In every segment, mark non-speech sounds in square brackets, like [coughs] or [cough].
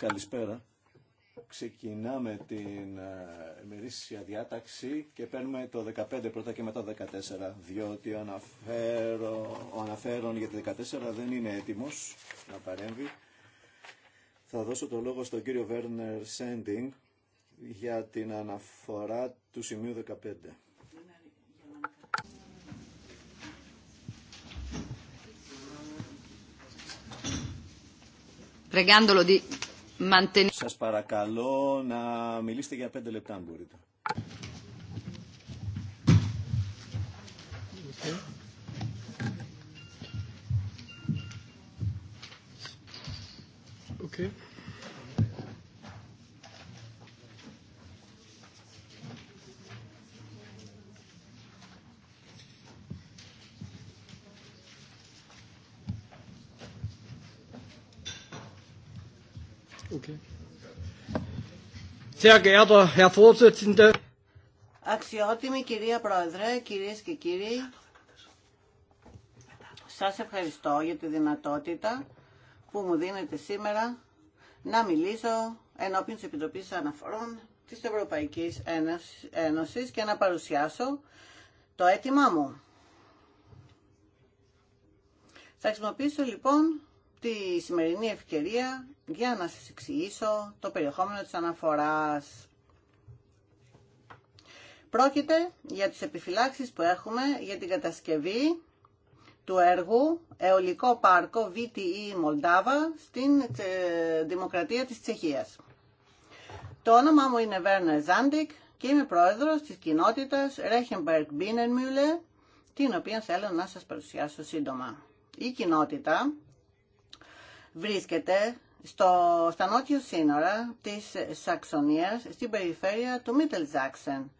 Καλησπέρα. Ξεκινάμε την ε, μερίσια διάταξη και παίρνουμε το 15 πρώτα και μετά το 14, διότι ο, αναφέρω, αναφέρον για το 14 δεν είναι έτοιμος να παρέμβει. Θα δώσω το λόγο στον κύριο Βέρνερ Σέντινγκ για την αναφορά του σημείου 15. σα Σας παρακαλώ να μιλήσετε για πέντε λεπτά αν μπορείτε. Sehr geehrter Herr Vorsitzender. Αξιότιμη κυρία Πρόεδρε, κυρίες και κύριοι, σας ευχαριστώ για τη δυνατότητα που μου δίνετε σήμερα να μιλήσω ενώπιν της Επιτροπής Αναφορών της Ευρωπαϊκής Ένωσης και να παρουσιάσω το αίτημά μου. Θα χρησιμοποιήσω λοιπόν τη σημερινή ευκαιρία για να σας εξηγήσω το περιεχόμενο της αναφοράς. Πρόκειται για τις επιφυλάξεις που έχουμε για την κατασκευή του έργου Εολικό Πάρκο VTE Μολδάβα στην ε, Δημοκρατία της Τσεχίας. Το όνομά μου είναι Βέρνερ Ζάντικ και είμαι πρόεδρος της κοινότητας Rechenberg Binnenmühle την οποία θέλω να σας παρουσιάσω σύντομα. Η κοινότητα βρίσκεται στο, στα νότια σύνορα της Σαξονίας, στην περιφέρεια του Μίτελζάξεν. Ζάξεν,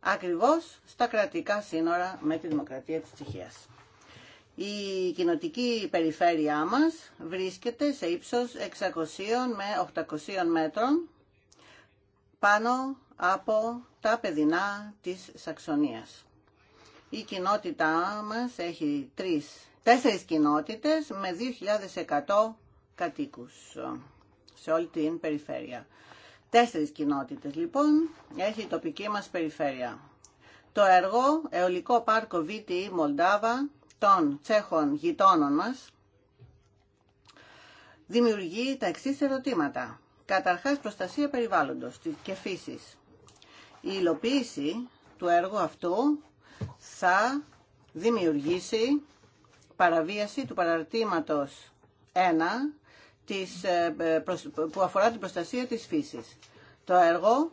ακριβώς στα κρατικά σύνορα με τη Δημοκρατία της Τσεχίας. Η κοινοτική περιφέρειά μας βρίσκεται σε ύψος 600 με 800 μέτρων πάνω από τα παιδινά της Σαξονίας. Η κοινότητά μας έχει τρεις, τέσσερις κοινότητες με 2.100 κατοίκους ε, σε όλη την περιφέρεια. Τέσσερις κοινότητες λοιπόν έχει η τοπική μας περιφέρεια. Το έργο Εολικό Πάρκο ΒΤΗ Μολδάβα των Τσέχων γειτόνων μας δημιουργεί τα εξή ερωτήματα. Καταρχάς προστασία περιβάλλοντος και φύσης. Η υλοποίηση του έργου αυτού θα δημιουργήσει παραβίαση του παραρτήματος 1 ε, που αφορά την προστασία της φύσης. Το έργο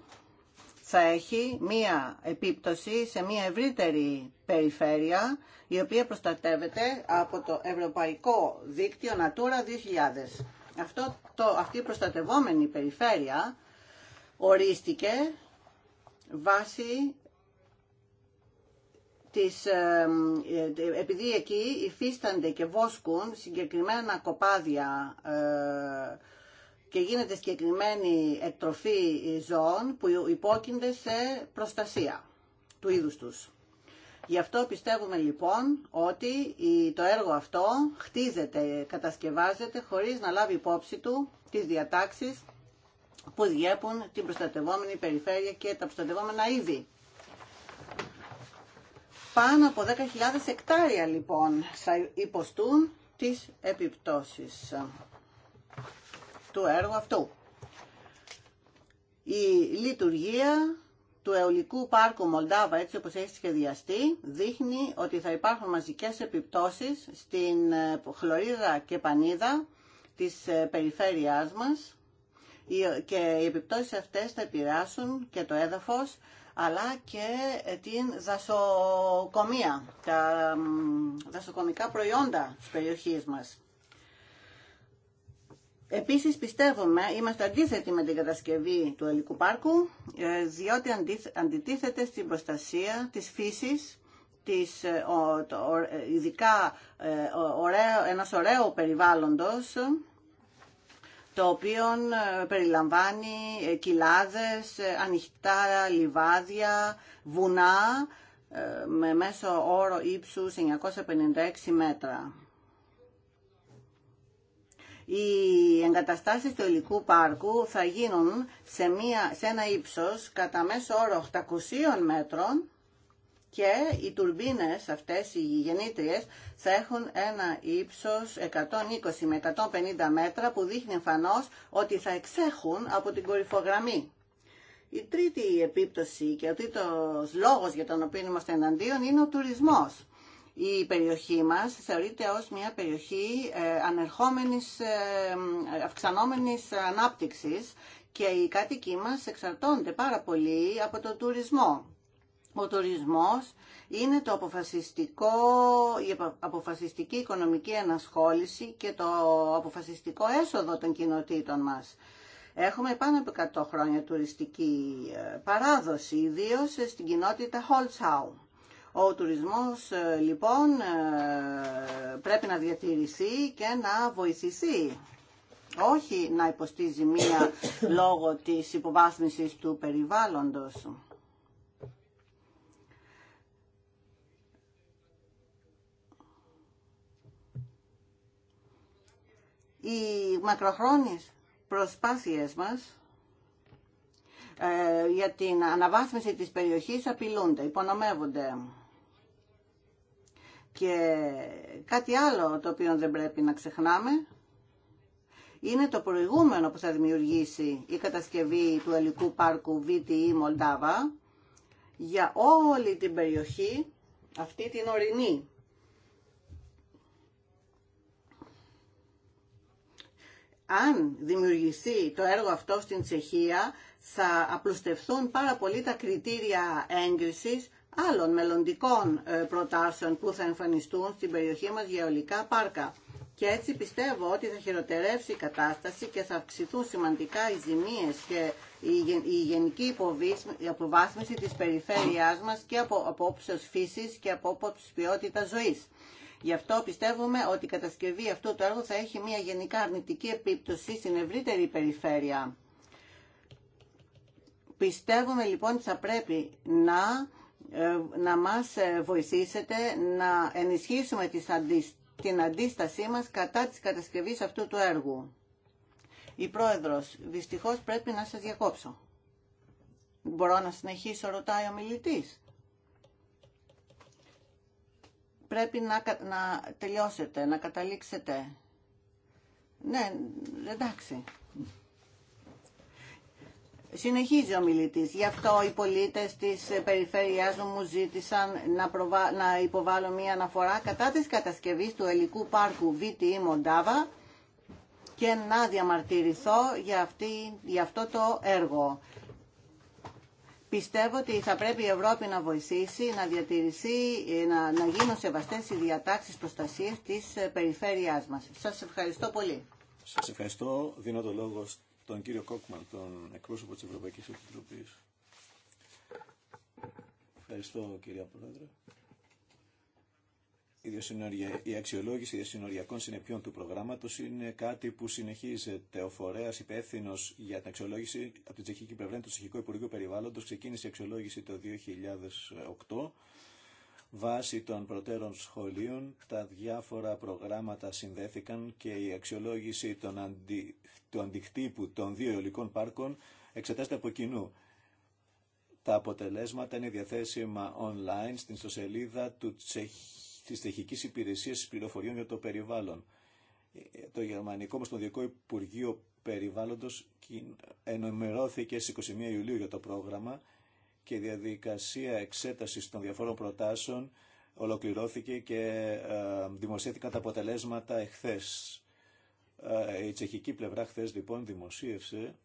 θα έχει μία επίπτωση σε μία ευρύτερη περιφέρεια η οποία προστατεύεται από το Ευρωπαϊκό Δίκτυο Natura 2000. Αυτό, το, αυτή η προστατευόμενη περιφέρεια ορίστηκε βάσει ε, ε, επειδή εκεί υφίστανται και βόσκουν συγκεκριμένα κοπάδια ε, και γίνεται συγκεκριμένη εκτροφή ζώων που υπόκεινται σε προστασία του είδους τους. Γι' αυτό πιστεύουμε λοιπόν ότι το έργο αυτό χτίζεται, κατασκευάζεται χωρίς να λάβει υπόψη του τις διατάξεις που διέπουν την προστατευόμενη περιφέρεια και τα προστατευόμενα είδη. Πάνω από 10.000 εκτάρια λοιπόν θα υποστούν τις επιπτώσεις του έργου αυτού. Η λειτουργία του αιωλικού πάρκου Μολδάβα, έτσι όπως έχει σχεδιαστεί, δείχνει ότι θα υπάρχουν μαζικές επιπτώσεις στην χλωρίδα και πανίδα της ε, περιφέρειάς μας ε, και οι επιπτώσεις αυτές θα επηρεάσουν και το έδαφος, αλλά και ε, την δασοκομεία, τα δασοκομικά προϊόντα της περιοχής μας. Επίσης πιστεύουμε, είμαστε αντίθετοι με την κατασκευή του Ελικού Πάρκου, ε, διότι αντιτίθεται στην προστασία της φύσης, της, ε, ειδικά ωραίο, ένας ωραίο περιβάλλοντος, το οποίο ε, περιλαμβάνει ε, κοιλάδες, ε, ανοιχτά λιβάδια, βουνά με μέσο όρο ύψους 956 μέτρα. Οι εγκαταστάσεις του υλικού πάρκου θα γίνουν σε, μια, σε ένα ύψος κατά μέσο όρο 800 μέτρων και οι τουρμπίνες αυτές, οι γεννήτριες, θα έχουν ένα ύψος 120 με 150 μέτρα που δείχνει εμφανώς ότι θα εξέχουν από την κορυφογραμμή. Η τρίτη επίπτωση και ο τρίτος λόγος για τον οποίο είμαστε εναντίον είναι ο τουρισμός. Η περιοχή μας θεωρείται ως μια περιοχή ε, ανερχόμενης, ε, αυξανόμενης ανάπτυξης και οι κάτοικοί μας εξαρτώνται πάρα πολύ από τον τουρισμό ο τουρισμός είναι το αποφασιστικό, η αποφασιστική οικονομική ανασχόληση και το αποφασιστικό έσοδο των κοινοτήτων μας. Έχουμε πάνω από 100 χρόνια τουριστική ε, παράδοση, ιδίως στην κοινότητα Holzhau. Ο τουρισμός ε, λοιπόν ε, πρέπει να διατηρηθεί και να βοηθηθεί. Όχι να υποστήζει μία λόγω της υποβάθμισης του περιβάλλοντος. οι μακροχρόνιες προσπάθειες μας ε, για την αναβάθμιση της περιοχής απειλούνται, υπονομεύονται. Και κάτι άλλο το οποίο δεν πρέπει να ξεχνάμε είναι το προηγούμενο που θα δημιουργήσει η κατασκευή του ελικού πάρκου VTE Μολτάβα για όλη την περιοχή αυτή την ορεινή αν δημιουργηθεί το έργο αυτό στην Τσεχία, θα απλουστευθούν πάρα πολύ τα κριτήρια έγκρισης άλλων μελλοντικών ε, προτάσεων που θα εμφανιστούν στην περιοχή μας για ολικά πάρκα. Και έτσι πιστεύω ότι θα χειροτερεύσει η κατάσταση και θα αυξηθούν σημαντικά οι ζημίες και η γενική υποβάθμιση της περιφέρειάς μας και από απόψεως φύσης και από απόψεως ποιότητας ζωής. Γι' αυτό πιστεύουμε ότι η κατασκευή αυτού του έργου θα έχει μια γενικά αρνητική επίπτωση στην ευρύτερη περιφέρεια. Πιστεύουμε λοιπόν ότι θα πρέπει να, ε, να μας ε, βοηθήσετε να ενισχύσουμε την αντίστασή μας κατά της κατασκευής αυτού του έργου. Η πρόεδρος, δυστυχώς πρέπει να σας διακόψω. Μπορώ να συνεχίσω, ρωτάει ο μιλητής πρέπει να, να τελειώσετε, να καταλήξετε. Ναι, εντάξει. Συνεχίζει ο μιλητής. Γι' αυτό οι πολίτες της περιφέρειάς μου ζήτησαν να, υποβάλω μία αναφορά κατά της κατασκευής του ελικού πάρκου VTE Μοντάβα και να διαμαρτυρηθώ για, για αυτό το έργο. Πιστεύω ότι θα πρέπει η Ευρώπη να βοηθήσει, να διατηρηθεί, ε, να, να γίνουν σεβαστές οι διατάξεις προστασίας της ε, περιφέρειάς μας. Σας ευχαριστώ πολύ. Σας ευχαριστώ. Δίνω το λόγο στον κύριο Κόκμαν, τον εκπρόσωπο της Ευρωπαϊκής Επιτροπής. Ευχαριστώ κυρία Πρόεδρε η αξιολόγηση διασυνοριακών συνεπειών του προγράμματο είναι κάτι που συνεχίζεται. Ο φορέα υπεύθυνο για την αξιολόγηση από την τσεχική πλευρά, του Τσεχικό Υπουργείο Περιβάλλοντο, ξεκίνησε η αξιολόγηση το 2008 βάσει των προτέρων σχολείων τα διάφορα προγράμματα συνδέθηκαν και η αξιολόγηση των αντι... του αντικτύπου των δύο αιωλικών πάρκων εξετάζεται από κοινού. Τα αποτελέσματα είναι διαθέσιμα online στην ιστοσελίδα του Τσεχικού της Τεχικής Υπηρεσίας Πληροφοριών για το Περιβάλλον. Το Γερμανικό Μοσπονδιακό Υπουργείο Περιβάλλοντος ενημερώθηκε στις 21 Ιουλίου για το πρόγραμμα και η διαδικασία εξέτασης των διαφόρων προτάσεων ολοκληρώθηκε και ε, δημοσιεύθηκαν τα αποτελέσματα εχθές. Ε, η τσεχική πλευρά χθες λοιπόν δημοσίευσε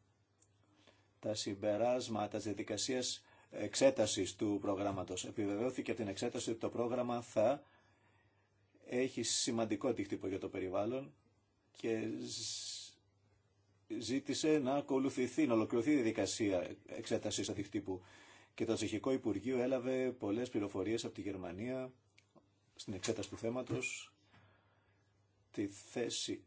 τα συμπεράσματα της διαδικασίας εξέτασης του προγράμματος. Επιβεβαιώθηκε την εξέταση ότι το πρόγραμμα θα έχει σημαντικό αντίκτυπο για το περιβάλλον και ζήτησε να ακολουθηθεί, να ολοκληρωθεί η διαδικασία εξέτασης αντικτύπου. Και το Τσεχικό Υπουργείο έλαβε πολλές πληροφορίες από τη Γερμανία στην εξέταση του θέματος. Τη θέση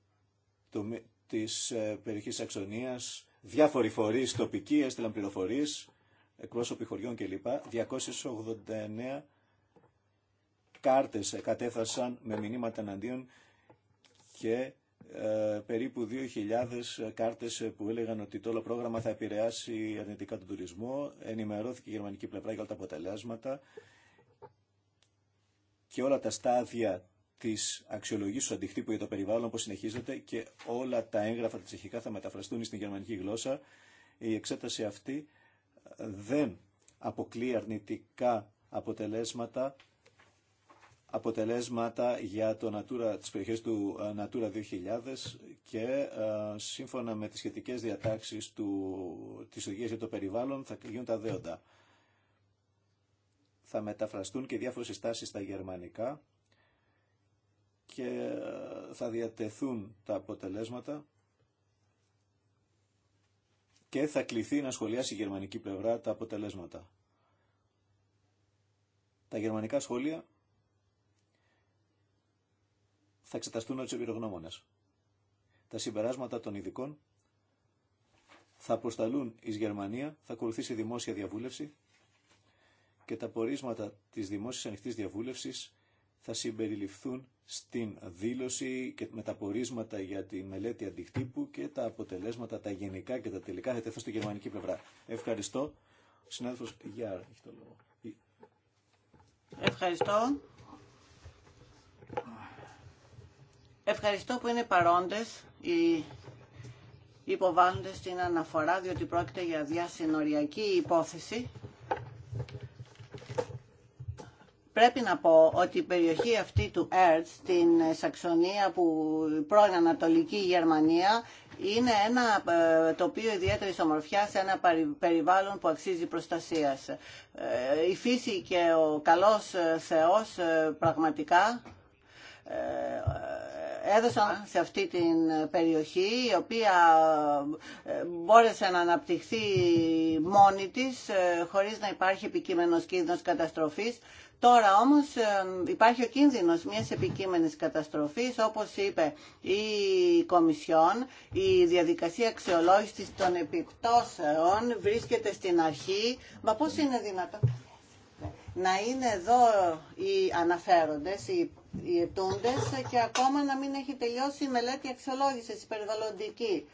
του, της ε, περιοχής Αξονίας, διάφοροι φορείς τοπικοί έστειλαν πληροφορίες, εκπρόσωποι χωριών κλπ. 289 κάρτες κατέθεσαν με μηνύματα εναντίον και ε, περίπου 2.000 κάρτες που έλεγαν ότι το όλο πρόγραμμα θα επηρεάσει αρνητικά τον τουρισμό. Ενημερώθηκε η γερμανική πλευρά για όλα τα αποτελέσματα και όλα τα στάδια της του αντιχτύπου για το περιβάλλον που συνεχίζεται και όλα τα έγγραφα τα τσεχικά θα μεταφραστούν στην γερμανική γλώσσα. Η εξέταση αυτή δεν αποκλεί αρνητικά αποτελέσματα αποτελέσματα για το Natura, τις περιοχές του ε, Natura 2000 και ε, σύμφωνα με τις σχετικές διατάξεις του, της οδηγίας για το περιβάλλον θα γίνουν τα δέοντα. Θα μεταφραστούν και διάφορες συστάσεις στα γερμανικά και ε, θα διατεθούν τα αποτελέσματα και θα κληθεί να σχολιάσει η γερμανική πλευρά τα αποτελέσματα. Τα γερμανικά σχόλια θα εξεταστούν όλες του Τα συμπεράσματα των ειδικών θα αποσταλούν εις Γερμανία, θα ακολουθήσει δημόσια διαβούλευση και τα πορίσματα της δημόσιας ανοιχτής διαβούλευσης θα συμπεριληφθούν στην δήλωση και με τα πορίσματα για τη μελέτη αντικτύπου και τα αποτελέσματα, τα γενικά και τα τελικά θα τεθούν στη γερμανική πλευρά. Ευχαριστώ. Ευχαριστώ. Ευχαριστώ που είναι παρόντες οι υποβάλλοντες στην αναφορά, διότι πρόκειται για διασυνοριακή υπόθεση. Πρέπει να πω ότι η περιοχή αυτή του Ερτ στην Σαξονία, που πρώην Ανατολική Γερμανία, είναι ένα ε, τοπίο ιδιαίτερης ομορφιάς, ένα περιβάλλον που αξίζει προστασίας. Ε, η φύση και ο καλός ε, Θεός πραγματικά έδωσαν σε αυτή την περιοχή η οποία ε, μπόρεσε να αναπτυχθεί μόνη της ε, χωρίς να υπάρχει επικείμενος κίνδυνος καταστροφής. Τώρα όμως ε, υπάρχει ο κίνδυνος μιας επικείμενης καταστροφής, όπως είπε η Κομισιόν, η διαδικασία αξιολόγησης των επιπτώσεων βρίσκεται στην αρχή. Μα πώς είναι δυνατόν να είναι εδώ οι αναφέροντες, οι και ακόμα να μην έχει τελειώσει η μελέτη αξιολόγησης περιβαλλοντική.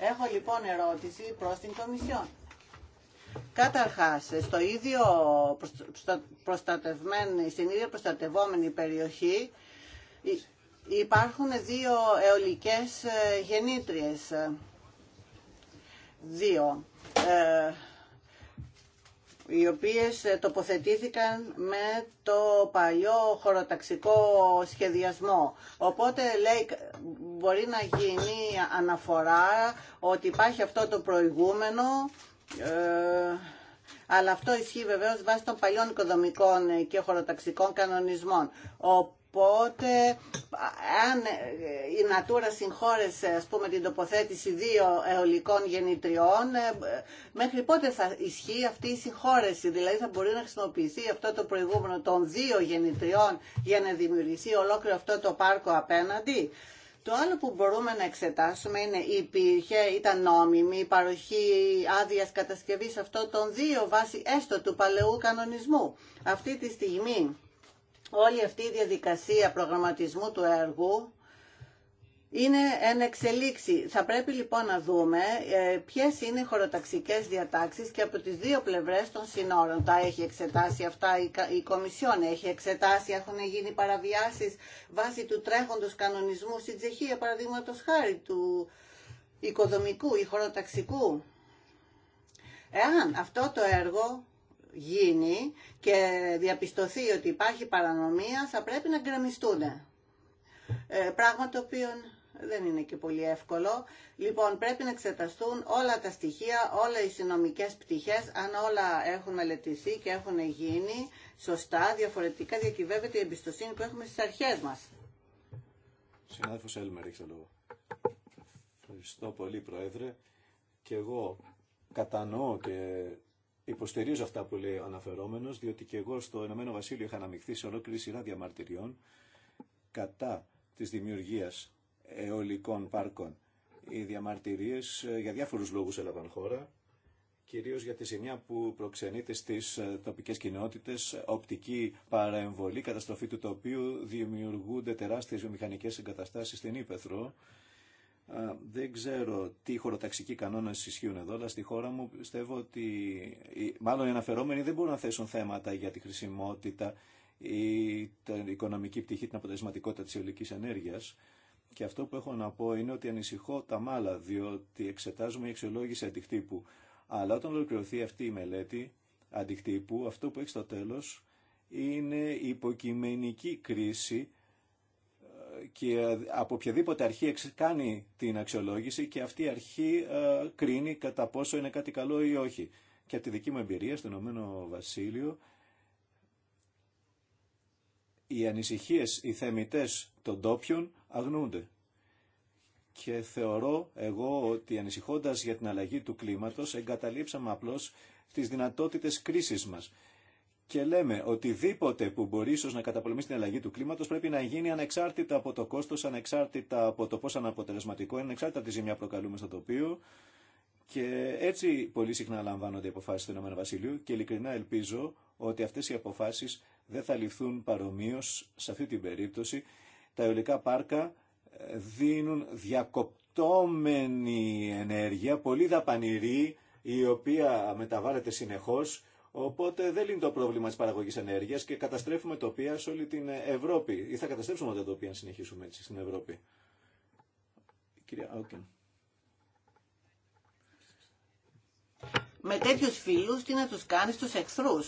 Έχω λοιπόν ερώτηση προς την Κομισιόν. Καταρχάς, στο ίδιο προστατευμένη, στην ίδια προστατευόμενη περιοχή υπάρχουν δύο εολικές ε, γεννήτριες. Δύο. Ε, οι οποίες ε, τοποθετήθηκαν με το παλιό χωροταξικό σχεδιασμό. Οπότε λέει, μπορεί να γίνει αναφορά ότι υπάρχει αυτό το προηγούμενο, ε, αλλά αυτό ισχύει βεβαίως βάσει των παλιών οικοδομικών ε, και χωροταξικών κανονισμών. Οπότε, αν η Νατούρα συγχώρεσε ας πούμε, την τοποθέτηση δύο αιωλικών γεννητριών, ε, μέχρι πότε θα ισχύει αυτή η συγχώρεση. Δηλαδή θα μπορεί να χρησιμοποιηθεί αυτό το προηγούμενο των δύο γεννητριών για να δημιουργηθεί ολόκληρο αυτό το πάρκο απέναντι. Το άλλο που μπορούμε να εξετάσουμε είναι υπήρχε, ήταν νόμιμη η παροχή άδεια κατασκευής αυτών των δύο βάσει έστω του παλαιού κανονισμού. Αυτή τη στιγμή όλη αυτή η διαδικασία προγραμματισμού του έργου είναι εν εξελίξη. Θα πρέπει λοιπόν να δούμε ε, ποιες είναι οι χωροταξικές διατάξεις και από τις δύο πλευρές των συνόρων. Τα έχει εξετάσει αυτά η Κομισιόν, έχει εξετάσει, έχουν γίνει παραβιάσεις βάσει του τρέχοντος κανονισμού στην Τσεχία, παραδείγματο χάρη του οικοδομικού ή χωροταξικού. Εάν αυτό το έργο γίνει και διαπιστωθεί ότι υπάρχει παρανομία θα πρέπει να γκρεμιστούν. Ε, πράγμα το οποίο δεν είναι και πολύ εύκολο. Λοιπόν, πρέπει να εξεταστούν όλα τα στοιχεία, όλα οι συνομικές πτυχές, αν όλα έχουν μελετηθεί και έχουν γίνει σωστά, διαφορετικά διακυβεύεται η εμπιστοσύνη που έχουμε στις αρχές μας. Συνάδελφος Έλμερ, Ευχαριστώ πολύ, Πρόεδρε. Και εγώ κατανοώ και Υποστηρίζω αυτά που λέει ο αναφερόμενο, διότι και εγώ στο Ηνωμένο Βασίλειο είχα αναμειχθεί σε ολόκληρη σειρά διαμαρτυριών κατά τη δημιουργία αιωλικών πάρκων. Οι διαμαρτυρίε ε, για διάφορου λόγου έλαβαν χώρα, κυρίω για τη ζημιά που προξενείται στι ε, τοπικέ κοινότητε, οπτική παρεμβολή, καταστροφή του τοπίου, δημιουργούνται τεράστιε βιομηχανικέ εγκαταστάσει στην Ήπεθρο δεν ξέρω τι χωροταξικοί κανόνε ισχύουν εδώ, αλλά στη χώρα μου πιστεύω ότι μάλλον οι αναφερόμενοι δεν μπορούν να θέσουν θέματα για τη χρησιμότητα ή την οικονομική πτυχή, την αποτελεσματικότητα τη αιωλική ενέργεια. Και αυτό που έχω να πω είναι ότι ανησυχώ τα μάλα, διότι εξετάζουμε η αξιολόγηση αντικτύπου. Αλλά όταν ολοκληρωθεί αυτή η μελέτη αντικτύπου, αυτό που έχει στο τέλο είναι η υποκειμενική κρίση και από οποιαδήποτε αρχή κάνει την αξιολόγηση και αυτή η αρχή ε, κρίνει κατά πόσο είναι κάτι καλό ή όχι. Και από τη δική μου εμπειρία στον Ηνωμένο Βασίλειο, οι ανησυχίες, οι θεμητές των τόπιων αγνούνται. Και θεωρώ εγώ ότι ανησυχώντας για την αλλαγή του κλίματος εγκαταλείψαμε απλώς τις δυνατότητες κρίσης μας και λέμε οτιδήποτε που μπορεί ίσω να καταπολεμήσει την αλλαγή του κλίματο πρέπει να γίνει ανεξάρτητα από το κόστο, ανεξάρτητα από το πόσο αναποτελεσματικό είναι, ανεξάρτητα από τη ζημιά προκαλούμε στο τοπίο. Και έτσι πολύ συχνά λαμβάνονται οι αποφάσεις του Ηνωμένου Βασιλείου και ειλικρινά ελπίζω ότι αυτέ οι αποφάσει δεν θα ληφθούν παρομοίω σε αυτή την περίπτωση. Τα αιωλικά πάρκα ε, δίνουν διακοπτόμενη ενέργεια, πολύ δαπανηρή, η οποία μεταβάλλεται συνεχώς Οπότε δεν λύνει το πρόβλημα τη παραγωγή ενέργεια και καταστρέφουμε τοπία σε όλη την Ευρώπη. Ή θα καταστρέψουμε τα τοπία αν συνεχίσουμε έτσι στην Ευρώπη. Κυρία Με τέτοιου φίλου τι να του κάνει του εχθρού.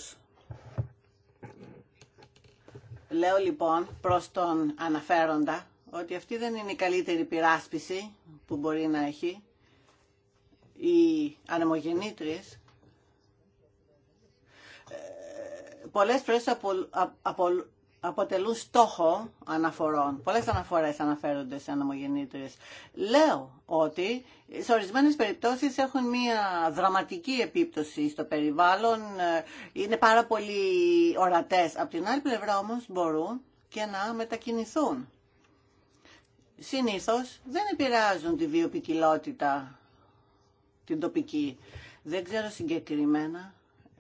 Λέω λοιπόν προ τον αναφέροντα ότι αυτή δεν είναι η καλύτερη πειράσπιση που μπορεί να έχει οι ανεμογεννήτριες πολλές φορές αποτελούν στόχο αναφορών. Πολλές αναφορές αναφέρονται σε ανομογεννήτριες. Λέω ότι σε ορισμένες περιπτώσεις έχουν μια δραματική επίπτωση στο περιβάλλον, ε, είναι πάρα πολύ ορατές. Απ' την άλλη πλευρά όμως μπορούν και να μετακινηθούν. Συνήθως δεν επηρεάζουν τη βιοπικιλότητα την τοπική. Δεν ξέρω συγκεκριμένα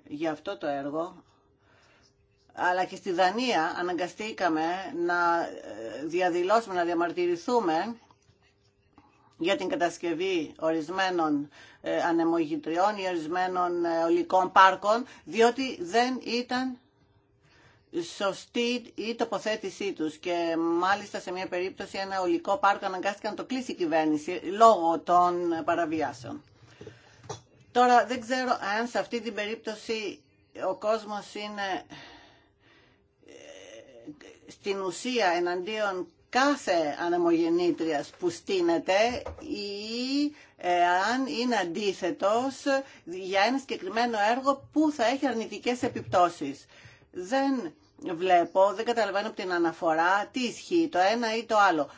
για αυτό το έργο αλλά και στη Δανία αναγκαστήκαμε να ε, διαδηλώσουμε, να διαμαρτυρηθούμε για την κατασκευή ορισμένων ε, ανεμογητριών ή ορισμένων ε, ολικών πάρκων, διότι δεν ήταν σωστή η τοποθέτησή τους και μάλιστα σε μια περίπτωση ένα ολικό πάρκο αναγκάστηκαν να το κλείσει η κυβέρνηση λόγω των παραβιάσεων. Τώρα δεν ξέρω αν σε αυτή την περίπτωση ο κόσμος είναι στην ουσία εναντίον κάθε ανεμογεννήτριας που στείνεται ή ε, αν είναι αντίθετος για ένα συγκεκριμένο έργο που θα έχει αρνητικές επιπτώσεις. Δεν βλέπω, δεν καταλαβαίνω από την αναφορά τι ισχύει το ένα ή το άλλο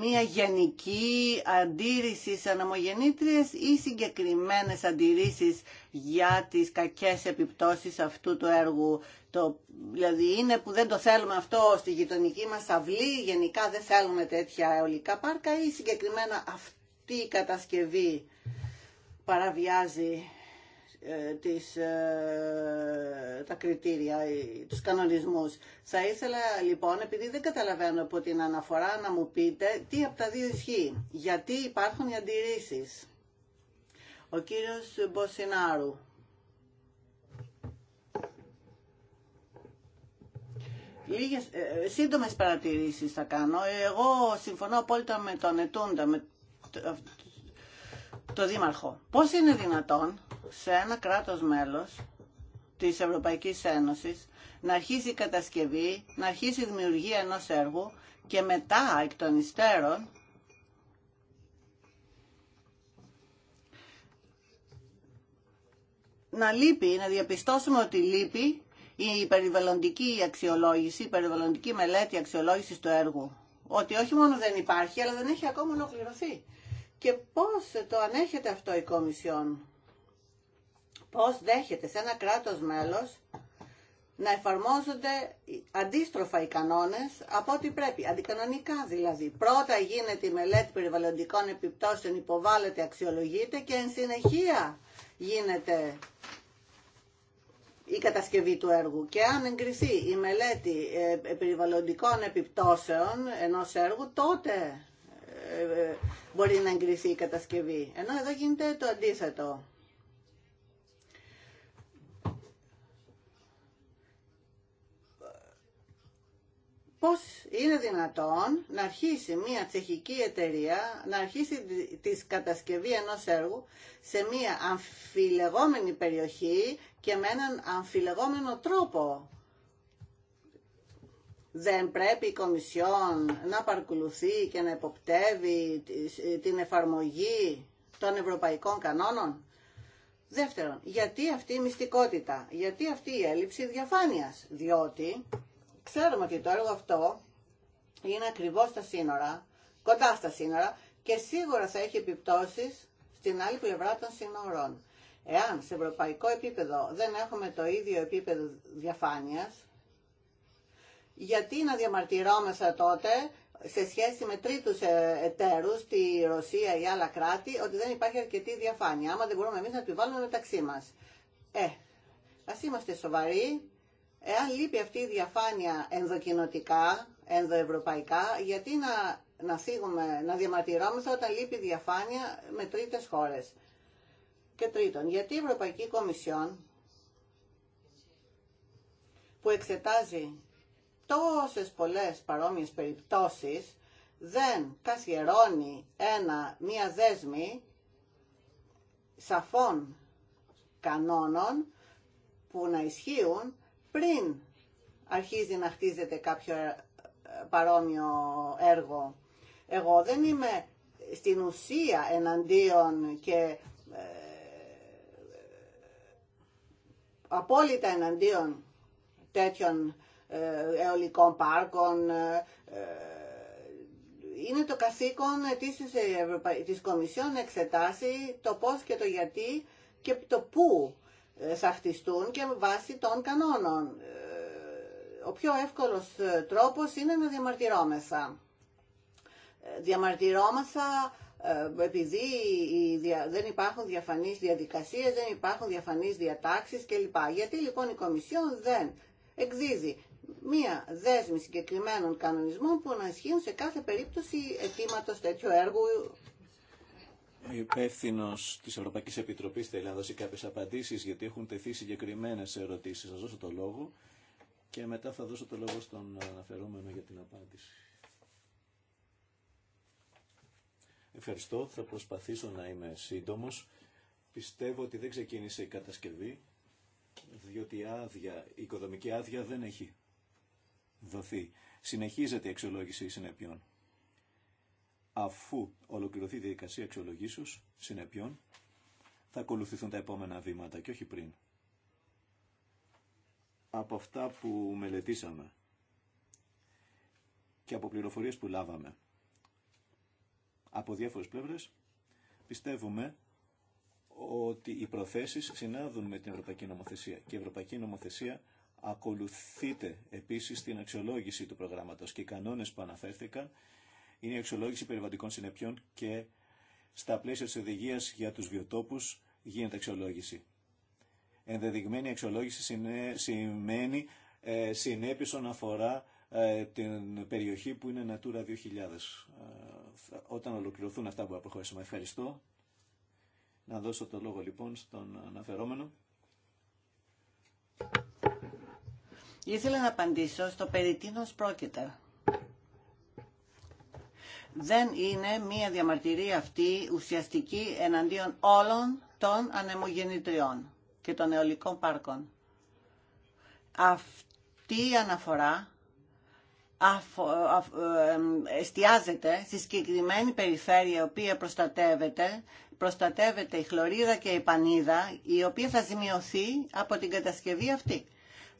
μια γενική αντίρρηση σε αναμογεννήτριες ή συγκεκριμένες αντιρρήσεις για τις κακές επιπτώσεις αυτού του έργου. Το, δηλαδή είναι που δεν το θέλουμε αυτό στη γειτονική μας αυλή, γενικά δεν θέλουμε τέτοια αεολικά πάρκα ή συγκεκριμένα αυτή η κατασκευή παραβιάζει ε, τις, ε, τα κριτήρια, ε, τους κανονισμούς. Θα ήθελα λοιπόν, επειδή δεν καταλαβαίνω από την αναφορά, να μου πείτε τι από τα δύο ισχύει. Γιατί υπάρχουν οι αντιρρήσεις. Ο κύριος Μποσινάρου. Λίγες, ε, σύντομες παρατηρήσεις θα κάνω. Εγώ συμφωνώ απόλυτα με τον Ετούντα, με το Δήμαρχο. Πώς είναι δυνατόν σε ένα κράτος μέλος της Ευρωπαϊκής Ένωσης να αρχίσει η κατασκευή, να αρχίσει η δημιουργία ενός έργου και μετά εκ των υστέρων να λείπει, να διαπιστώσουμε ότι λείπει η περιβαλλοντική αξιολόγηση, η περιβαλλοντική μελέτη αξιολόγηση του έργου. Ότι όχι μόνο δεν υπάρχει, αλλά δεν έχει ακόμα ολοκληρωθεί και πώς το ανέχεται αυτό η Κομισιόν. Πώς δέχεται σε ένα κράτος μέλος να εφαρμόζονται αντίστροφα οι κανόνες από ό,τι πρέπει, αντικανονικά δηλαδή. Πρώτα γίνεται η μελέτη περιβαλλοντικών επιπτώσεων, υποβάλλεται, αξιολογείται και εν συνεχεία γίνεται η κατασκευή του έργου. Και αν εγκριθεί η μελέτη ε, ε, περιβαλλοντικών επιπτώσεων ενός έργου, τότε μπορεί να εγκριθεί η κατασκευή. Ενώ εδώ γίνεται το αντίθετο. Πώς είναι δυνατόν να αρχίσει μια τσεχική εταιρεία, να αρχίσει τη κατασκευή ενός έργου σε μια αμφιλεγόμενη περιοχή και με έναν αμφιλεγόμενο τρόπο δεν πρέπει η Κομισιόν να παρακολουθεί και να εποπτεύει ε, την εφαρμογή των ευρωπαϊκών κανόνων. Δεύτερον, γιατί αυτή η μυστικότητα, γιατί αυτή η έλλειψη διαφάνειας, διότι ξέρουμε ότι το έργο αυτό είναι ακριβώς στα σύνορα, κοντά στα σύνορα και σίγουρα θα έχει επιπτώσεις στην άλλη πλευρά των σύνορων. Εάν σε ευρωπαϊκό επίπεδο δεν έχουμε το ίδιο επίπεδο διαφάνειας, γιατί να διαμαρτυρόμεθα τότε σε σχέση με τρίτους ε, εταίρους, τη Ρωσία ή άλλα κράτη, ότι δεν υπάρχει αρκετή διαφάνεια, άμα δεν μπορούμε εμείς να βάλουμε μεταξύ μας. Ε, ας είμαστε σοβαροί, εάν λείπει αυτή η διαφάνεια ενδοκινοτικά, ενδοευρωπαϊκά, γιατί να, να φύγουμε, να διαμαρτυρόμεθα όταν λείπει διαφάνεια με τρίτες χώρες. Και τρίτον, γιατί η Ευρωπαϊκή Κομισιόν που εξετάζει τόσες πολλές παρόμοιες περιπτώσεις δεν καθιερώνει ένα, μία δέσμη σαφών κανόνων που να ισχύουν πριν αρχίζει να χτίζεται κάποιο ε, παρόμοιο έργο. Εγώ δεν είμαι στην ουσία εναντίον και ε, απόλυτα εναντίον τέτοιων ε, αιωλικών πάρκων. Ε, ε, είναι το καθήκον της, της Κομισιόν να εξετάσει το πώς και το γιατί και το πού θα χτιστούν και βάση των κανόνων. Ο πιο εύκολος τρόπος είναι να διαμαρτυρόμεσα. Διαμαρτυρόμεσα επειδή δεν υπάρχουν διαφανείς διαδικασίες, δεν υπάρχουν διαφανείς διατάξεις κλπ. Γιατί λοιπόν η Κομισιόν δεν εκδίδει μία δέσμη συγκεκριμένων κανονισμών που να ισχύουν σε κάθε περίπτωση αιτήματο τέτοιου έργου. Ο υπεύθυνο τη Ευρωπαϊκή Επιτροπή θέλει να δώσει κάποιε απαντήσει, γιατί έχουν τεθεί συγκεκριμένε ερωτήσει. Θα δώσω το λόγο και μετά θα δώσω το λόγο στον αναφερόμενο για την απάντηση. Ευχαριστώ. Θα προσπαθήσω να είμαι σύντομο. Πιστεύω ότι δεν ξεκίνησε η κατασκευή, διότι άδεια, η οικοδομική άδεια δεν έχει δοθεί. Συνεχίζεται η αξιολόγηση συνεπειών. Αφού ολοκληρωθεί η διαδικασία αξιολογήσεω συνεπειών, θα ακολουθηθούν τα επόμενα βήματα και όχι πριν. Από αυτά που μελετήσαμε και από πληροφορίες που λάβαμε από διάφορες πλευρές, πιστεύουμε ότι οι προθέσεις συνάδουν με την Ευρωπαϊκή Νομοθεσία και η Ευρωπαϊκή Νομοθεσία Ακολουθείτε επίσης την αξιολόγηση του προγράμματος και οι κανόνες που αναφέρθηκαν είναι η αξιολόγηση περιβαλλοντικών συνεπιών και στα πλαίσια της οδηγία για τους βιοτόπους γίνεται αξιολόγηση. Ενδεδειγμένη αξιολόγηση σημαίνει ε, αφορά ε, την περιοχή που είναι Natura 2000. Ε, όταν ολοκληρωθούν αυτά που αποχωρήσαμε Ευχαριστώ. Να δώσω το λόγο λοιπόν στον αναφερόμενο. Ήθελα να απαντήσω στο περί τίνος πρόκειται. Δεν είναι μία διαμαρτυρία αυτή ουσιαστική εναντίον όλων των ανεμογεννητριών και των αιωλικών πάρκων. Αυτή η αναφορά εστιάζεται στη συγκεκριμένη περιφέρεια η οποία προστατεύεται, προστατεύεται η χλωρίδα και η πανίδα, η οποία θα ζημιωθεί από την κατασκευή αυτή.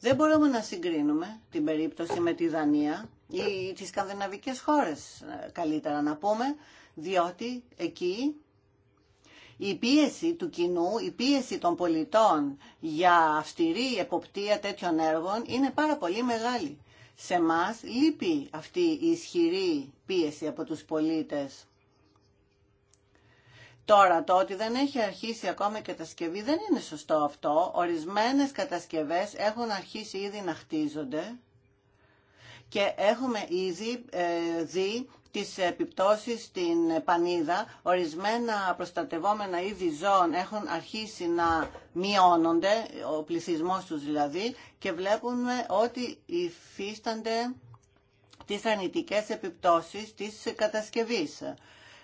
Δεν μπορούμε να συγκρίνουμε την περίπτωση με τη Δανία ή τις σκανδιναβικές χώρες, ε, καλύτερα να πούμε, διότι εκεί η πίεση του κοινού, η πίεση των πολιτών για αυστηρή εποπτεία τέτοιων έργων είναι πάρα πολύ μεγάλη. Σε μας λείπει αυτή η ισχυρή πίεση από τους πολίτες. Τώρα, το ότι δεν έχει αρχίσει ακόμα η κατασκευή δεν είναι σωστό αυτό. Ορισμένες κατασκευές έχουν αρχίσει ήδη να χτίζονται και έχουμε ήδη ε, δει τις επιπτώσεις στην πανίδα. Ορισμένα προστατευόμενα είδη ζώων έχουν αρχίσει να μειώνονται, ο πληθυσμός τους δηλαδή, και βλέπουμε ότι υφίστανται τις αρνητικές επιπτώσεις της κατασκευής.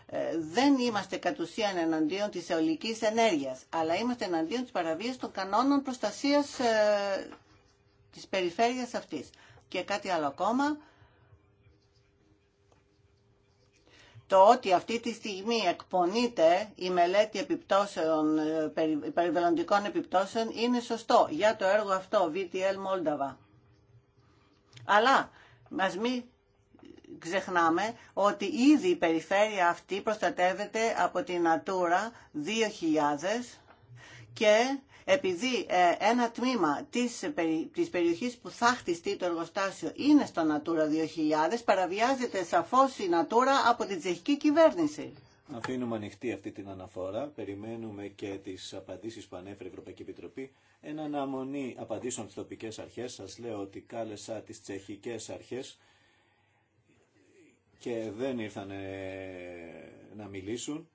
Ε, δεν είμαστε κατ' ουσίαν εναντίον της αιωλικής ενέργειας, αλλά είμαστε εναντίον της παραβίας των κανόνων προστασίας ε, της περιφέρειας αυτής. Και κάτι άλλο ακόμα, το ότι αυτή τη στιγμή εκπονείται η μελέτη επιπτώσεων, ε, περιβαλλοντικών επιπτώσεων είναι σωστό για το έργο αυτό, VTL Moldova. Αλλά μας μην ξεχνάμε ότι ήδη η περιφέρεια αυτή προστατεύεται από την Natura 2000 και επειδή ε, ένα τμήμα της, της περιοχής που θα χτιστεί το εργοστάσιο είναι στο Natura 2000, παραβιάζεται σαφώς η Natura από την τσεχική κυβέρνηση. Αφήνουμε ανοιχτή αυτή την αναφορά. Περιμένουμε και τις απαντήσεις που ανέφερε η Ευρωπαϊκή Επιτροπή. ένα αναμονή απαντήσεων από τοπικές αρχές, σας λέω ότι κάλεσα τις τσεχικές αρχές και δεν ήρθαν ε, να μιλήσουν.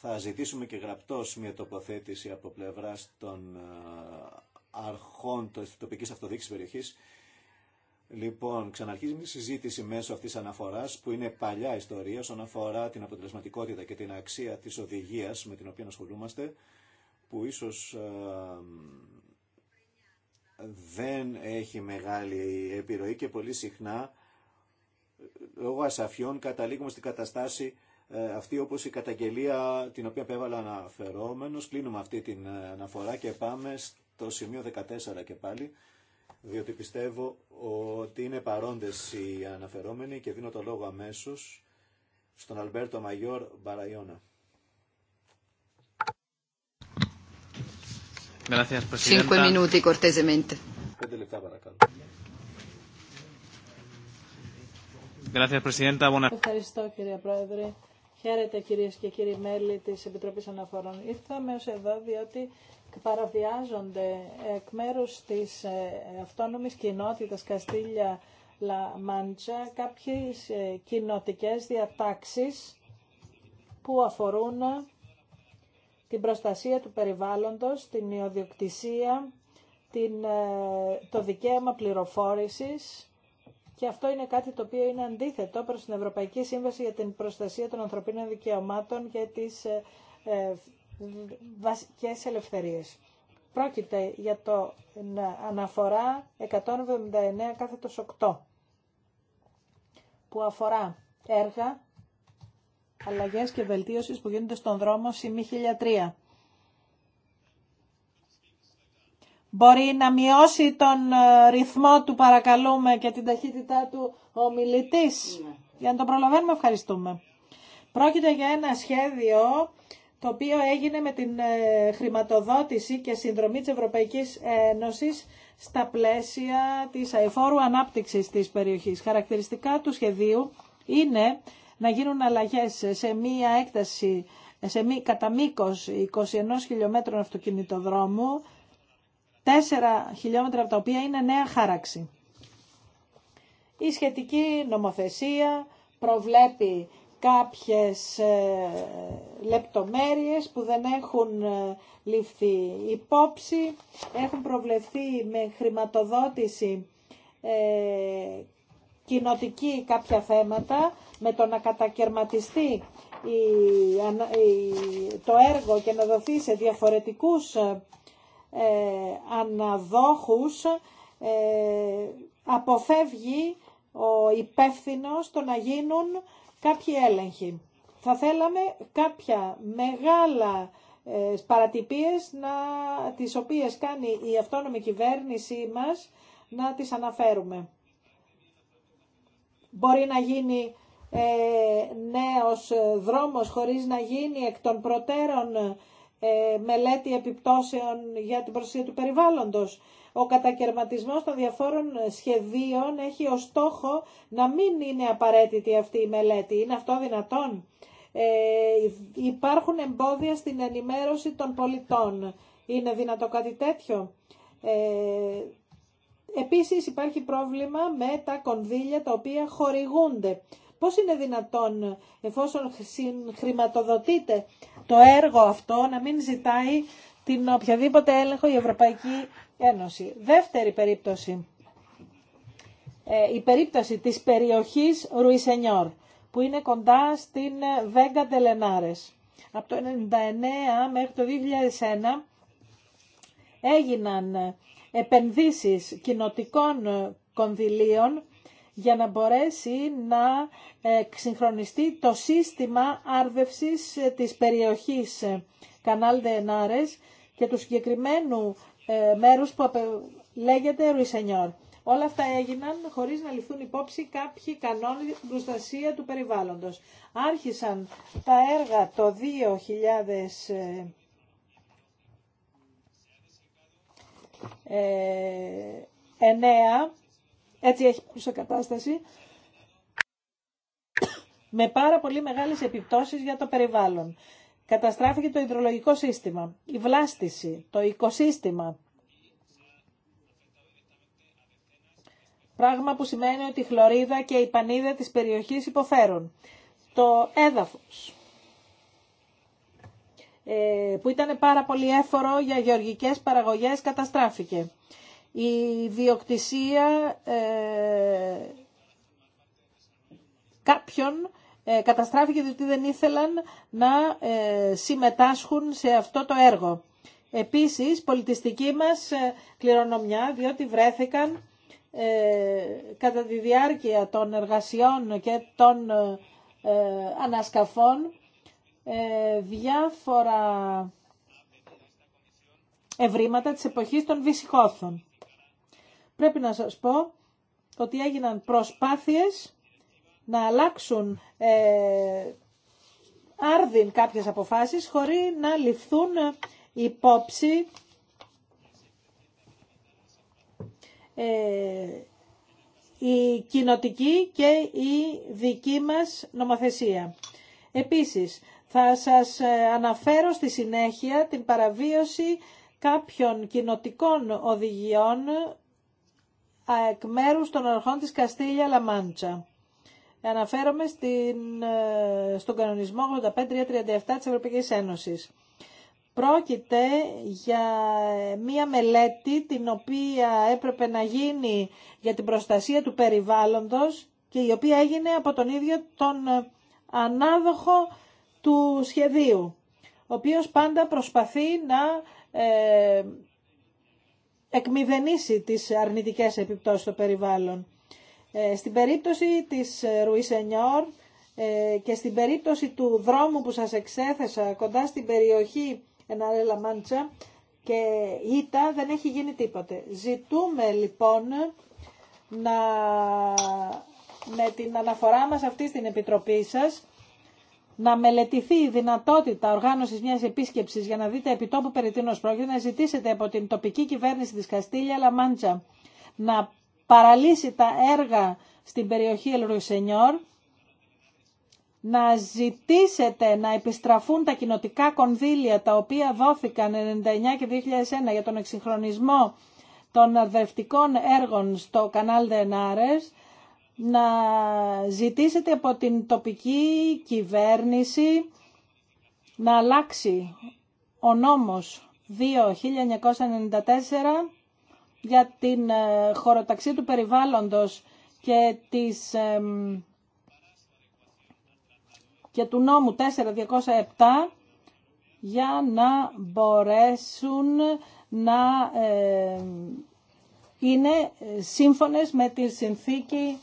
Θα ζητήσουμε και γραπτός μια τοποθέτηση από πλευράς των ε, αρχών της τοπικής αυτοδίκησης περιοχής. Λοιπόν, ξαναρχίζει μια συζήτηση μέσω αυτής της αναφοράς που είναι παλιά ιστορία όσον αφορά την αποτελεσματικότητα και την αξία της οδηγίας με την οποία ασχολούμαστε που ίσως ε, δεν έχει μεγάλη επιρροή και πολύ συχνά λόγω ασαφιών καταλήγουμε στην καταστάση ε, αυτή όπως η καταγγελία την οποία επέβαλα αναφερόμενος. Κλείνουμε αυτή την ε, αναφορά και πάμε στο σημείο 14 και πάλι, διότι πιστεύω ότι είναι παρόντες οι αναφερόμενοι και δίνω το λόγο αμέσως στον Αλμπέρτο Μαγιόρ Μπαραϊώνα. 5 λεπτά παρακαλώ. Ευχαριστώ κύριε Πρόεδρε. Χαίρετε κυρίε και κύριοι μέλη τη Επιτροπή Αναφορών. Ήρθαμε ω εδώ διότι παραβιάζονται εκ μέρου τη ε, αυτόνομη κοινότητα Καστήλια Λα Μάντσα κάποιε κοινοτικέ διατάξει που αφορούν την προστασία του περιβάλλοντος, την ιδιοκτησία, ε, το δικαίωμα πληροφόρησης, και αυτό είναι κάτι το οποίο είναι αντίθετο προς την Ευρωπαϊκή Σύμβαση για την Προστασία των Ανθρωπίνων Δικαιωμάτων και τις ε, ε, βασικές ελευθερίες. Πρόκειται για το αναφορά 179 κάθετος 8 που αφορά έργα, αλλαγές και βελτίωσης που γίνονται στον δρόμο ΣΥΜΗ 1003 μπορεί να μειώσει τον ε, ρυθμό του παρακαλούμε και την ταχύτητά του ο μιλητής. Ναι. Για να το προλαβαίνουμε ευχαριστούμε. Πρόκειται για ένα σχέδιο το οποίο έγινε με την ε, χρηματοδότηση και συνδρομή της Ευρωπαϊκής Ένωσης στα πλαίσια της αεφόρου ανάπτυξης της περιοχής. Χαρακτηριστικά του σχεδίου είναι να γίνουν αλλαγές σε μία έκταση σε μη, κατά μήκο 21 χιλιόμετρων αυτοκινητοδρόμου, Τέσσερα χιλιόμετρα από τα οποία είναι νέα χάραξη. Η σχετική νομοθεσία προβλέπει κάποιες ε, λεπτομέρειες που δεν έχουν ε, ληφθεί υπόψη. Έχουν προβλεφθεί με χρηματοδότηση ε, κοινοτική κάποια θέματα με το να κατακαιρματιστεί το έργο και να δοθεί σε διαφορετικούς ε, αναδόχους ε, αποφεύγει ο υπεύθυνο το να γίνουν κάποιοι έλεγχοι. Θα θέλαμε κάποια μεγάλα ε, παρατυπίες να, τις οποίες κάνει η αυτόνομη κυβέρνησή μας να τις αναφέρουμε. Μπορεί να γίνει ε, νέος δρόμος χωρίς να γίνει εκ των προτέρων ε, μελέτη επιπτώσεων για την προστασία του περιβάλλοντος. Ο κατακαιρματισμός των διαφόρων σχεδίων έχει ως στόχο να μην είναι απαραίτητη αυτή η μελέτη. Είναι αυτό δυνατόν. Ε, υπάρχουν εμπόδια στην ενημέρωση των πολιτών. Είναι δυνατό κάτι τέτοιο. Ε, επίσης υπάρχει πρόβλημα με τα κονδύλια τα οποία χορηγούνται Πώς είναι δυνατόν εφόσον χρηματοδοτείται το έργο αυτό να μην ζητάει την οποιαδήποτε έλεγχο η Ευρωπαϊκή Ένωση. Δεύτερη περίπτωση, ε, η περίπτωση της περιοχής Ρουισενιόρ που είναι κοντά στην Βέγκα Τελενάρες. Από το 1999 μέχρι το 2001 έγιναν επενδύσεις κοινοτικών κονδυλίων για να μπορέσει να συγχρονιστεί ε, το σύστημα άρδευσης ε, της περιοχής de ε, Δενάρες και του συγκεκριμένου μέρους που λέγεται Ρουισενιόρ. Όλα αυτά έγιναν χωρίς να ληφθούν υπόψη κάποιοι κανόνες προστασία του περιβάλλοντος. Άρχισαν τα έργα το 2000... Έτσι έχει πλούσια κατάσταση με πάρα πολύ μεγάλες επιπτώσεις για το περιβάλλον. Καταστράφηκε το υδρολογικό σύστημα, η βλάστηση, το οικοσύστημα. Πράγμα που σημαίνει ότι η χλωρίδα και η πανίδα της περιοχής υποφέρουν. Το έδαφος, ε, που ήταν πάρα πολύ έφορο για γεωργικές παραγωγές, καταστράφηκε η διοκτησία ε, κάποιων ε, καταστράφηκε διότι δεν ήθελαν να ε, συμμετάσχουν σε αυτό το έργο. Επίσης, πολιτιστική μας κληρονομιά, διότι βρέθηκαν κατά τη διάρκεια των εργασιών και των ανασκαφών διάφορα ευρήματα της εποχής των Βυσικόθων πρέπει να σας πω ότι έγιναν προσπάθειες να αλλάξουν ε, άρδιν κάποιες αποφάσεις χωρίς να ληφθούν υπόψη ε, η κοινοτική και η δική μας νομοθεσία. Επίσης, θα σας ε, αναφέρω στη συνέχεια την παραβίωση κάποιων κοινοτικών οδηγιών εκ μέρους των αρχών της Καστήλια Λαμάντσα. Αναφέρομαι ε, στον κανονισμό της Ευρωπαϊκής Ένωσης. Πρόκειται για ε, μία μελέτη την οποία έπρεπε να γίνει για την προστασία του περιβάλλοντος και η οποία έγινε από τον ίδιο τον ε, ανάδοχο του σχεδίου, ο οποίος πάντα προσπαθεί να εκμηδενήσει τις αρνητικές επιπτώσεις στο περιβάλλον. Ε, στην περίπτωση της ε, ε, και στην περίπτωση του δρόμου που σας εξέθεσα κοντά στην περιοχή Εναρέλα Μάντσα και Ήτα δεν έχει γίνει τίποτε. Ζητούμε λοιπόν να με την αναφορά μας αυτή στην Επιτροπή σας να μελετηθεί η δυνατότητα οργάνωσης μιας επίσκεψης για να δείτε επί τόπου περί τίνος πρόκειται, να ζητήσετε από την τοπική κυβέρνηση της Καστήλια Λαμάντσα να παραλύσει τα έργα στην περιοχή Ελρουσενιόρ, να ζητήσετε να επιστραφούν τα κοινοτικά κονδύλια τα οποία δόθηκαν 99 και 2001 για τον εξυγχρονισμό των αδρευτικών έργων στο κανάλ Δενάρες να ζητήσετε από την τοπική κυβέρνηση να αλλάξει ο νόμος 2.1994 για την ε, χωροταξία του περιβάλλοντος και, της, και του νόμου 4.207 για να μπορέσουν να ε, είναι σύμφωνες με τη συνθήκη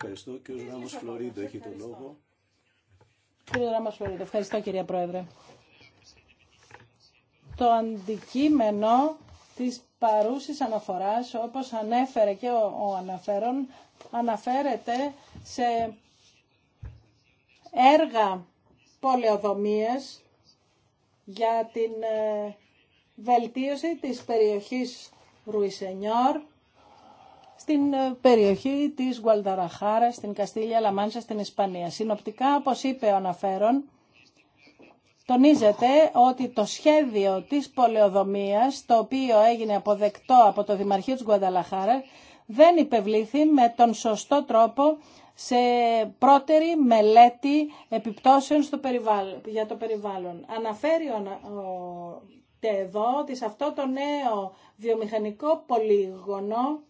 Ευχαριστώ. ο Ράμος έχει το λόγο. Κύριε Ράμος Φλωρίντο, ευχαριστώ κυρία Πρόεδρε. Το αντικείμενο της παρούσης αναφοράς, όπως ανέφερε και ο, ο αναφέρον, αναφέρεται σε έργα πολεοδομίες για την ε, βελτίωση της περιοχής Ρουισενιόρ στην ε, περιοχή της Γουαλταραχάρα, στην Καστήλια Λαμάνσα, στην Ισπανία. Συνοπτικά, όπως είπε ο αναφέρον, τονίζεται ότι το σχέδιο της πολεοδομίας, το οποίο έγινε αποδεκτό από το Δημαρχείο της Γουαλδαραχάρα, δεν υπευλήθη με τον σωστό τρόπο σε πρώτερη μελέτη επιπτώσεων στο περιβάλλον, για το περιβάλλον. Αναφέρει ο, εδώ ότι σε αυτό το νέο βιομηχανικό πολύγωνο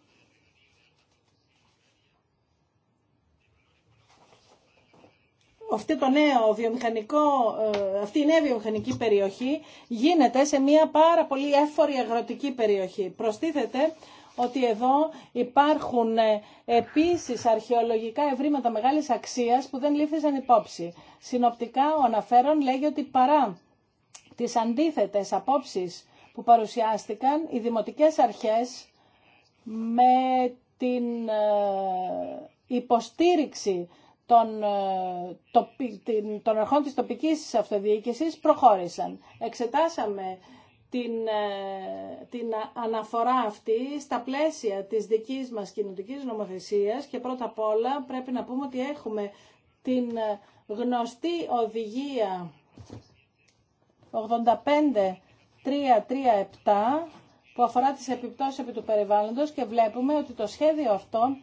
Αυτή το νέο βιομηχανικό, ε, αυτή η νέα βιομηχανική περιοχή γίνεται σε μια πάρα πολύ έφορη αγροτική περιοχή. Προστίθεται ότι εδώ υπάρχουν ε, επίσης αρχαιολογικά ευρήματα μεγάλης αξίας που δεν λήφθησαν υπόψη. Συνοπτικά ο αναφέρον λέγει ότι παρά τις αντίθετες απόψεις που παρουσιάστηκαν, οι δημοτικές αρχές με την ε, υποστήριξη των, ε, των αρχών της τοπικής αυτοδιοίκησης προχώρησαν. Εξετάσαμε την, ε, την αναφορά αυτή στα πλαίσια της δικής μας κοινωτικής νομοθεσίας και πρώτα απ' όλα πρέπει να πούμε ότι έχουμε την ε, γνωστή οδηγία 85337 που αφορά τις επιπτώσεις επί του περιβάλλοντος και βλέπουμε ότι το σχέδιο αυτό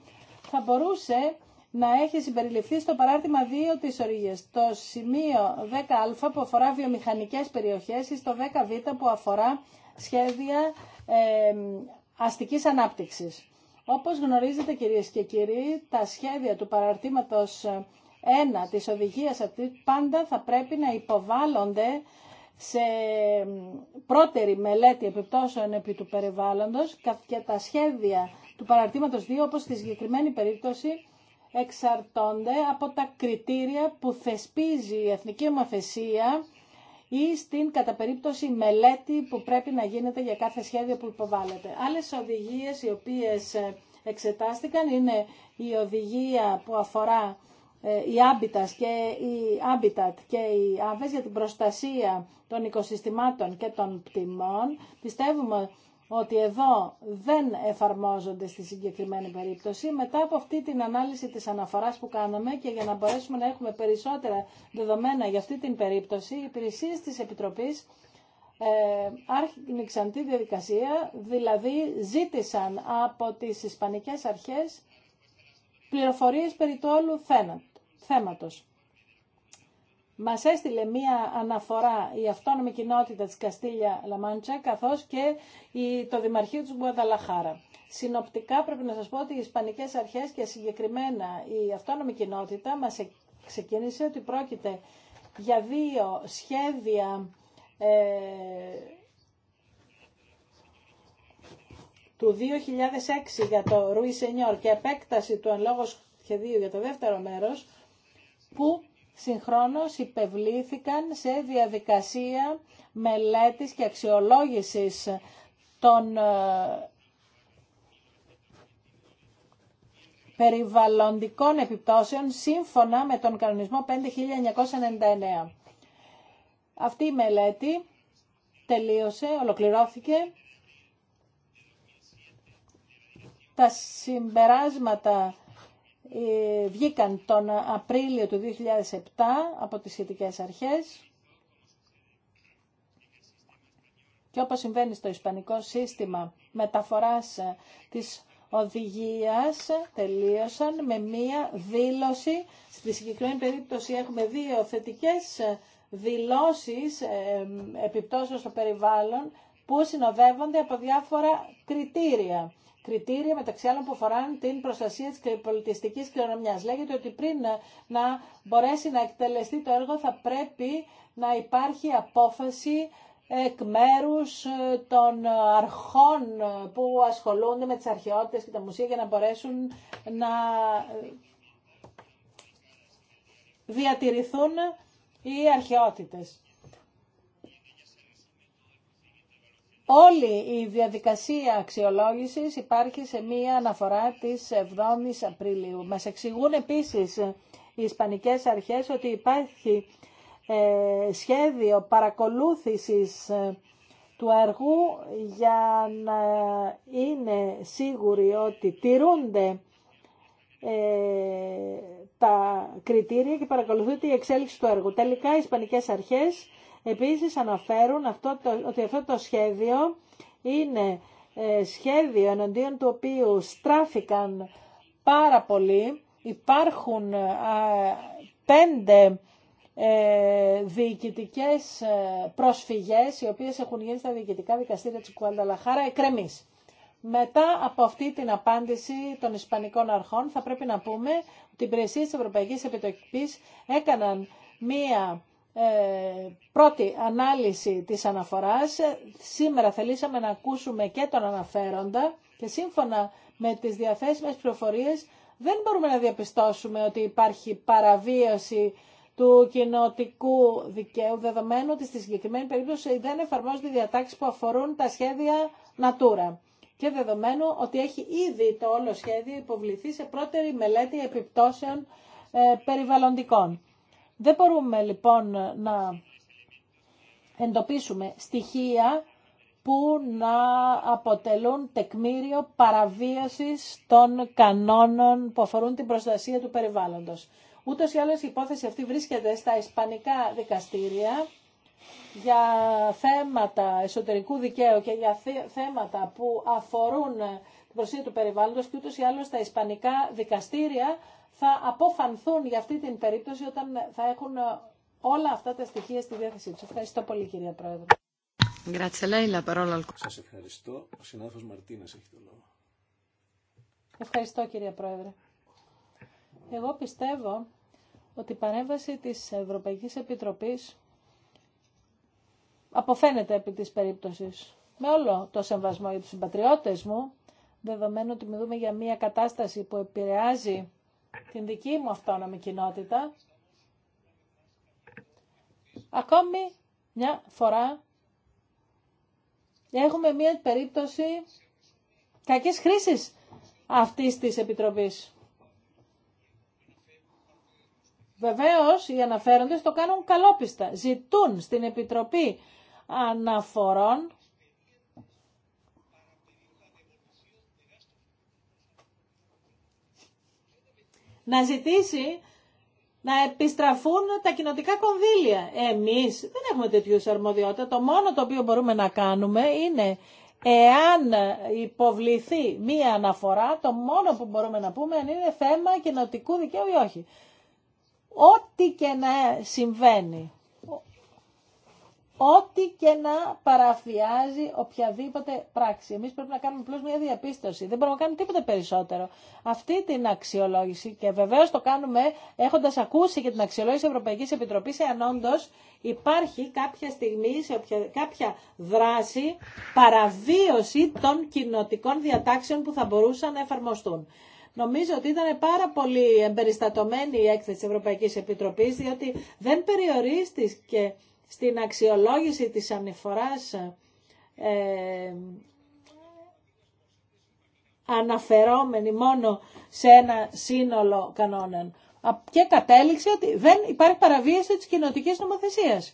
θα μπορούσε να έχει συμπεριληφθεί στο παράρτημα 2 της οδηγίας. Το σημείο 10α που αφορά βιομηχανικές περιοχές ή στο 10β που αφορά σχέδια ε, αστικής ανάπτυξης. Όπως γνωρίζετε κυρίες και κύριοι, τα σχέδια του παραρτήματος 1 της οδηγίας αυτή πάντα θα πρέπει να υποβάλλονται σε πρώτερη μελέτη επιπτώσεων επί του περιβάλλοντος και τα σχέδια του παραρτήματος 2, όπως στη συγκεκριμένη περίπτωση, εξαρτώνται από τα κριτήρια που θεσπίζει η Εθνική Ομοθεσία ή στην κατά περίπτωση μελέτη που πρέπει να γίνεται για κάθε σχέδιο που υποβάλλεται. Άλλες οδηγίες οι οποίες ε, εξετάστηκαν είναι η οδηγία που αφορά ε, η Άμπιτας και η Άμπιτατ και οι ΑΒΕΣ για την προστασία των οικοσυστημάτων και των πτυμών. Πιστεύουμε ότι εδώ δεν εφαρμόζονται στη συγκεκριμένη περίπτωση. Μετά από αυτή την ανάλυση της αναφοράς που κάναμε και για να μπορέσουμε να έχουμε περισσότερα δεδομένα για αυτή την περίπτωση, οι υπηρεσίες της Επιτροπής ε, άρχισαν τη διαδικασία, δηλαδή ζήτησαν από τις Ισπανικές Αρχές πληροφορίες περί του όλου θέματος. Μας έστειλε μία αναφορά η αυτόνομη κοινότητα της Καστήλια Λαμάντσα καθώς και το Δημαρχείο τη Μπουαδαλαχάρα. Συνοπτικά πρέπει να σας πω ότι οι Ισπανικές αρχές και συγκεκριμένα η αυτόνομη κοινότητα μας ξεκίνησε ότι πρόκειται για δύο σχέδια ε, του 2006 για το Ρουι Σενιόρ και επέκταση του εν λόγω σχεδίου για το δεύτερο μέρος που συγχρόνως υπευλήθηκαν σε διαδικασία μελέτης και αξιολόγησης των ε, περιβαλλοντικών επιπτώσεων σύμφωνα με τον κανονισμό 5.999. Αυτή η μελέτη τελείωσε, ολοκληρώθηκε. Τα συμπεράσματα ε, βγήκαν τον Απρίλιο του 2007 από τις σχετικές αρχές και όπως συμβαίνει στο Ισπανικό σύστημα μεταφοράς της οδηγίας τελείωσαν με μία δήλωση. Στη συγκεκριμένη περίπτωση έχουμε δύο θετικές δηλώσεις ε, επιπτώσεων στο περιβάλλον που συνοδεύονται από διάφορα κριτήρια κριτήρια μεταξύ άλλων που αφορά την προστασία τη πολιτιστική κληρονομιά. Λέγεται ότι πριν να μπορέσει να εκτελεστεί το έργο θα πρέπει να υπάρχει απόφαση εκ μέρου ε, των αρχών που ασχολούνται με τι αρχαιότητες και τα μουσεία για να μπορέσουν να ε, διατηρηθούν οι αρχαιότητες. Όλη η διαδικασία αξιολόγησης υπάρχει σε μία αναφορά της 7ης Απριλίου. Μας εξηγούν επίσης οι Ισπανικές Αρχές ότι υπάρχει ε, σχέδιο παρακολούθησης ε, του έργου για να είναι σίγουροι ότι τηρούνται ε, τα κριτήρια και παρακολουθούνται η εξέλιξη του έργου. Τελικά οι Ισπανικές Αρχές Επίσης αναφέρουν αυτό το, ότι αυτό το σχέδιο είναι ε, σχέδιο εναντίον του οποίου στράφηκαν πάρα πολύ. Υπάρχουν ε, πέντε ε, διοικητικές ε, προσφυγές οι οποίες έχουν γίνει στα διοικητικά δικαστήρια της Κουαλταλαχάρα, εκκρεμής. Μετά από αυτή την απάντηση των Ισπανικών αρχών θα πρέπει να πούμε ότι οι υπηρεσίε της Ευρωπαϊκής Επιτροπής έκαναν μία ε, πρώτη ανάλυση της αναφοράς. Σήμερα θελήσαμε να ακούσουμε και τον αναφέροντα και σύμφωνα με τις διαθέσιμες πληροφορίες δεν μπορούμε να διαπιστώσουμε ότι υπάρχει παραβίαση του κοινοτικού δικαίου, δεδομένου ότι στη συγκεκριμένη περίπτωση δεν εφαρμόζονται διατάξεις που αφορούν τα σχέδια Natura και δεδομένου ότι έχει ήδη το όλο σχέδιο υποβληθεί σε πρώτερη μελέτη επιπτώσεων ε, περιβαλλοντικών. Δεν μπορούμε λοιπόν να εντοπίσουμε στοιχεία που να αποτελούν τεκμήριο παραβίασης των κανόνων που αφορούν την προστασία του περιβάλλοντος. Ούτως ή άλλως η υπόθεση αυτή βρίσκεται στα ισπανικά δικαστήρια για θέματα εσωτερικού δικαίου και για θέματα που αφορούν την προστασία του περιβάλλοντος και ούτως ή άλλως στα ισπανικά δικαστήρια θα αποφανθούν για αυτή την περίπτωση όταν θα έχουν ε, όλα αυτά τα στοιχεία στη διάθεσή του. Ευχαριστώ πολύ κυρία Πρόεδρε. Σα ευχαριστώ. Ο συνάδελφο Μαρτίνας έχει το λόγο. Ευχαριστώ κυρία Πρόεδρε. Εγώ πιστεύω ότι η παρέμβαση της Ευρωπαϊκής Επιτροπής αποφαίνεται επί της περίπτωσης. Με όλο το σεβασμό για τους συμπατριώτες μου, δεδομένου ότι μιλούμε για μια κατάσταση που επηρεάζει την δική μου αυτόνομη κοινότητα, ακόμη μια φορά έχουμε μια περίπτωση κακής χρήσης αυτής της Επιτροπής. Βεβαίως, οι αναφέροντες το κάνουν καλόπιστα. Ζητούν στην Επιτροπή Αναφορών να ζητήσει να επιστραφούν τα κοινοτικά κονδύλια. Εμείς δεν έχουμε τέτοιου αρμοδιότητα. Το μόνο το οποίο μπορούμε να κάνουμε είναι εάν υποβληθεί μία αναφορά, το μόνο που μπορούμε να πούμε είναι θέμα κοινοτικού δικαίου ή όχι. Ό,τι και να συμβαίνει ό,τι και να παραφιάζει οποιαδήποτε πράξη. Εμείς πρέπει να κάνουμε απλώ μια διαπίστωση. Δεν μπορούμε να κάνουμε τίποτα περισσότερο. Αυτή την αξιολόγηση και βεβαίως το κάνουμε έχοντας ακούσει και την αξιολόγηση Ευρωπαϊκής Επιτροπής εάν όντω υπάρχει κάποια στιγμή σε οποια, κάποια δράση παραβίωση των κοινοτικών διατάξεων που θα μπορούσαν να εφαρμοστούν. Νομίζω ότι ήταν πάρα πολύ εμπεριστατωμένη η έκθεση της Ευρωπαϊκής Επιτροπής, διότι δεν περιορίστηκε στην αξιολόγηση της ανεφοράς ε, αναφερόμενη μόνο σε ένα σύνολο κανόνων και κατέληξε ότι δεν υπάρχει παραβίαση της κοινοτικής νομοθεσίας.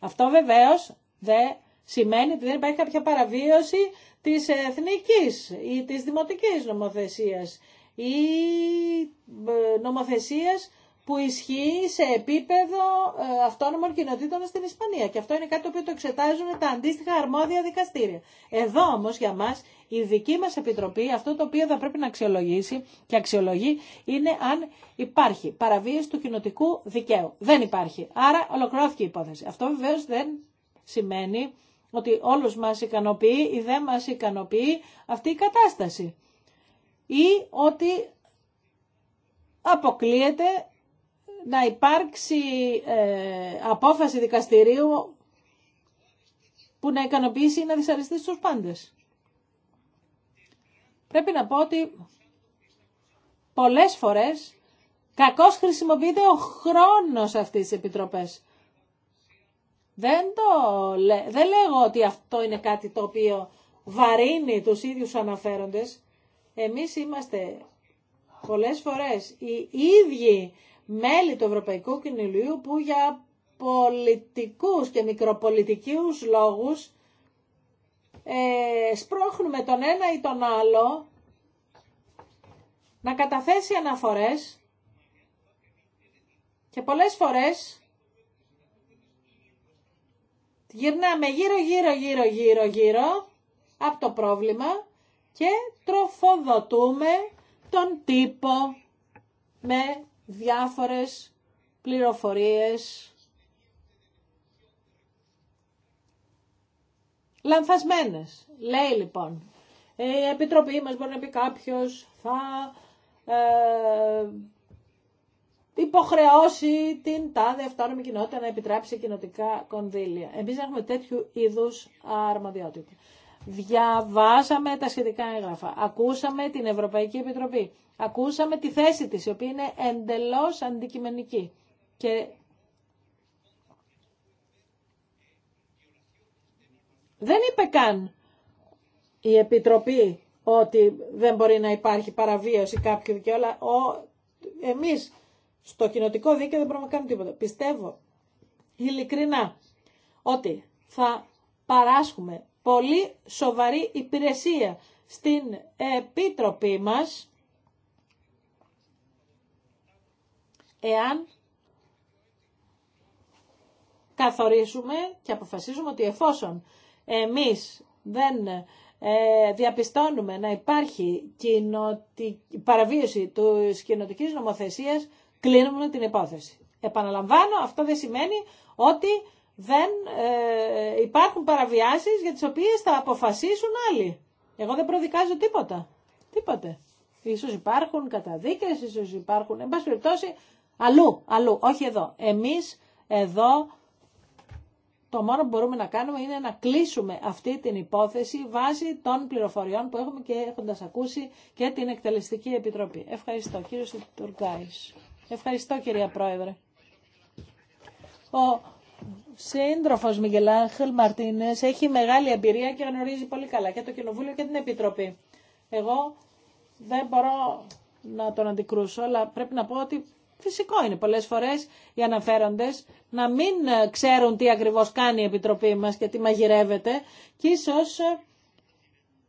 Αυτό βεβαίως δεν σημαίνει ότι δεν υπάρχει κάποια παραβίαση της εθνικής ή της δημοτικής νομοθεσίας ή ε, νομοθεσίας που ισχύει σε επίπεδο ε, αυτόνομων κοινοτήτων στην Ισπανία. Και αυτό είναι κάτι το οποίο το εξετάζουν τα αντίστοιχα αρμόδια δικαστήρια. Εδώ όμω για μα η δική μα επιτροπή αυτό το οποίο θα πρέπει να αξιολογήσει και αξιολογεί είναι αν υπάρχει παραβίαση του κοινοτικού δικαίου. Δεν υπάρχει. Άρα ολοκληρώθηκε η υπόθεση. Αυτό βεβαίω δεν σημαίνει ότι όλους μας ικανοποιεί ή δεν μας ικανοποιεί αυτή η κατάσταση. Ή ότι αποκλείεται να υπάρξει ε, απόφαση δικαστηρίου που να ικανοποιήσει ή να δυσαρεστεί στους πάντες. Πρέπει να πω ότι πολλές φορές κακώς χρησιμοποιείται ο χρόνος αυτής της επιτροπές. Δεν, το, δεν λέγω ότι αυτό είναι κάτι το οποίο βαρύνει τους ίδιους αναφέροντες. Εμείς είμαστε πολλές φορές οι ίδιοι μέλη του Ευρωπαϊκού Κοινοβουλίου που για πολιτικούς και μικροπολιτικούς λόγους ε, σπρώχνουμε τον ένα ή τον άλλο να καταθέσει αναφορές και πολλές φορές γυρνάμε γύρω γύρω γύρω γύρω γύρω από το πρόβλημα και τροφοδοτούμε τον τύπο με διάφορες πληροφορίες λανθασμένες. Λέει λοιπόν, η Επιτροπή μας μπορεί να πει κάποιος θα ε, υποχρεώσει την τάδε αυτόνομη κοινότητα να επιτράψει κοινοτικά κονδύλια. Εμείς έχουμε τέτοιου είδους αρμοδιότητα. Διαβάσαμε τα σχετικά έγγραφα, ακούσαμε την Ευρωπαϊκή Επιτροπή ακούσαμε τη θέση της, η οποία είναι εντελώς αντικειμενική. Και δεν είπε καν η Επιτροπή ότι δεν μπορεί να υπάρχει παραβίαση κάποιου δικαίου, όλα. ο, εμείς στο κοινοτικό δίκαιο δεν μπορούμε να κάνουμε τίποτα. Πιστεύω ειλικρινά ότι θα παράσχουμε πολύ σοβαρή υπηρεσία στην Επίτροπή μας εάν καθορίσουμε και αποφασίζουμε ότι εφόσον εμείς δεν ε, διαπιστώνουμε να υπάρχει κοινοτικ... παραβίωση της κοινοτικής νομοθεσίας, κλείνουμε την υπόθεση. Επαναλαμβάνω, αυτό δεν σημαίνει ότι δεν ε, υπάρχουν παραβιάσεις για τις οποίες θα αποφασίσουν άλλοι. Εγώ δεν προδικάζω τίποτα. Τίποτε. Ίσως υπάρχουν καταδίκες, ίσως υπάρχουν, εν Αλλού, αλλού, όχι εδώ. Εμείς εδώ το μόνο που μπορούμε να κάνουμε είναι να κλείσουμε αυτή την υπόθεση βάσει των πληροφοριών που έχουμε και έχοντας ακούσει και την Εκτελεστική Επιτροπή. Ευχαριστώ κύριε Τουρκάης. Ευχαριστώ κυρία Πρόεδρε. Ο σύντροφος Μιγκελάχελ Μαρτίνες έχει μεγάλη εμπειρία και γνωρίζει πολύ καλά και το Κοινοβούλιο και την Επιτροπή. Εγώ δεν μπορώ να τον αντικρούσω, αλλά πρέπει να πω ότι Φυσικό είναι πολλές φορές οι αναφέροντες να μην ε, ξέρουν τι ακριβώς κάνει η Επιτροπή μας και τι μαγειρεύεται και ίσω ε,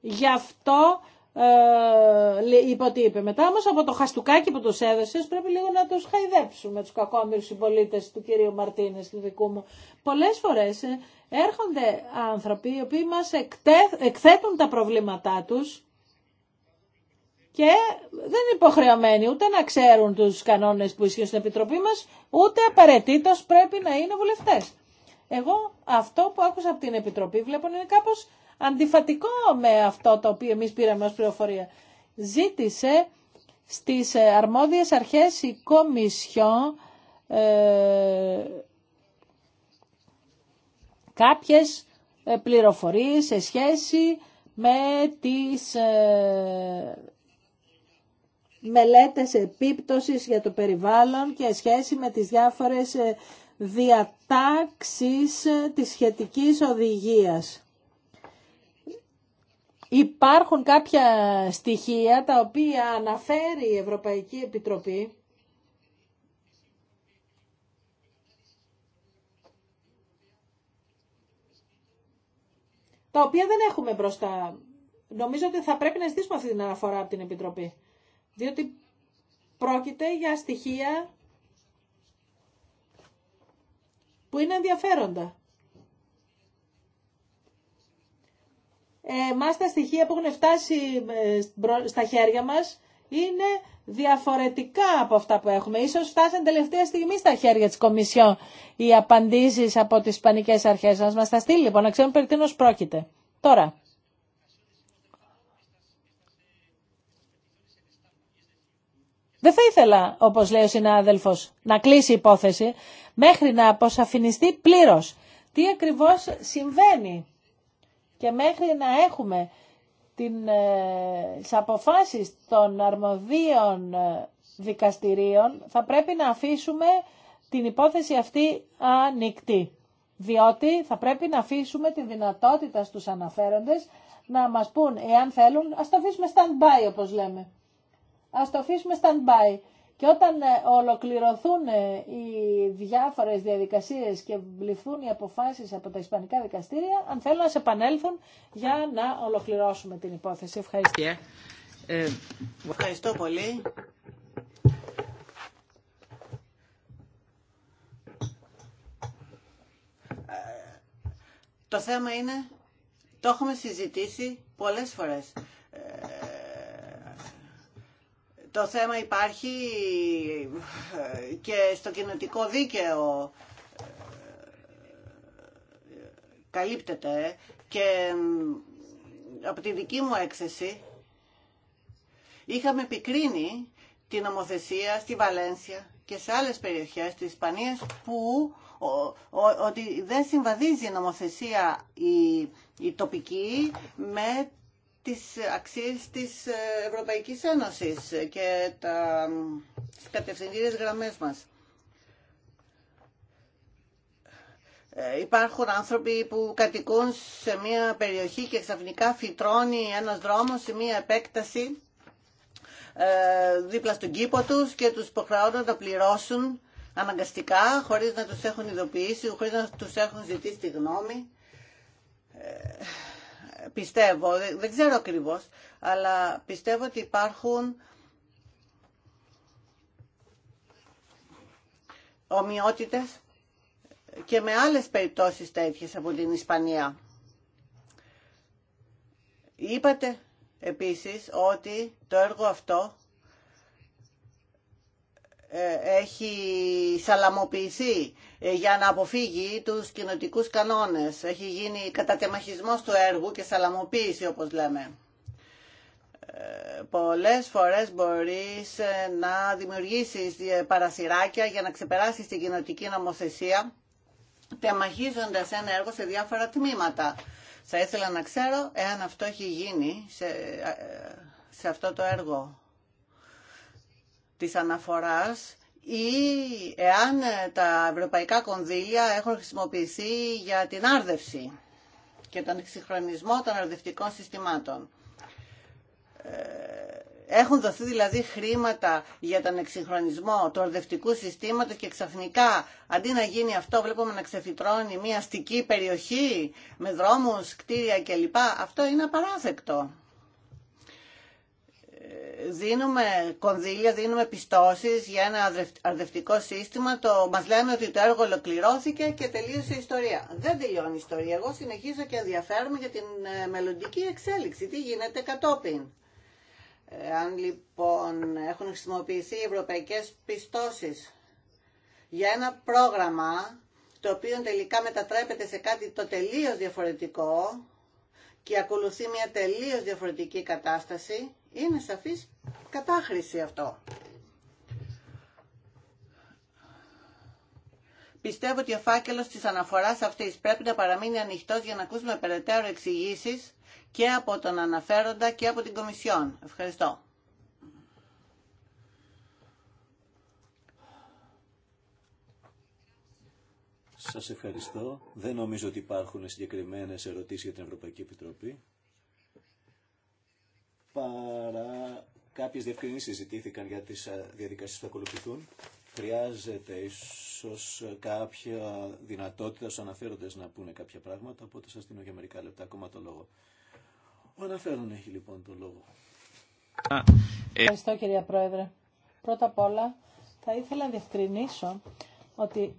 γι' αυτό ε, είπε ότι είπε. Μετά Όμω από το χαστούκάκι που τους έδωσε, πρέπει λίγο να του χαϊδέψουμε τους κακόμοιρου συμπολίτε του κυρίου Μαρτίνες του δικού μου. Πολλές φορές ε, έρχονται άνθρωποι οι οποίοι μα εκθέτουν τα προβλήματά του και δεν είναι υποχρεωμένοι ούτε να ξέρουν τους κανόνες που ισχύουν στην Επιτροπή μας, ούτε απαραίτητο πρέπει να είναι βουλευτές. Εγώ αυτό που άκουσα από την Επιτροπή βλέπω είναι κάπως αντιφατικό με αυτό το οποίο εμείς πήραμε ως πληροφορία. Ζήτησε στις αρμόδιες αρχές η Κομισιό ε, κάποιες ε, πληροφορίες σε σχέση με τις ε, μελέτες επίπτωσης για το περιβάλλον και σχέση με τις διάφορες ε, διατάξεις ε, της σχετικής οδηγίας. Υπάρχουν κάποια στοιχεία τα οποία αναφέρει η Ευρωπαϊκή Επιτροπή τα οποία δεν έχουμε μπροστά. Νομίζω ότι θα πρέπει να ζητήσουμε αυτή την αναφορά από την Επιτροπή διότι πρόκειται για στοιχεία που είναι ενδιαφέροντα. Ε, εμάς τα στοιχεία που έχουν φτάσει ε, στα χέρια μας είναι διαφορετικά από αυτά που έχουμε. Ίσως φτάσαν τελευταία στιγμή στα χέρια της Κομισιόν οι απαντήσεις από τις Ισπανικές Αρχές. Να μας τα στείλει λοιπόν, να ξέρουμε περί τίνος πρόκειται. Τώρα, Δεν θα ήθελα, όπως λέει ο συνάδελφο, να κλείσει η υπόθεση μέχρι να αποσαφινιστεί πλήρως τι ακριβώς συμβαίνει και μέχρι να έχουμε τι ε, των αρμοδίων ε, δικαστηρίων θα πρέπει να αφήσουμε την υπόθεση αυτή ανοιχτή. Διότι θα πρέπει να αφήσουμε τη δυνατότητα στους αναφέροντες να μας πούν εάν θέλουν, ας το αφήσουμε stand-by όπως λέμε ας το αφήσουμε stand-by. Και όταν ε, ολοκληρωθούν ε, οι διάφορες διαδικασίες και βληθούν οι αποφάσεις από τα ισπανικά δικαστήρια, αν θέλουν να σε επανέλθουν για να ολοκληρώσουμε την υπόθεση. Ευχαριστώ. Ε, Ευχαριστώ πολύ. Το θέμα είναι, το έχουμε συζητήσει πολλές φορές το θέμα υπάρχει ε, και στο κοινωτικό δίκαιο ε, καλύπτεται και από τη δική μου έκθεση είχαμε επικρίνει την νομοθεσία στη Βαλένσια και σε άλλες περιοχές της Ισπανίας που ότι δεν συμβαδίζει η νομοθεσία η, η τοπική με τις αξίες της Ευρωπαϊκής Ένωσης και τα κατευθυντήριες γραμμές μας. Ε, υπάρχουν άνθρωποι που κατοικούν σε μια περιοχή και ξαφνικά φυτρώνει ένας δρόμος σε μια επέκταση ε, δίπλα στον κήπο τους και τους υποχρεώνουν να πληρώσουν αναγκαστικά, χωρίς να τους έχουν ειδοποιήσει, χωρίς να τους έχουν ζητήσει τη γνώμη. Ε, πιστεύω, δεν ξέρω ακριβώ, αλλά πιστεύω ότι υπάρχουν ομοιότητες και με άλλες περιπτώσεις τέτοιες από την Ισπανία. Είπατε επίσης ότι το έργο αυτό ε, έχει σαλαμοποιηθεί ε, για να αποφύγει τους κοινοτικού κανόνες. Έχει γίνει κατατεμαχισμός του έργου και σαλαμοποίηση όπως λέμε. Ε, πολλές φορές μπορείς να δημιουργήσεις παρασυράκια για να ξεπεράσεις την κοινοτική νομοθεσία τεμαχίζοντας ένα έργο σε διάφορα τμήματα. Θα ήθελα να ξέρω εάν αυτό έχει γίνει σε αυτό το έργο της αναφοράς ή εάν τα ευρωπαϊκά κονδύλια έχουν χρησιμοποιηθεί για την άρδευση και τον εξυγχρονισμό των αρδευτικών συστημάτων. Ε, έχουν δοθεί δηλαδή χρήματα για τον εξυγχρονισμό του αρδευτικού συστήματος και ξαφνικά αντί να γίνει αυτό βλέπουμε να ξεφυτρώνει μια αστική περιοχή με δρόμους, κτίρια κλπ. Αυτό είναι απαράθεκτο δίνουμε κονδύλια, δίνουμε πιστώσεις για ένα αρδευτικό σύστημα. Το, μας λένε ότι το έργο ολοκληρώθηκε και τελείωσε η ιστορία. Δεν τελειώνει η ιστορία. Εγώ συνεχίζω και ενδιαφέρομαι για την ε, μελλοντική εξέλιξη. Τι γίνεται κατόπιν. Ε, αν λοιπόν έχουν χρησιμοποιηθεί οι ευρωπαϊκές πιστώσεις για ένα πρόγραμμα το οποίο τελικά μετατρέπεται σε κάτι το τελείως διαφορετικό, και ακολουθεί μια τελείως διαφορετική κατάσταση, είναι σαφής κατάχρηση αυτό. Πιστεύω ότι ο φάκελο τη αναφορά αυτή πρέπει να παραμείνει ανοιχτό για να ακούσουμε περαιτέρω εξηγήσει και από τον αναφέροντα και από την Κομισιόν. Ευχαριστώ. Σας ευχαριστώ. Δεν νομίζω ότι υπάρχουν συγκεκριμένες ερωτήσεις για την Ευρωπαϊκή Επιτροπή. Παρά κάποιες διευκρινήσεις ζητήθηκαν για τις διαδικασίες που ακολουθηθούν. Χρειάζεται ίσως κάποια δυνατότητα στους αναφέροντες να πούνε κάποια πράγματα, οπότε σας δίνω για μερικά λεπτά ακόμα το λόγο. Ο αναφέρον έχει λοιπόν το λόγο. Ε, ευχαριστώ κυρία Πρόεδρε. Πρώτα απ' όλα θα ήθελα να διευκρινίσω ότι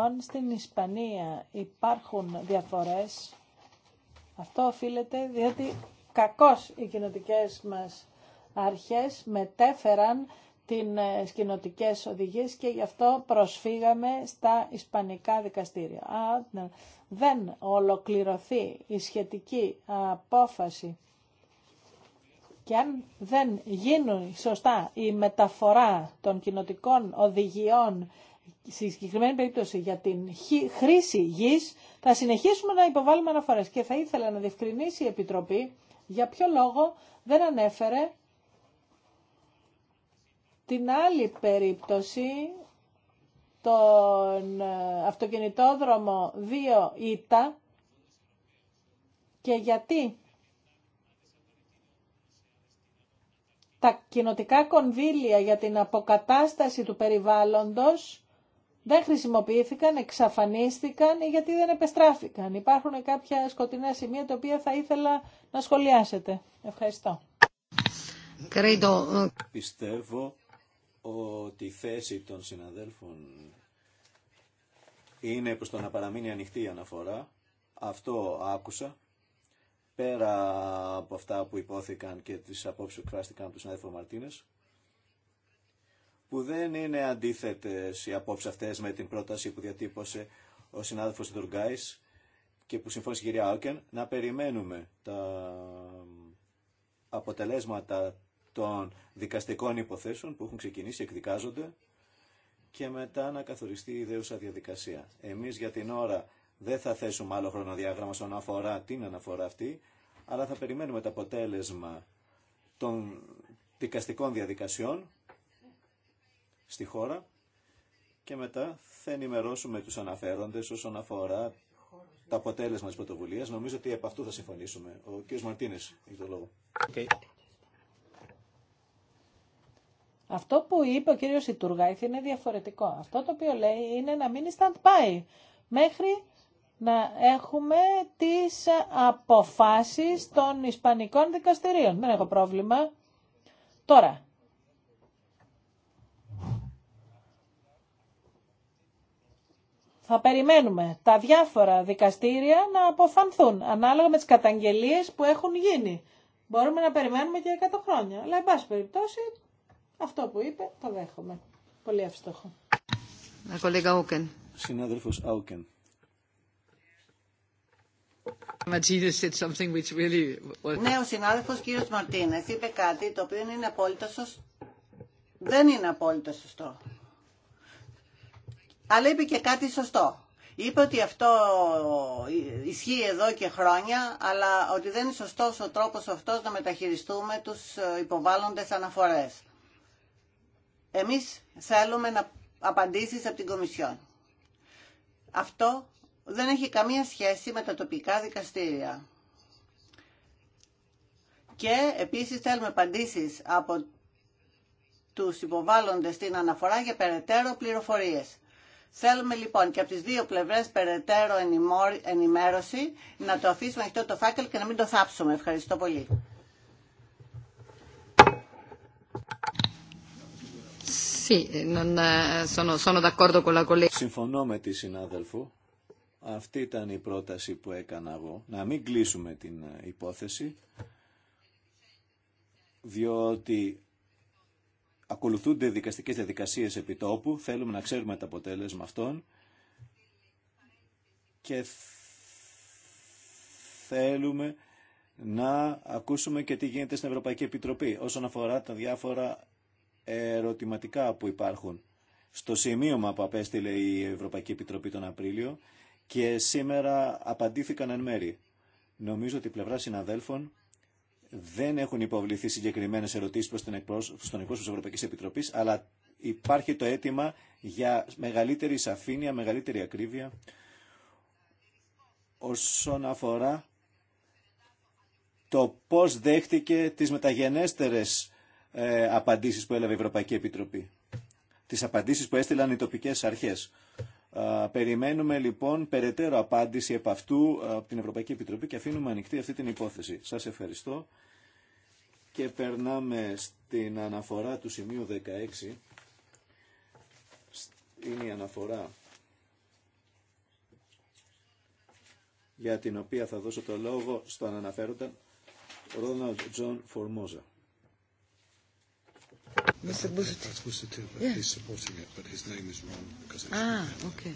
αν στην Ισπανία υπάρχουν διαφορές, αυτό οφείλεται διότι κακώς οι κοινοτικέ μας αρχές μετέφεραν την ε, κοινοτικέ οδηγίες και γι' αυτό προσφύγαμε στα ισπανικά δικαστήρια. Α, Δεν ολοκληρωθεί η σχετική απόφαση και αν δεν γίνουν σωστά η μεταφορά των κοινοτικών οδηγιών στη συγκεκριμένη περίπτωση για την χρήση γης, θα συνεχίσουμε να υποβάλουμε αναφορές. Και θα ήθελα να διευκρινίσει η Επιτροπή για ποιο λόγο δεν ανέφερε την άλλη περίπτωση, τον ε, αυτοκινητόδρομο 2 2ΙΤΑ και γιατί τα κοινοτικά κονδύλια για την αποκατάσταση του περιβάλλοντος δεν χρησιμοποιήθηκαν, εξαφανίστηκαν η γιατί δεν επεστράφηκαν. Υπάρχουν κάποια σκοτεινά σημεία τα οποία θα ήθελα να σχολιάσετε. Ευχαριστώ. Πιστεύω ότι η θέση των συναδέλφων είναι προς το να παραμείνει ανοιχτή η αναφορά. Αυτό άκουσα. Πέρα από αυτά που υπόθηκαν και τις απόψεις που εκφράστηκαν από τον συνάδελφο Μαρτίνες που δεν είναι αντίθετες οι απόψεις αυτές με την πρόταση που διατύπωσε ο συνάδελφος Ντουργκάης και που συμφώνησε η κυρία Άουκεν, να περιμένουμε τα αποτελέσματα των δικαστικών υποθέσεων που έχουν ξεκινήσει, εκδικάζονται και μετά να καθοριστεί η ιδέουσα διαδικασία. Εμείς για την ώρα δεν θα θέσουμε άλλο χρονοδιάγραμμα στον αφορά την αναφορά αυτή, αλλά θα περιμένουμε το αποτέλεσμα των δικαστικών διαδικασιών στη χώρα και μετά θα ενημερώσουμε τους αναφέροντες όσον αφορά το αποτέλεσμα της πρωτοβουλίας. Νομίζω ότι από αυτού θα συμφωνήσουμε. Ο κ. Μαρτίνες έχει το λόγο. Okay. Αυτό που είπε ο κ. Σιτουργάηθ είναι διαφορετικό. Αυτό το οποίο λέει είναι να μην stand stand-by μέχρι να έχουμε τις αποφάσεις των Ισπανικών δικαστηρίων. Δεν έχω πρόβλημα. Τώρα, θα περιμένουμε τα διάφορα δικαστήρια να αποφανθούν ανάλογα με τις καταγγελίες που έχουν γίνει. Μπορούμε να περιμένουμε και 100 χρόνια. Αλλά, εν πάση περιπτώσει, αυτό που είπε το δέχομαι. Πολύ εύστοχο. Ε, συνάδελφος Ναι, ο συνάδελφος κύριος Μαρτίνες είπε κάτι το οποίο είναι απόλυτο σωστό. Δεν είναι απόλυτα σωστό. Αλλά είπε και κάτι σωστό. Είπε ότι αυτό ισχύει εδώ και χρόνια, αλλά ότι δεν είναι σωστός ο τρόπος αυτός να μεταχειριστούμε τους υποβάλλοντες αναφορές. Εμείς θέλουμε να απαντήσεις από την Κομισιόν. Αυτό δεν έχει καμία σχέση με τα τοπικά δικαστήρια. Και επίσης θέλουμε απαντήσεις από τους υποβάλλοντες στην αναφορά για περαιτέρω πληροφορίες. Θέλουμε λοιπόν και από τις δύο πλευρές περαιτέρω ενημέρωση, να το αφήσουμε αυτό το φάκελ και να μην το θάψουμε. Ευχαριστώ πολύ. Eh, Συμφωνώ με τη συνάδελφο. Αυτή ήταν η πρόταση που έκανα εγώ. Να μην κλείσουμε την ε, υπόθεση, διότι ακολουθούνται δικαστικές διαδικασίες τόπου, θέλουμε να ξέρουμε τα αποτέλεσμα αυτών και θέλουμε να ακούσουμε και τι γίνεται στην Ευρωπαϊκή Επιτροπή όσον αφορά τα διάφορα ερωτηματικά που υπάρχουν. Στο σημείωμα που απέστειλε η Ευρωπαϊκή Επιτροπή τον Απρίλιο και σήμερα απαντήθηκαν εν μέρη. Νομίζω ότι η πλευρά συναδέλφων δεν έχουν υποβληθεί συγκεκριμένε ερωτήσει προ τον εκπρόσωπο τη Ευρωπαϊκή Επιτροπή, αλλά υπάρχει το αίτημα για μεγαλύτερη σαφήνεια, μεγαλύτερη ακρίβεια όσον αφορά το πώς δέχτηκε τις μεταγενέστερες ε, απαντήσεις που έλαβε η Ευρωπαϊκή Επιτροπή. Τις απαντήσεις που έστειλαν οι τοπικές αρχές. Περιμένουμε λοιπόν περαιτέρω απάντηση επ' αυτού από την Ευρωπαϊκή Επιτροπή και αφήνουμε ανοιχτή αυτή την υπόθεση. Σας ευχαριστώ και περνάμε στην αναφορά του σημείου 16. Είναι η αναφορά για την οποία θα δώσω το λόγο στον αναφέροντα Ρόναλτ Τζον Φορμόζα. Mr. Busuttil. That's Busuttil, but he's supporting it, but his name is wrong because it's. Ah, okay.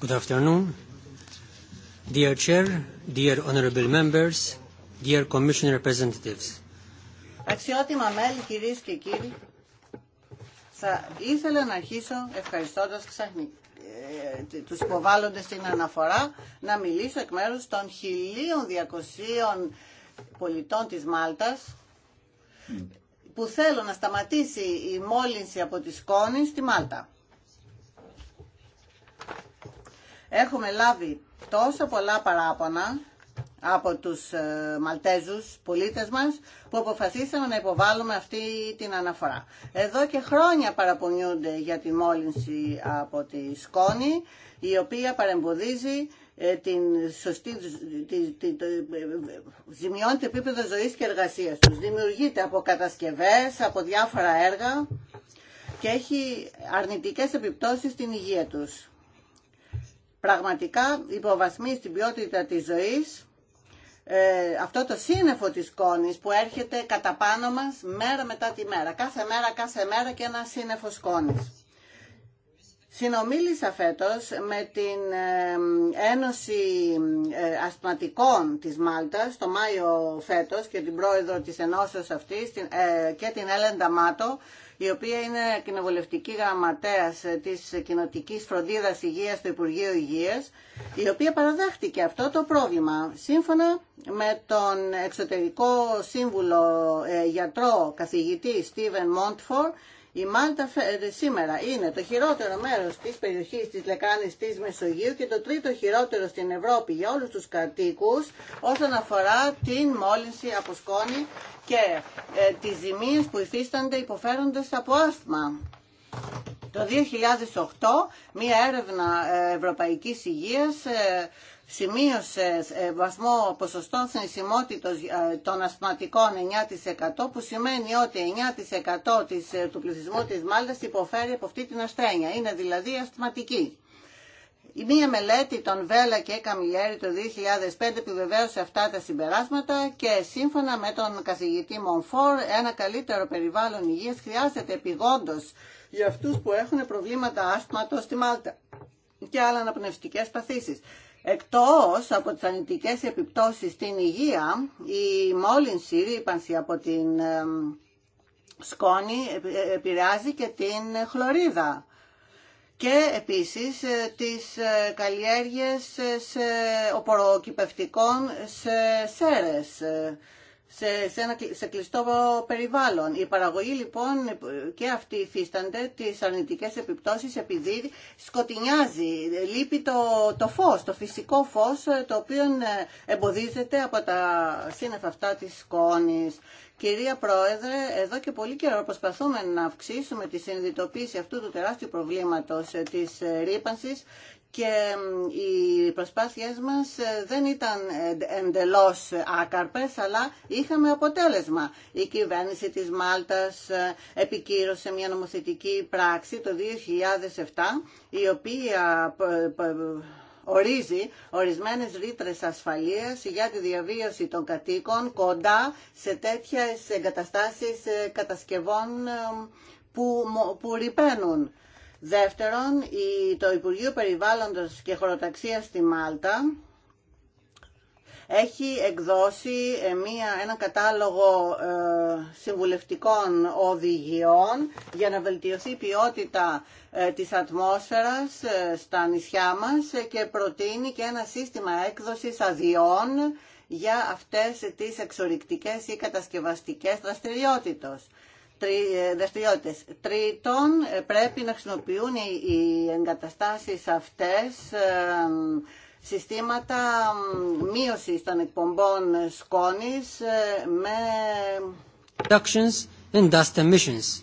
Good afternoon. Dear Chair, dear Honourable Members, Αξιότιμα μέλη, κυρίες και κύριοι, θα ήθελα να αρχίσω ευχαριστώντας του ε, τους υποβάλλοντες στην αναφορά να μιλήσω εκ μέρους των 1200 πολιτών της Μάλτας που θέλουν να σταματήσει η μόλυνση από τη σκόνη στη Μάλτα. Έχουμε λάβει τόσο πολλά παράπονα από τους ε, Μαλτέζους πολίτες μας που αποφασίσαμε να υποβάλουμε αυτή την αναφορά. Εδώ και χρόνια παραπονιούνται για τη μόλυνση από τη σκόνη η οποία παρεμποδίζει ε, την σωστή, τη, ε, ζημιώνει το επίπεδο ζωής και εργασίας τους. Δημιουργείται από κατασκευές, από διάφορα έργα και έχει αρνητικές επιπτώσεις στην υγεία τους. Πραγματικά υποβαθμίζει την ποιότητα της ζωής ε, αυτό το σύννεφο της σκόνης που έρχεται κατά πάνω μας μέρα μετά τη μέρα. Κάθε μέρα, κάθε μέρα και ένα σύννεφο σκόνης. Συνομίλησα φέτος με την Ένωση ε, Ασπματικών της Μάλτας το Μάιο φέτος και την πρόεδρο της ενώσεως αυτής ε, και την Έλεν η οποία είναι κοινοβουλευτική γραμματέα της κοινοτική φροντίδας Υγεία του Υπουργείου Υγεία, η οποία παραδέχτηκε αυτό το πρόβλημα. Σύμφωνα με τον εξωτερικό σύμβουλο ε, γιατρό καθηγητή Στίβεν Μόντφορ, η Μάλτα ε, σήμερα είναι το χειρότερο μέρος της περιοχής της λεκάνης της Μεσογείου και το τρίτο χειρότερο στην Ευρώπη για όλους τους κατοίκους όσον αφορά την μόλυνση από σκόνη και ε, τις ζημίες που υφίστανται υποφέροντας από άσθμα. Το 2008 μία έρευνα ε, Ευρωπαϊκής Υγείας σημείωσε ε, βαθμό ποσοστό θνησιμότητος ε, των ασθματικών 9% που σημαίνει ότι 9% ε, του πληθυσμού της Μάλτας υποφέρει από αυτή την ασθένεια. Είναι δηλαδή ασθματική. Η μία μελέτη των Βέλα και Καμιλιέρη το 2005 επιβεβαίωσε αυτά τα συμπεράσματα και σύμφωνα με τον καθηγητή Μονφόρ ένα καλύτερο περιβάλλον υγείας χρειάζεται επιγόντως για αυτούς που έχουν προβλήματα άσθματος στη Μάλτα και άλλα αναπνευστικές παθήσεις. Εκτός από τις ανητικές επιπτώσεις στην υγεία, η μόλυνση, η ρήπανση από την σκόνη ε, επηρεάζει και την χλωρίδα και επίσης ε, τις ε, καλλιέργειες σε οποροκυπευτικών σε σέρες σε, ένα, σε κλειστό περιβάλλον. Η παραγωγή λοιπόν και αυτή υφίστανται τις αρνητικές επιπτώσεις επειδή σκοτεινιάζει, λείπει το, το φως, το φυσικό φως ε, το οποίο ε, εμποδίζεται από τα σύννεφα αυτά της σκόνης. Κυρία Πρόεδρε, εδώ και πολύ καιρό προσπαθούμε να αυξήσουμε τη συνειδητοποίηση αυτού του τεράστιου προβλήματος ε, της ρήπανσης και οι προσπάθειές μας ε, δεν ήταν εντελώς άκαρπες, αλλά είχαμε αποτέλεσμα. Η κυβέρνηση της Μάλτας ε, επικύρωσε μια νομοθετική πράξη το 2007, η οποία ορίζει ορισμένες ρήτρες ασφαλείας για τη διαβίωση των κατοίκων κοντά σε τέτοιες εγκαταστάσεις ε, κατασκευών που, που ρηπαίνουν. Δεύτερον, το Υπουργείο Περιβάλλοντος και Χωροταξίας στη Μάλτα έχει εκδώσει ε, μία, ένα κατάλογο ε, συμβουλευτικών οδηγιών για να βελτιωθεί η ποιότητα ε, της ατμόσφαιρας στα νησιά μας και προτείνει και ένα σύστημα έκδοσης αδειών για αυτές τις εξορυκτικές ή κατασκευαστικές δραστηριότητες. Ε, δραστηριότητες. Τρίτον, ε, πρέπει να χρησιμοποιούν οι εγκαταστάσεις αυτές ε, συστήματα μείωσης των εκπομπών σκόνης με... Reductions dust emissions.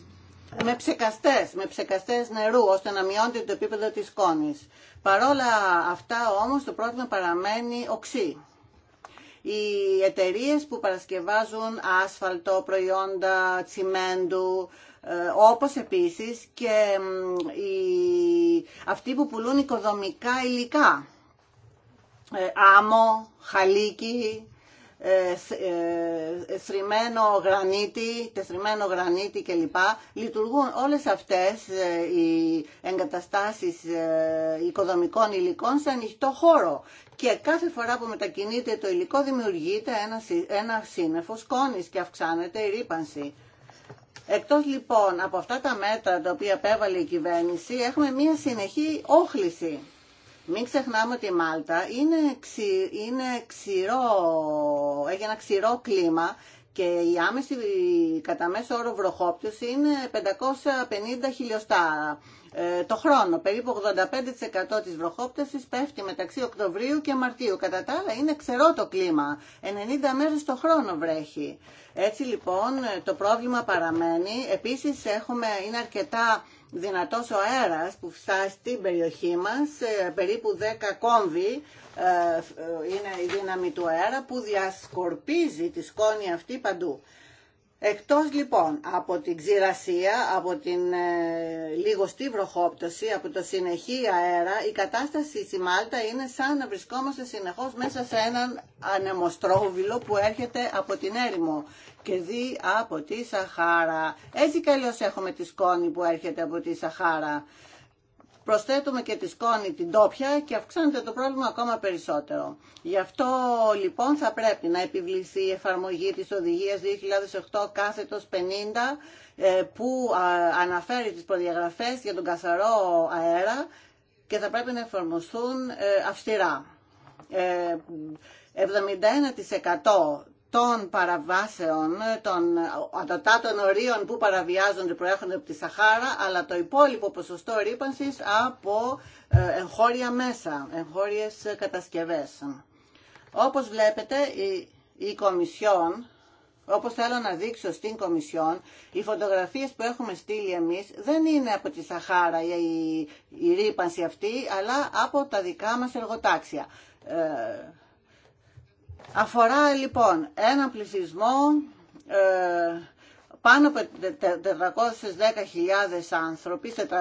Με ψεκαστές, με ψεκαστές νερού, ώστε να μειώνεται το επίπεδο της σκόνης. Παρόλα αυτά όμως το πρόβλημα παραμένει οξύ οι εταιρείες που παρασκευάζουν άσφαλτο, προϊόντα τσιμέντου, ε, όπως επίσης και οι, αυτοί που πουλούν οικοδομικά υλικά, ε, άμμο, χαλίκι, ε, ε, θρημένο γρανίτη, τεθρημένο γρανίτη κλπ. Λειτουργούν όλες αυτές ε, οι εγκαταστάσεις οικοδομικών υλικών σε ανοιχτό χώρο και κάθε φορά που μετακινείται το υλικό δημιουργείται ένα σύννεφο σκόνης και αυξάνεται η ρήπανση. Εκτός λοιπόν από αυτά τα μέτρα τα οποία επέβαλε η κυβέρνηση έχουμε μία συνεχή όχληση μην ξεχνάμε ότι η Μάλτα είναι, ξηρό, έχει ένα ξηρό κλίμα και η άμεση κατά μέσο όρο βροχόπτωση είναι 550 χιλιοστά ε, το χρόνο. Περίπου 85% της βροχόπτωσης πέφτει μεταξύ Οκτωβρίου και Μαρτίου. Κατά τα άλλα είναι ξερό το κλίμα. 90 μέρες το χρόνο βρέχει. Έτσι λοιπόν το πρόβλημα παραμένει. Επίσης είναι αρκετά δυνατός ο αέρας που φτάσει στην περιοχή μας, ε, περίπου 10 κόμβοι ε, ε, είναι η δύναμη του αέρα που διασκορπίζει τη σκόνη αυτή παντού. Εκτός λοιπόν από την ξηρασία, από την λίγο λίγοστή βροχόπτωση, από το συνεχή αέρα, η κατάσταση στη Μάλτα είναι σαν να βρισκόμαστε συνεχώς μέσα σε έναν ανεμοστρόβιλο που έρχεται από την έρημο και δει από τη Σαχάρα. Έτσι καλώς έχουμε τη σκόνη που έρχεται από τη Σαχάρα. Προσθέτουμε και τη σκόνη την τόπια και αυξάνεται το πρόβλημα ακόμα περισσότερο. Γι' αυτό λοιπόν θα πρέπει να επιβληθεί η εφαρμογή της οδηγίας 2008 κάθετος 50 ε, που αναφέρει τις προδιαγραφές για τον καθαρό αέρα και θα πρέπει να εφαρμοστούν ε, αυστηρά. 71% ε, των παραβάσεων, των αντατάτων ορίων που παραβιάζονται προέρχονται από τη Σαχάρα, αλλά το υπόλοιπο ποσοστό ρήπανσης από ε, εγχώρια μέσα, εγχώριες κατασκευές. Όπως βλέπετε, η, η Κομισιόν, όπως θέλω να δείξω στην Κομισιόν, οι φωτογραφίες που έχουμε στείλει εμείς δεν είναι από τη Σαχάρα η, η ρήπανση αυτή, αλλά από τα δικά μας εργοτάξια. Ε, Αφορά λοιπόν έναν πληθυσμό ε, πάνω από 410.000 άνθρωποι σε 416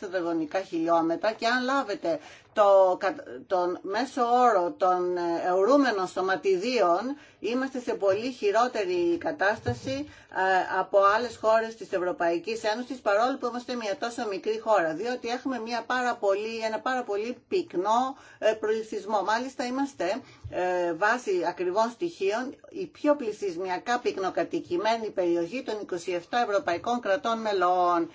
τετραγωνικά χιλιόμετρα και αν λάβετε το, τον μέσο όρο των ευρούμενων σωματιδίων είμαστε σε πολύ χειρότερη κατάσταση ε, από άλλες χώρες της Ευρωπαϊκής Ένωσης παρόλο που είμαστε μια τόσο μικρή χώρα διότι έχουμε μια πάρα πολύ, ένα πάρα πολύ πυκνό ε, πληθυσμό. Μάλιστα είμαστε ε, βάσει ακριβών στοιχείων η πιο πληθυσμιακά πυκνοκατοικημένη περιοχή των 27 ευρωπαϊκών κρατών μελών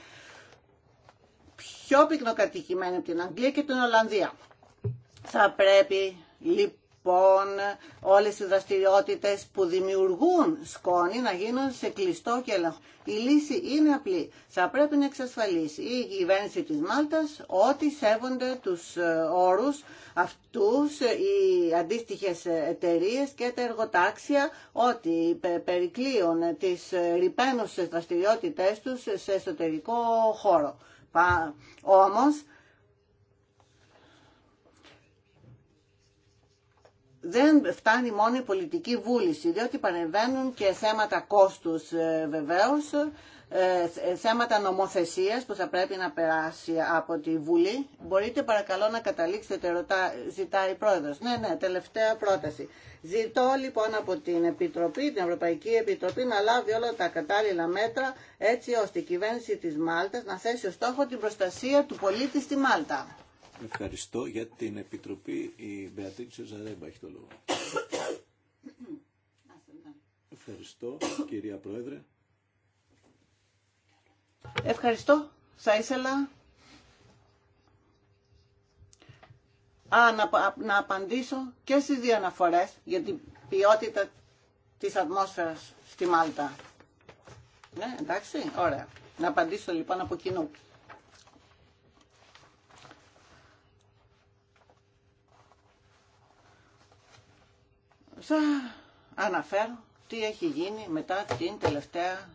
πιο πυκνοκατοικημένη από την Αγγλία και την Ολλανδία. Θα πρέπει λοιπόν όλες οι δραστηριότητες που δημιουργούν σκόνη να γίνουν σε κλειστό και ελεγχό. Η λύση είναι απλή. Θα πρέπει να εξασφαλίσει η κυβέρνηση της Μάλτας ότι σέβονται τους ε, όρους αυτούς ε, οι αντίστοιχες εταιρείε και τα εργοτάξια ότι περικλείουν τις ε, ρηπαίνουσες δραστηριότητες τους σε εσωτερικό χώρο. Όμως, δεν φτάνει μόνο η πολιτική βούληση, διότι παρεμβαίνουν και θέματα κόστους ε, βεβαίως, ε, ε, θέματα νομοθεσίας που θα πρέπει να περάσει από τη Βουλή. Μπορείτε παρακαλώ να καταλήξετε, ρωτά, ζητάει η Πρόεδρος. Ναι, ναι, τελευταία πρόταση. Ζητώ λοιπόν από την Επιτροπή, την Ευρωπαϊκή Επιτροπή να λάβει όλα τα κατάλληλα μέτρα έτσι ώστε η κυβέρνηση της Μάλτας να θέσει ως στόχο την προστασία του πολίτη στη Μάλτα. Ευχαριστώ για την Επιτροπή. Η Μπεατρίτσο Ζαρέμπα έχει το λόγο. [coughs] Ναι. Ευχαριστώ κυρία Πρόεδρε. Ευχαριστώ. Θα ήθελα Α, να, να απαντήσω και στις δύο αναφορές για την ποιότητα της ατμόσφαιρας στη Μάλτα. Ναι, εντάξει, ωραία. Να απαντήσω λοιπόν από κοινού. Θα αναφέρω τι έχει γίνει μετά την τελευταία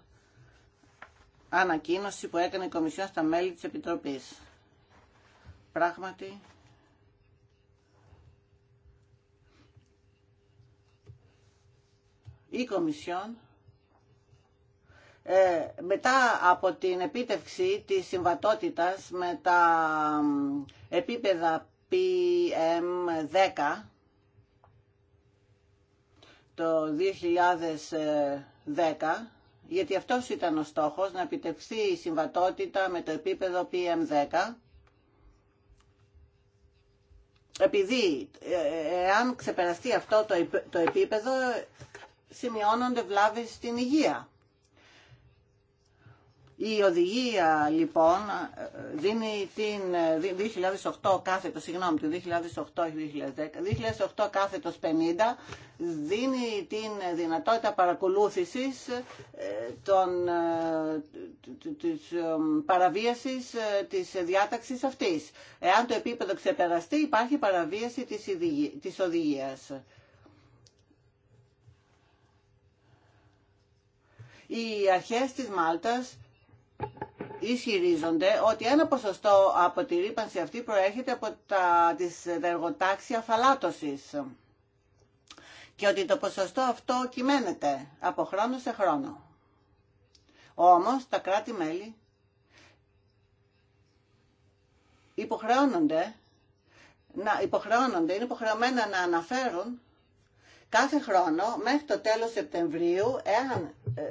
ανακοίνωση που έκανε η Κομισιόν στα μέλη της Επιτροπής. Πράγματι, η Κομισιόν ε, μετά από την επίτευξη της συμβατότητας με τα επίπεδα PM10 το 2010 γιατί αυτός ήταν ο στόχος, να επιτευχθεί η συμβατότητα με το επίπεδο PM10, επειδή ε, εάν ξεπεραστεί αυτό το επίπεδο, σημειώνονται βλάβες στην υγεία. Η οδηγία λοιπόν δίνει την 2008 κάθετος, συγγνώμη, του 2008-2010, 2008 κάθετος 50 δίνει την δυνατότητα παρακολούθησης ε, των, ε, της ε, παραβίασης της διάταξης αυτής. Εάν το επίπεδο ξεπεραστεί υπάρχει παραβίαση της οδηγίας. Οι αρχές της Μάλτας ισχυρίζονται ότι ένα ποσοστό από τη ρήπανση αυτή προέρχεται από τα, τις, δεργοτάξια εργοτάξια και ότι το ποσοστό αυτό κυμαίνεται από χρόνο σε χρόνο. Όμως τα κράτη-μέλη υποχρεώνονται, να, υποχρεώνονται, είναι υποχρεωμένα να αναφέρουν κάθε χρόνο μέχρι το τέλος Σεπτεμβρίου εάν ε,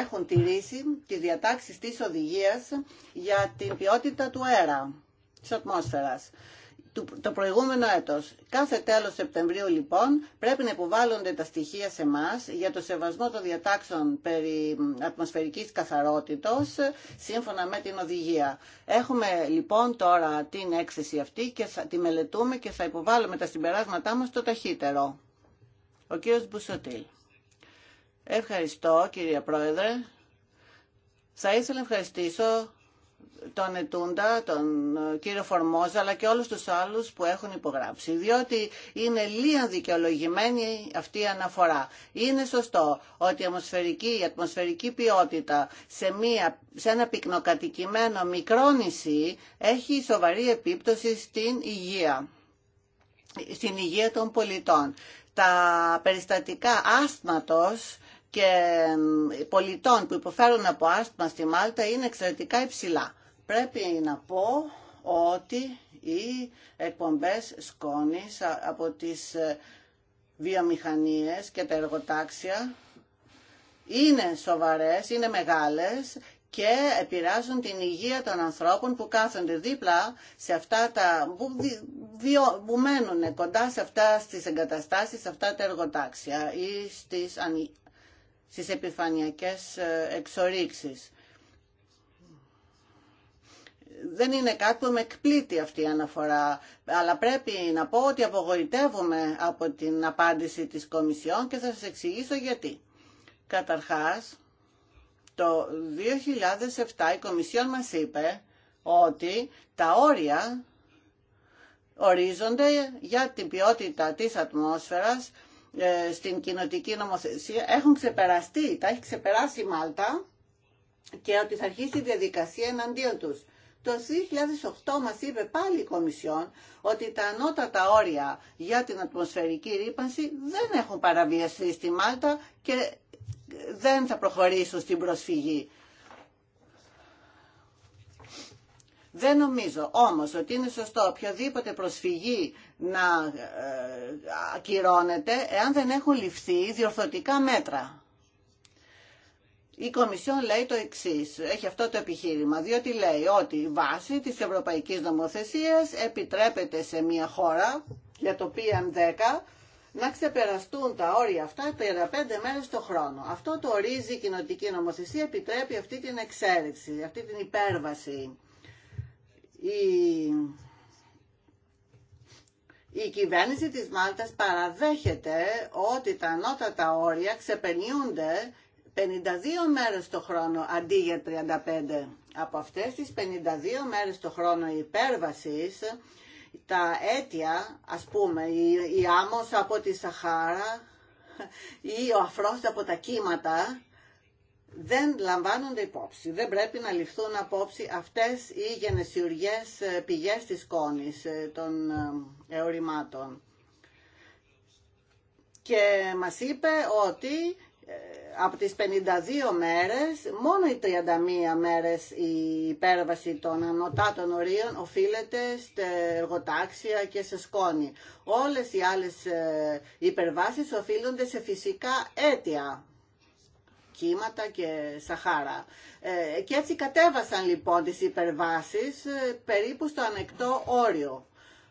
έχουν τηρήσει τις διατάξεις της οδηγίας για την ποιότητα του αέρα, της ατμόσφαιρα. το προηγούμενο έτος. Κάθε τέλος Σεπτεμβρίου λοιπόν πρέπει να υποβάλλονται τα στοιχεία σε εμά για το σεβασμό των διατάξεων περί ατμοσφαιρικής καθαρότητος σύμφωνα με την οδηγία. Έχουμε λοιπόν τώρα την έκθεση αυτή και θα τη μελετούμε και θα υποβάλλουμε τα συμπεράσματά μας το ταχύτερο. Ο κύριος Μπουσοτήλ. Ευχαριστώ κύριε Πρόεδρε. Θα ήθελα να ευχαριστήσω τον Ετούντα, τον κύριο Φορμόζα, αλλά και όλους τους άλλους που έχουν υπογράψει, διότι είναι λίγα δικαιολογημένη αυτή η αναφορά. Είναι σωστό ότι η ατμοσφαιρική, η ατμοσφαιρική ποιότητα σε, μία, σε ένα πυκνοκατοικημένο μικρό νησί έχει σοβαρή επίπτωση στην υγεία, στην υγεία των πολιτών. Τα περιστατικά άσματος και πολιτών που υποφέρουν από άσθμα στη Μάλτα είναι εξαιρετικά υψηλά. Πρέπει να πω ότι οι εκπομπές σκόνης από τις ε, βιομηχανίες και τα εργοτάξια είναι σοβαρές, είναι μεγάλες και επηρεάζουν την υγεία των ανθρώπων που κάθονται δίπλα σε αυτά τα, που, που μένουν κοντά σε αυτά στις εγκαταστάσεις, σε αυτά τα εργοτάξια ή στις στις επιφανειακές ε, εξορίξεις. Δεν είναι κάτι που με εκπλήττει αυτή η αναφορά, αλλά πρέπει να πω ότι απογοητεύομαι από την απάντηση της Κομισιόν και θα σας εξηγήσω γιατί. Καταρχάς, το 2007 η Κομισιόν μας είπε ότι τα όρια ορίζονται για την ποιότητα της ατμόσφαιρας ε, στην κοινοτική νομοθεσία έχουν ξεπεραστεί, τα έχει ξεπεράσει η Μάλτα και ότι θα αρχίσει η διαδικασία εναντίον τους. Το 2008 μας είπε πάλι η Κομισιόν ότι τα ανώτατα όρια για την ατμοσφαιρική ρήπανση δεν έχουν παραβιαστεί στη Μάλτα και δεν θα προχωρήσουν στην προσφυγή. Δεν νομίζω όμως ότι είναι σωστό οποιοδήποτε προσφυγή να ε, ακυρώνεται εάν δεν έχουν ληφθεί διορθωτικά μέτρα. Η Κομισιόν λέει το εξή, έχει αυτό το επιχείρημα, διότι λέει ότι η βάση της ευρωπαϊκής νομοθεσίας επιτρέπεται σε μια χώρα για το PM10 να ξεπεραστούν τα όρια αυτά 35 μέρες το χρόνο. Αυτό το ορίζει η κοινοτική νομοθεσία, επιτρέπει αυτή την εξαίρεξη, αυτή την υπέρβαση. Η η κυβέρνηση της Μάλτας παραδέχεται ότι τα ανώτατα όρια ξεπενιούνται 52 μέρες το χρόνο αντί για 35. Από αυτές τις 52 μέρες το χρόνο υπέρβασης, τα αίτια, ας πούμε, η, η άμμος από τη Σαχάρα ή ο αφρός από τα κύματα δεν λαμβάνονται υπόψη, δεν πρέπει να ληφθούν απόψη αυτές οι γενεσιουργές ε, πηγές της σκόνης ε, των ε, εωρημάτων. Και μας είπε ότι από τις 52 μέρες, μόνο οι 31 μέρες η υπέρβαση των ανωτάτων ορίων οφείλεται σε εργοτάξια και σε σκόνη. Όλες οι άλλες υπερβάσεις οφείλονται σε φυσικά αίτια κύματα και Σαχάρα. Ε, και έτσι κατέβασαν λοιπόν τις υπερβάσεις ε, περίπου στο ανεκτό όριο.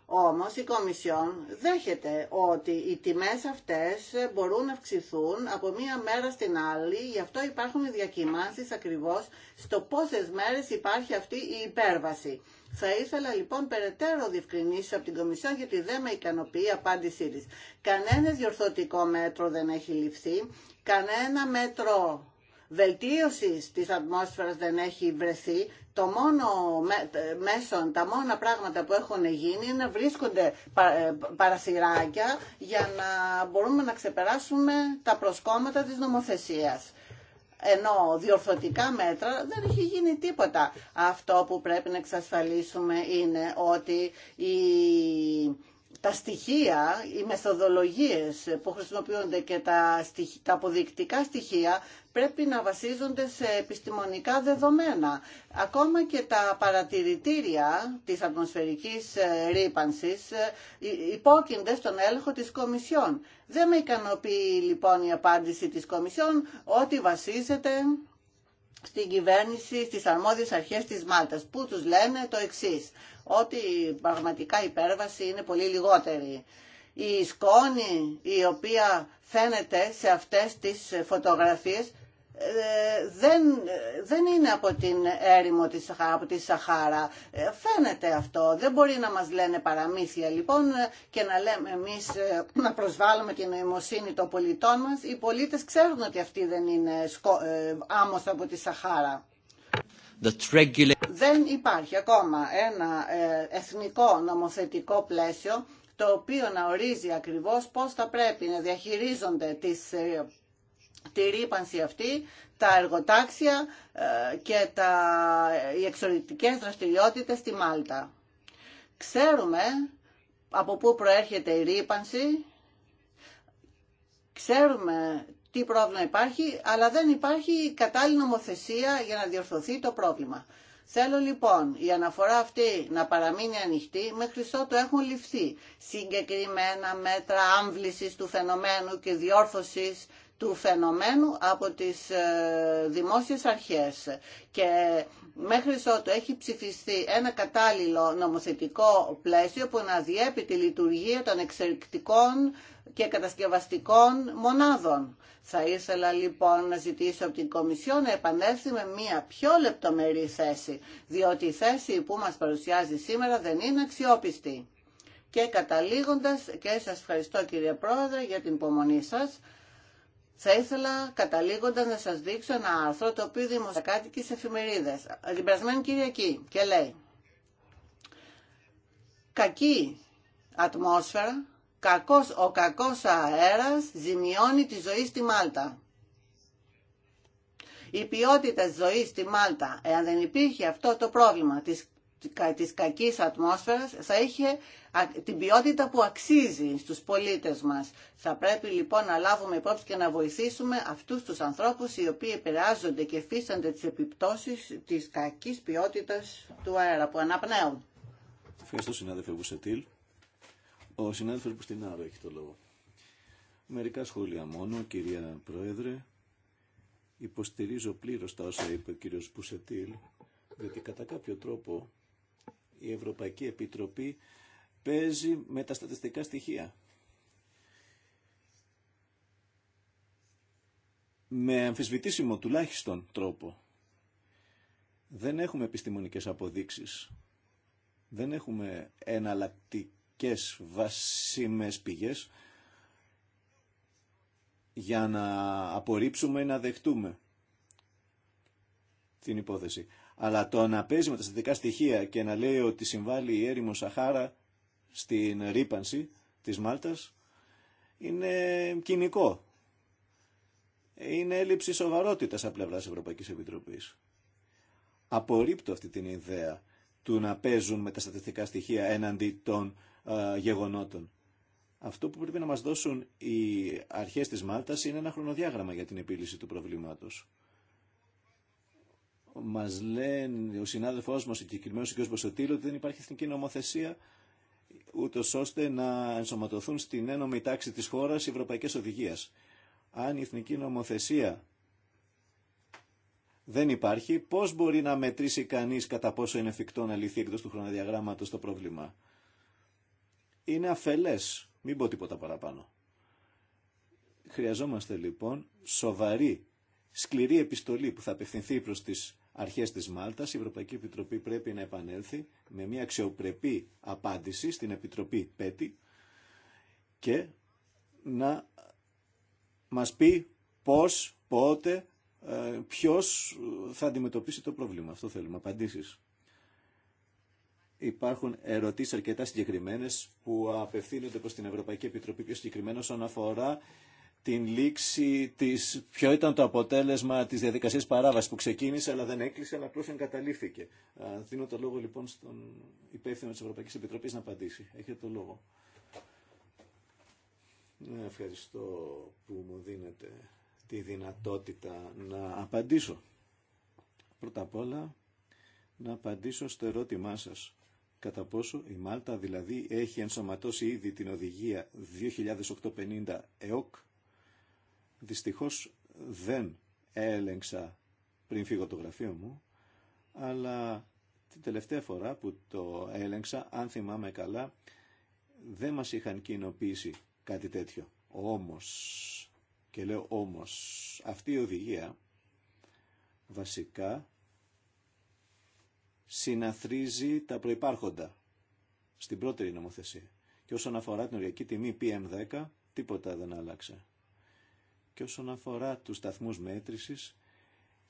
Όμως η Κομισιόν δέχεται ότι οι τιμές αυτές ε, μπορούν να αυξηθούν από μία μέρα στην άλλη, γι' αυτό υπάρχουν διακυμάνσεις ακριβώς στο πόσες μέρες υπάρχει αυτή η υπέρβαση. Θα ήθελα λοιπόν περαιτέρω διευκρινήσει από την Κομισιόν γιατί δεν με ικανοποιεί η απάντησή τη. Κανένα διορθωτικό μέτρο δεν έχει ληφθεί κανένα μέτρο βελτίωσης της ατμόσφαιρας δεν έχει βρεθεί. Το μόνο μέσο, τα μόνα πράγματα που έχουν γίνει είναι να βρίσκονται ε, παρασυράκια για να μπορούμε να ξεπεράσουμε τα προσκόμματα της νομοθεσίας. Ενώ διορθωτικά μέτρα δεν έχει γίνει τίποτα. Αυτό που πρέπει να εξασφαλίσουμε είναι ότι η τα στοιχεία, οι μεθοδολογίες που χρησιμοποιούνται και τα, τα αποδεικτικά στοιχεία πρέπει να βασίζονται σε επιστημονικά δεδομένα. Ακόμα και τα παρατηρητήρια της ατμοσφαιρικής ε, ρήπανσης ε, υπόκεινται στον έλεγχο της Κομισιόν. Δεν με ικανοποιεί λοιπόν η απάντηση της Κομισιόν ότι βασίζεται στην κυβέρνηση, στις αρμόδιες αρχές της Μάλτας, που τους λένε το εξής, ότι πραγματικά η υπέρβαση είναι πολύ λιγότερη. Η σκόνη η οποία φαίνεται σε αυτές τις φωτογραφίες ε, δεν, δεν είναι από την έρημο της Σαχάρα, από τη Σαχάρα. Ε, φαίνεται αυτό. Δεν μπορεί να μας λένε παραμύθια λοιπόν ε, και να λέμε εμείς να προσβάλλουμε την νοημοσύνη των πολιτών μας. Οι πολίτες ξέρουν ότι αυτή δεν είναι άμμος από τη Σαχάρα. Δεν υπάρχει ακόμα ένα ε, εθνικό νομοθετικό πλαίσιο το οποίο να ορίζει ακριβώς πώς θα πρέπει να διαχειρίζονται τις, ε, τη ρήπανση αυτή, τα εργοτάξια ε, και τα, οι δραστηριότητες στη Μάλτα. Ξέρουμε από πού προέρχεται η ρήπανση, ξέρουμε τι πρόβλημα υπάρχει, αλλά δεν υπάρχει κατάλληλη νομοθεσία για να διορθωθεί το πρόβλημα. Θέλω λοιπόν η αναφορά αυτή να παραμείνει ανοιχτή μέχρι ότου έχουν ληφθεί συγκεκριμένα μέτρα άμβλησης του φαινομένου και διόρθωσης του φαινομένου από τις ε, δημόσιες αρχές και μέχρι ότου έχει ψηφιστεί ένα κατάλληλο νομοθετικό πλαίσιο που να διέπει τη λειτουργία των εξαιρετικών και κατασκευαστικών μονάδων. Θα ήθελα λοιπόν να ζητήσω από την Κομισιό να επανέλθει με μια πιο λεπτομερή θέση, διότι η θέση που μας παρουσιάζει σήμερα δεν είναι αξιόπιστη. Και καταλήγοντας, και σας ευχαριστώ κύριε Πρόεδρε για την υπομονή σας, θα ήθελα καταλήγοντα να σας δείξω ένα άρθρο το οποίο δημοσιεύτηκε και σε εφημερίδες. την Κυριακή και λέει Κακή ατμόσφαιρα κακός, ο κακός αέρας ζημιώνει τη ζωή στη Μάλτα. Η ποιότητα ζωής στη Μάλτα, εάν δεν υπήρχε αυτό το πρόβλημα της, της κακής ατμόσφαιρας, θα είχε την ποιότητα που αξίζει στους πολίτες μας. Θα πρέπει λοιπόν να λάβουμε υπόψη και να βοηθήσουμε αυτούς τους ανθρώπους οι οποίοι επηρεάζονται και φύσανται τις επιπτώσεις της κακής ποιότητας του αέρα που αναπνέουν. Ευχαριστώ συνάδελφε Βουσετήλ. Ο συνάδελφος Μπουστινάρο έχει το λόγο. Μερικά σχόλια μόνο, κυρία Πρόεδρε. Υποστηρίζω πλήρως τα όσα είπε ο κύριος Μπουσετήλ, διότι κατά κάποιο τρόπο η Ευρωπαϊκή Επιτροπή παίζει με τα στατιστικά στοιχεία. Με αμφισβητήσιμο τουλάχιστον τρόπο. Δεν έχουμε επιστημονικές αποδείξεις. Δεν έχουμε εναλλακτική και βασιμές πηγές για να απορρίψουμε ή να δεχτούμε την υπόθεση. Αλλά το να παίζει με τα στατικά στοιχεία και να λέει ότι συμβάλλει η έρημο Σαχάρα στην ρήπανση της Μάλτας είναι κοινικό. Είναι έλλειψη σοβαρότητας από πλευράς Ευρωπαϊκής Επιτροπής. Απορρίπτω αυτή την ιδέα του να παίζουν με τα στατιστικά στοιχεία έναντι των ε, γεγονότων. Αυτό που πρέπει να μας δώσουν οι αρχές της Μάλτας είναι ένα χρονοδιάγραμμα για την επίλυση του προβλήματος. Μας λένε ο συνάδελφός μας, ο συγκεκριμένος ο κ. Μποσοτήλο, ότι δεν υπάρχει εθνική νομοθεσία ούτω ώστε να ενσωματωθούν στην ένωμη τάξη της χώρας οι ευρωπαϊκές οδηγίες. Αν η εθνική νομοθεσία δεν υπάρχει, πώς μπορεί να μετρήσει κανείς κατά πόσο είναι εφικτό να λυθεί εκτός του χρονοδιαγράμματος το πρόβλημα είναι αφελές. Μην πω τίποτα παραπάνω. Χρειαζόμαστε λοιπόν σοβαρή, σκληρή επιστολή που θα απευθυνθεί προς τις αρχές της Μάλτας. Η Ευρωπαϊκή Επιτροπή πρέπει να επανέλθει με μια αξιοπρεπή απάντηση στην Επιτροπή ΠΕΤΗ και να μας πει πώς, πότε, ε, ποιος θα αντιμετωπίσει το πρόβλημα. Αυτό θέλουμε, απαντήσεις. Υπάρχουν ερωτήσεις αρκετά συγκεκριμένες που απευθύνονται προς την Ευρωπαϊκή Επιτροπή πιο συγκεκριμένα όσον αφορά την λήξη της, ποιο ήταν το αποτέλεσμα της διαδικασίας παράβασης που ξεκίνησε αλλά δεν έκλεισε αλλά απλώς εγκαταλείφθηκε. Δίνω το λόγο λοιπόν στον υπεύθυνο της Ευρωπαϊκής Επιτροπής να απαντήσει. Έχετε το λόγο. Ναι, ευχαριστώ που μου δίνετε τη δυνατότητα να απαντήσω. Πρώτα απ' όλα να απαντήσω στο ερώτημά σας κατά πόσο η Μάλτα δηλαδή έχει ενσωματώσει ήδη την οδηγία 2850 ΕΟΚ. Δυστυχώς δεν έλεγξα πριν φύγω το γραφείο μου, αλλά την τελευταία φορά που το έλεγξα, αν θυμάμαι καλά, δεν μας είχαν κοινοποιήσει κάτι τέτοιο. Όμως, και λέω όμως, αυτή η οδηγία βασικά συναθρίζει τα προϋπάρχοντα στην πρώτερη νομοθεσία. Και όσον αφορά την οριακή τιμή PM10, τίποτα δεν άλλαξε. Και όσον αφορά τους σταθμούς μέτρησης,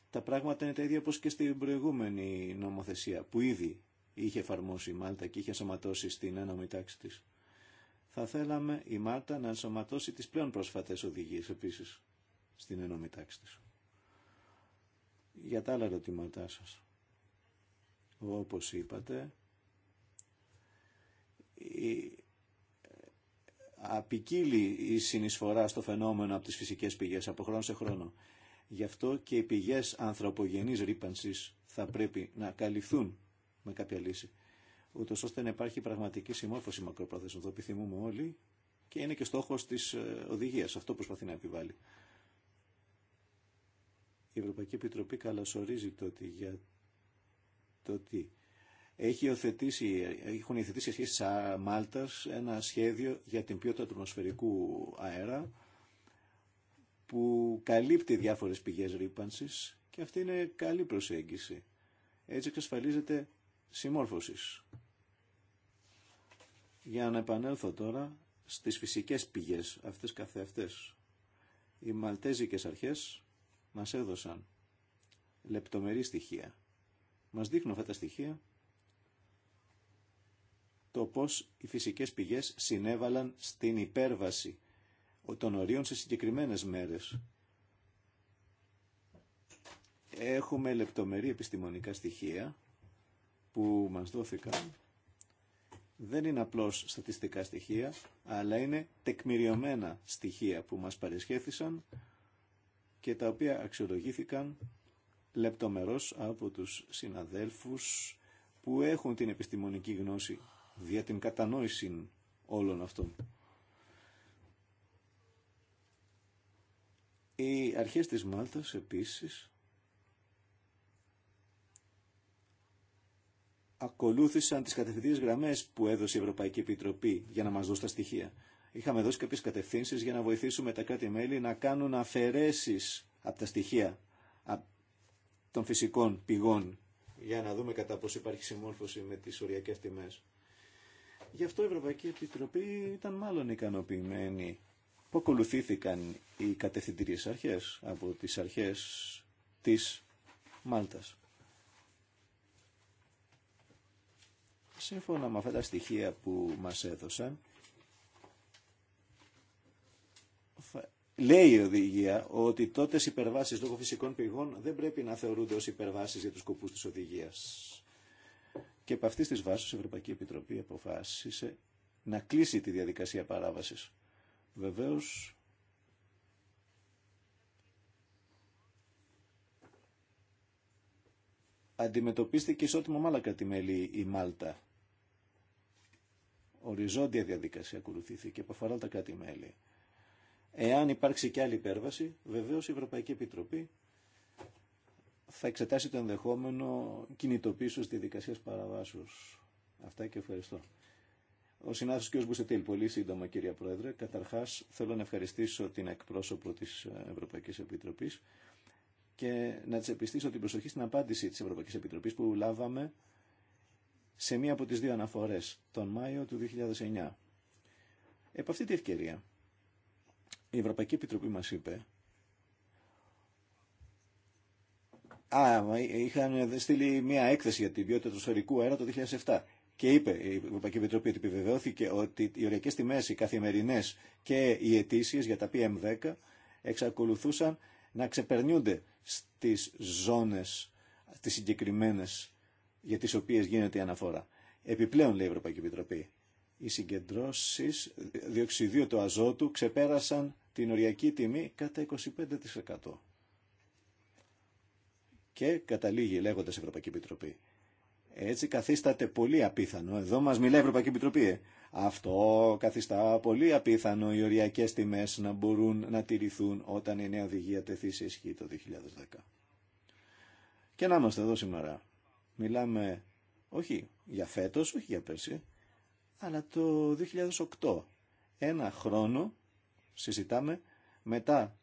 τα πράγματα είναι τα ίδια όπως και στην προηγούμενη νομοθεσία, που ήδη είχε εφαρμόσει η Μάλτα και είχε ενσωματώσει στην ένωμη τάξη της. Θα θέλαμε η Μάλτα να ενσωματώσει τις πλέον πρόσφατες οδηγίες επίσης στην ένωμη τάξη της. Για τα άλλα ερωτήματά σας όπως είπατε, η... η συνεισφορά στο φαινόμενο από τις φυσικές πηγές από χρόνο σε χρόνο. Γι' αυτό και οι πηγές ανθρωπογενής ρήπανσης θα πρέπει να καλυφθούν με κάποια λύση, ούτω ώστε να υπάρχει πραγματική συμμόρφωση μακροπρόθεσμα. Το επιθυμούμε όλοι και είναι και στόχος της ε, οδηγίας. Αυτό προσπαθεί να επιβάλλει. Η Ευρωπαϊκή Επιτροπή καλωσορίζει το ότι για το ότι έχει οθετήσει, έχουν υιοθετήσει σχέση της Μάλτας ένα σχέδιο για την ποιότητα του ατμοσφαιρικού αέρα που καλύπτει διάφορες πηγές ρήπανσης και αυτή είναι καλή προσέγγιση. Έτσι εξασφαλίζεται συμμόρφωση. Για να επανέλθω τώρα στις φυσικές πηγές αυτές καθεαυτές. Οι Μαλτέζικες αρχές μας έδωσαν λεπτομερή στοιχεία μας δείχνουν αυτά τα στοιχεία το πώς οι φυσικές πηγές συνέβαλαν στην υπέρβαση των ορίων σε συγκεκριμένες μέρες. Έχουμε λεπτομερή επιστημονικά στοιχεία που μας δόθηκαν. Δεν είναι απλώς στατιστικά στοιχεία, αλλά είναι τεκμηριωμένα στοιχεία που μας παρεσχέθησαν και τα οποία αξιολογήθηκαν λεπτομερώς από τους συναδέλφους που έχουν την επιστημονική γνώση για την κατανόηση όλων αυτών. Οι αρχές της Μάλτας επίσης ακολούθησαν τις κατευθυντήριες γραμμές που έδωσε η Ευρωπαϊκή Επιτροπή για να μας δώσει τα στοιχεία. Είχαμε δώσει κάποιες κατευθύνσεις για να βοηθήσουμε τα κράτη-μέλη να κάνουν αφαιρέσεις από τα στοιχεία των φυσικών πηγών για να δούμε κατά πώς υπάρχει συμμόρφωση με τις οριακές τιμές. Γι' αυτό η Ευρωπαϊκή Επιτροπή ήταν μάλλον ικανοποιημένη που ακολουθήθηκαν οι κατευθυντήριες αρχές από τις αρχές της Μάλτας. Σύμφωνα με αυτά τα στοιχεία που μας έδωσαν, Λέει η οδηγία ότι τότε υπερβάσει λόγω φυσικών πηγών δεν πρέπει να θεωρούνται ως υπερβάσει για τους σκοπούς της οδηγίας. Και από αυτή τη βάση η Ευρωπαϊκή Επιτροπή αποφάσισε να κλείσει τη διαδικασία παράβαση. Βεβαίως αντιμετωπίστηκε ισότιμο με άλλα κρατημέλη η Μάλτα. Οριζόντια διαδικασία ακολουθήθηκε από αφορά τα μέλη. Εάν υπάρξει και άλλη υπέρβαση, βεβαίως η Ευρωπαϊκή Επιτροπή θα εξετάσει το ενδεχόμενο κινητοποίησης τη δικασία παραβάσεως. Αυτά και ευχαριστώ. Ο συνάδελφος κ. Μπουσετήλ, πολύ σύντομα κύρια Πρόεδρε. Καταρχάς θέλω να ευχαριστήσω την εκπρόσωπο της Ευρωπαϊκής Επιτροπής και να της επιστήσω την προσοχή στην απάντηση της Ευρωπαϊκής Επιτροπής που λάβαμε σε μία από τις δύο αναφορές τον Μάιο του 2009. Επ' αυτή τη ευκαιρία η Ευρωπαϊκή Επιτροπή μας είπε Α, είχαν στείλει μια έκθεση για την ποιότητα του σωρικού αέρα το 2007 και είπε η Ευρωπαϊκή Επιτροπή ότι επιβεβαιώθηκε ότι οι ωριακές τιμές, οι καθημερινές και οι αιτήσει για τα PM10 εξακολουθούσαν να ξεπερνιούνται στις ζώνες, τις συγκεκριμένες για τις οποίες γίνεται η αναφορά. Επιπλέον, λέει η Ευρωπαϊκή Επιτροπή, οι συγκεντρώσεις διοξιδίου του αζότου ξεπέρασαν την οριακή τιμή κατά 25%. Και καταλήγει λέγοντας η Ευρωπαϊκή Επιτροπή. Έτσι καθίσταται πολύ απίθανο. Εδώ μας μιλάει η Ευρωπαϊκή Επιτροπή. Ε. Αυτό καθιστά πολύ απίθανο οι οριακές τιμές να μπορούν να τηρηθούν όταν η νέα οδηγία τεθεί σε ισχύ το 2010. Και να είμαστε εδώ σήμερα. Μιλάμε όχι για φέτος, όχι για πέρσι, αλλά το 2008. Ένα χρόνο συζητάμε μετά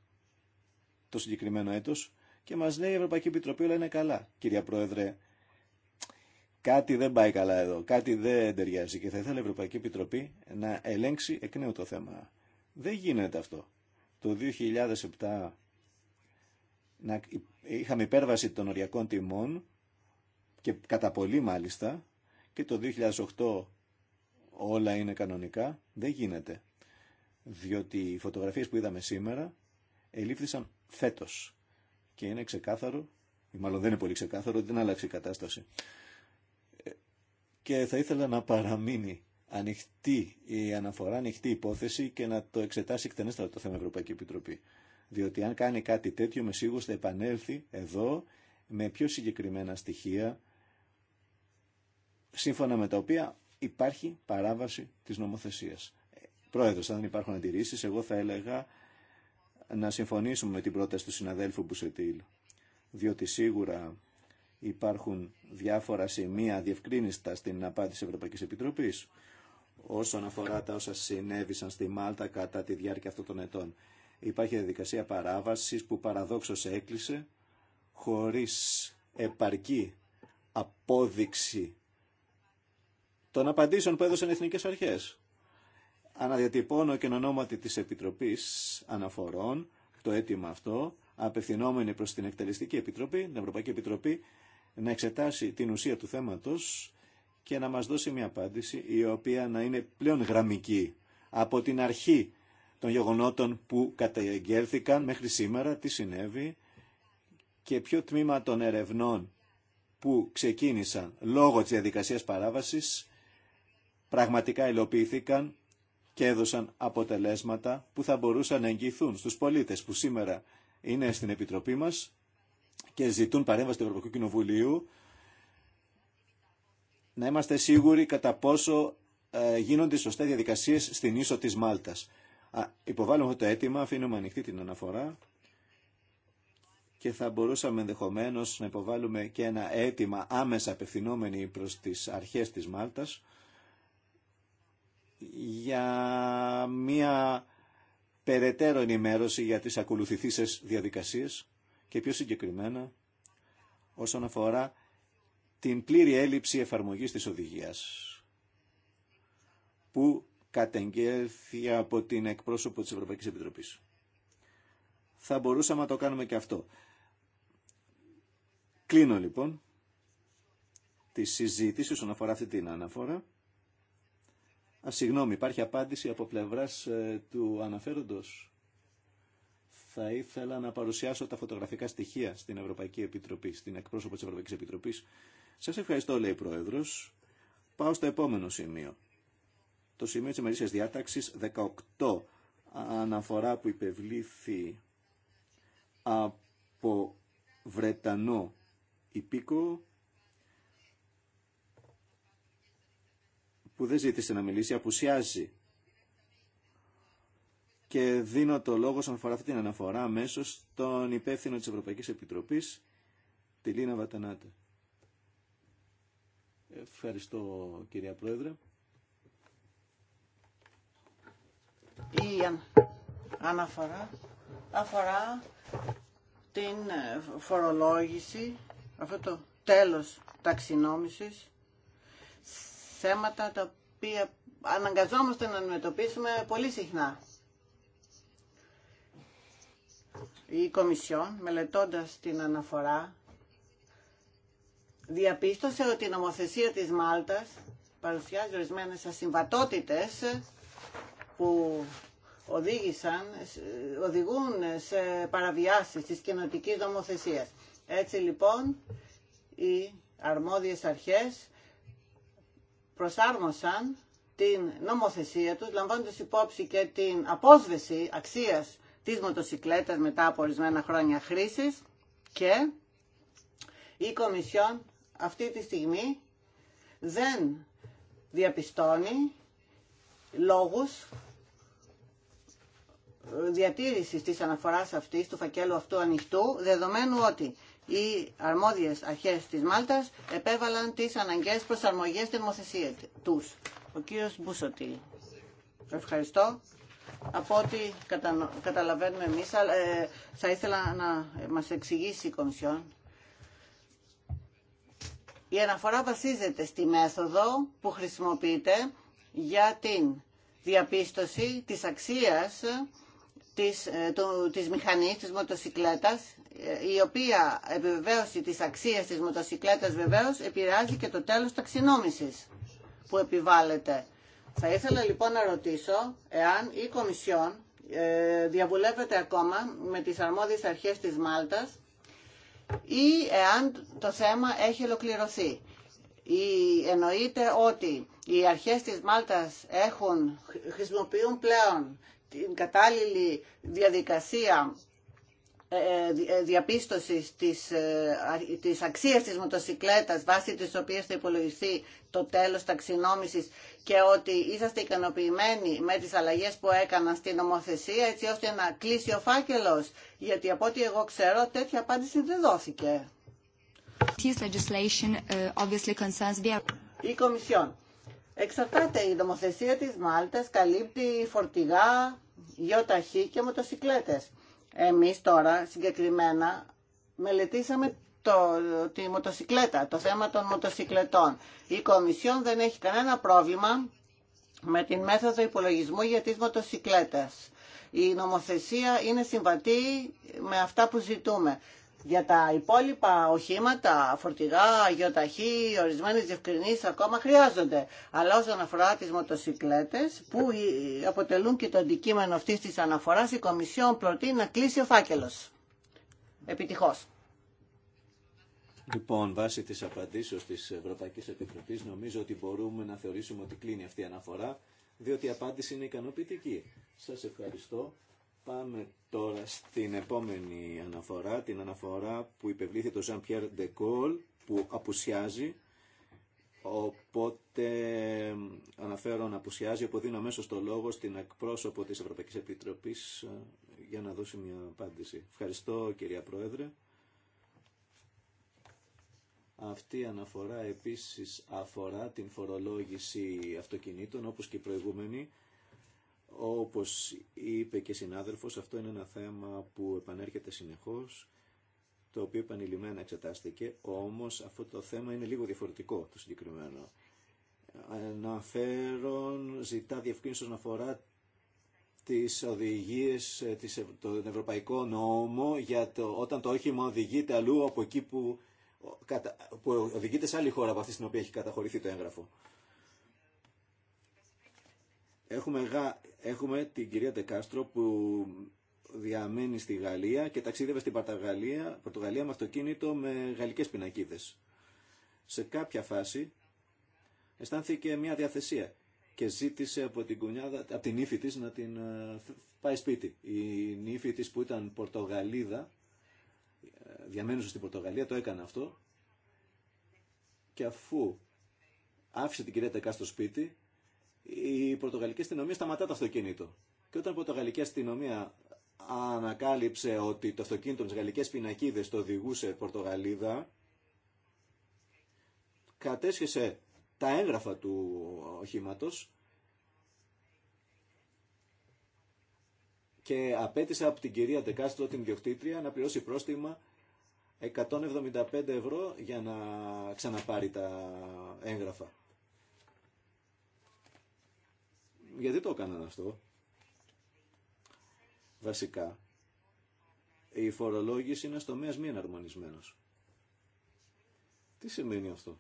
το συγκεκριμένο έτος και μας λέει η Ευρωπαϊκή Επιτροπή όλα είναι καλά. Κυρία Πρόεδρε, κάτι δεν πάει καλά εδώ, κάτι δεν ταιριάζει και θα ήθελα η Ευρωπαϊκή Επιτροπή να ελέγξει εκ νέου το θέμα. Δεν γίνεται αυτό. Το 2007 είχαμε υπέρβαση των οριακών τιμών και κατά πολύ μάλιστα και το 2008 όλα είναι κανονικά. Δεν γίνεται. Διότι οι φωτογραφίες που είδαμε σήμερα ελήφθησαν φέτος. Και είναι ξεκάθαρο, ή μάλλον δεν είναι πολύ ξεκάθαρο, ότι δεν άλλαξε η κατάσταση. Ε, και θα ήθελα να παραμείνει ανοιχτή η αναφορά, ανοιχτή υπόθεση και να το εξετάσει εκτενέστερα το θέμα Ευρωπαϊκή Επιτροπή. Διότι αν κάνει κάτι τέτοιο, με σίγουρος θα επανέλθει εδώ με πιο συγκεκριμένα στοιχεία, σύμφωνα με τα οποία υπάρχει παράβαση της νομοθεσίας. Πρόεδρος, αν δεν υπάρχουν αντιρρήσεις, εγώ θα έλεγα να συμφωνήσουμε με την πρόταση του συναδέλφου Μπουσετήλ, διότι σίγουρα υπάρχουν διάφορα σημεία διευκρίνηστα στην απάντηση Ευρωπαϊκής Επιτροπής όσον αφορά τα όσα συνέβησαν στη Μάλτα κατά τη διάρκεια αυτών των ετών. Υπάρχει διαδικασία παράβασης που παραδόξως έκλεισε χωρίς επαρκή απόδειξη των απαντήσεων που έδωσαν οι εθνικές αρχές. Αναδιατυπώνω και ονόματι τη Επιτροπής Αναφορών το αίτημα αυτό, απευθυνόμενη προ την Εκτελεστική Επιτροπή, την Ευρωπαϊκή Επιτροπή, να εξετάσει την ουσία του θέματος και να μα δώσει μια απάντηση η οποία να είναι πλέον γραμμική από την αρχή των γεγονότων που καταγγέλθηκαν μέχρι σήμερα, τι συνέβη και ποιο τμήμα των ερευνών που ξεκίνησαν λόγω της διαδικασίας παράβασης πραγματικά υλοποιήθηκαν και έδωσαν αποτελέσματα που θα μπορούσαν να εγγυηθούν στους πολίτες που σήμερα είναι στην Επιτροπή μας και ζητούν παρέμβαση του Ευρωπαϊκού Κοινοβουλίου να είμαστε σίγουροι κατά πόσο ε, γίνονται σωστά διαδικασίες στην ίσο της Μάλτας. Α, αυτό το αίτημα, αφήνουμε ανοιχτή την αναφορά και θα μπορούσαμε ενδεχομένως να υποβάλουμε και ένα αίτημα άμεσα απευθυνόμενοι προς τις αρχές της Μάλτας για μία περαιτέρω ενημέρωση για τις ακολουθηθήσεις διαδικασίες και πιο συγκεκριμένα όσον αφορά την πλήρη έλλειψη εφαρμογής της οδηγίας που κατεγγέλθη από την εκπρόσωπο της Ευρωπαϊκής Επιτροπής. Θα μπορούσαμε να το κάνουμε και αυτό. Κλείνω λοιπόν τη συζήτηση όσον αφορά αυτή την αναφορά Α, συγγνώμη, υπάρχει απάντηση από πλευράς ε, του αναφέροντος. Θα ήθελα να παρουσιάσω τα φωτογραφικά στοιχεία στην Ευρωπαϊκή Επιτροπή, στην εκπρόσωπο της Ευρωπαϊκής Επιτροπής. Σας ευχαριστώ, λέει ο Πρόεδρος. Πάω στο επόμενο σημείο. Το σημείο της ημερήσιας διάταξης 18 αναφορά που υπευλήθη από Βρετανό υπήκο που δεν ζήτησε να μιλήσει, απουσιάζει. Και δίνω το λόγο σαν αφορά αυτή την αναφορά αμέσω στον υπεύθυνο της Ευρωπαϊκής Επιτροπής, τη Λίνα Βατανάτε. Ευχαριστώ κυρία Πρόεδρε. Η αναφορά αφορά την φορολόγηση, αυτό το τέλος ταξινόμησης θέματα τα οποία αναγκαζόμαστε να αντιμετωπίσουμε πολύ συχνά. Η Κομισιόν, μελετώντας την αναφορά, διαπίστωσε ότι η νομοθεσία της Μάλτας παρουσιάζει ορισμένες ασυμβατότητες που οδήγησαν, οδηγούν σε παραβιάσεις της κοινοτικής νομοθεσίας. Έτσι λοιπόν οι αρμόδιες αρχές προσάρμοσαν την νομοθεσία τους, λαμβάνοντας υπόψη και την απόσβεση αξίας της μοτοσυκλέτας μετά από ορισμένα χρόνια χρήσης και η Κομισιόν αυτή τη στιγμή δεν διαπιστώνει λόγους διατήρησης της αναφοράς αυτής, του φακέλου αυτού ανοιχτού, δεδομένου ότι οι αρμόδιες αρχές της Μάλτας επέβαλαν τις αναγκαίες προσαρμογές στην νομοθεσία τους. Ο κύριος Μπούσοτη. Ευχαριστώ. Από ό,τι καταλαβαίνουμε εμείς, ε, θα ήθελα να μας εξηγήσει η Κομισιόν. Η αναφορά βασίζεται στη μέθοδο που χρησιμοποιείται για την διαπίστωση της αξίας της, ε, του, της μηχανής, της μοτοσυκλέτας ε, η οποία επιβεβαίωση της αξίας της μοτοσυκλέτας βεβαίως επηρεάζει και το τέλος ταξινόμησης που επιβάλλεται. Θα ήθελα λοιπόν να ρωτήσω εάν η Κομισιόν ε, διαβουλεύεται ακόμα με τις αρμόδιες αρχές της Μάλτας ή εάν το θέμα έχει ολοκληρωθεί. Ή εννοείται ότι οι αρχές της Μάλτας έχουν, χρησιμοποιούν πλέον την κατάλληλη διαδικασία ε, ε, διαπίστωση της, ε, της αξίας της μοτοσυκλέτας βάσει της οποίας θα υπολογιστεί το τέλος ταξινόμησης και ότι είσαστε ικανοποιημένοι με τις αλλαγές που έκαναν στην νομοθεσία έτσι ώστε να κλείσει ο φάκελος. Γιατί από ό,τι εγώ ξέρω τέτοια απάντηση δεν δόθηκε. Uh, η Κομισιόν. Εξαρτάται η νομοθεσία της Μάλτας, καλύπτει φορτηγά, γιοταχή και μοτοσυκλέτες. Εμείς τώρα συγκεκριμένα μελετήσαμε το, τη μοτοσυκλέτα, το θέμα των μοτοσυκλετών. Η Κομισιόν δεν έχει κανένα πρόβλημα με την μέθοδο υπολογισμού για τις μοτοσυκλέτες. Η νομοθεσία είναι συμβατή με αυτά που ζητούμε. Για τα υπόλοιπα οχήματα, φορτηγά, αγιοταχή, ορισμένε διευκρινήσει ακόμα χρειάζονται. Αλλά όσον αφορά τι μοτοσυκλέτε, που αποτελούν και το αντικείμενο αυτή τη αναφορά, η Κομισιόν προτείνει να κλείσει ο φάκελο. Επιτυχώ. Λοιπόν, βάσει τη απαντήσεω τη Ευρωπαϊκή Επιτροπή, νομίζω ότι μπορούμε να θεωρήσουμε ότι κλείνει αυτή η αναφορά, διότι η απάντηση είναι ικανοποιητική. Σα ευχαριστώ. Πάμε τώρα στην επόμενη αναφορά, την αναφορά που υπευλήθη το Jean-Pierre Ντεκόλ, που απουσιάζει, οπότε αναφέρω να απουσιάζει, δίνω αμέσως το λόγο στην εκπρόσωπο της Ευρωπαϊκής Επιτροπής ε, για να δώσει μια απάντηση. Ευχαριστώ κυρία Πρόεδρε. Αυτή η αναφορά επίσης αφορά την φορολόγηση αυτοκινήτων όπως και η προηγούμενη όπως είπε και συνάδελφος, αυτό είναι ένα θέμα που επανέρχεται συνεχώς, το οποίο επανειλημμένα εξετάστηκε, όμως αυτό το θέμα είναι λίγο διαφορετικό το συγκεκριμένο. Αναφέρον ζητά διευκρίνηση όσον αφορά τις οδηγίες, ε, των τον Ευρωπαϊκό Νόμο, για το, όταν το όχημα οδηγείται αλλού από εκεί που, που οδηγείται σε άλλη χώρα από αυτή στην οποία έχει καταχωρηθεί το έγγραφο. Έχουμε, έχουμε την κυρία Τεκάστρο που διαμένει στη Γαλλία και ταξίδευε στην Πορτογαλία, Πορτογαλία με αυτοκίνητο με γαλλικές πινακίδες. Σε κάποια φάση αισθάνθηκε μια διαθεσία και ζήτησε από την κουνιάδα, από ύφη της να την πάει σπίτι. Η νύφη της που ήταν Πορτογαλίδα, διαμένουσε στην Πορτογαλία, το έκανε αυτό και αφού άφησε την κυρία Τεκά στο σπίτι, η Πορτογαλική αστυνομία σταματά το αυτοκίνητο. Και όταν η Πορτογαλική αστυνομία ανακάλυψε ότι το αυτοκίνητο με τις γαλλικές πινακίδες το οδηγούσε Πορτογαλίδα, κατέσχεσε τα έγγραφα του οχήματο. και απέτησε από την κυρία Ντεκάστρο την διοκτήτρια να πληρώσει πρόστιμα 175 ευρώ για να ξαναπάρει τα έγγραφα. Γιατί το έκαναν αυτό. Βασικά, η φορολόγηση είναι στο μίας μη εναρμονισμένος. Τι σημαίνει αυτό.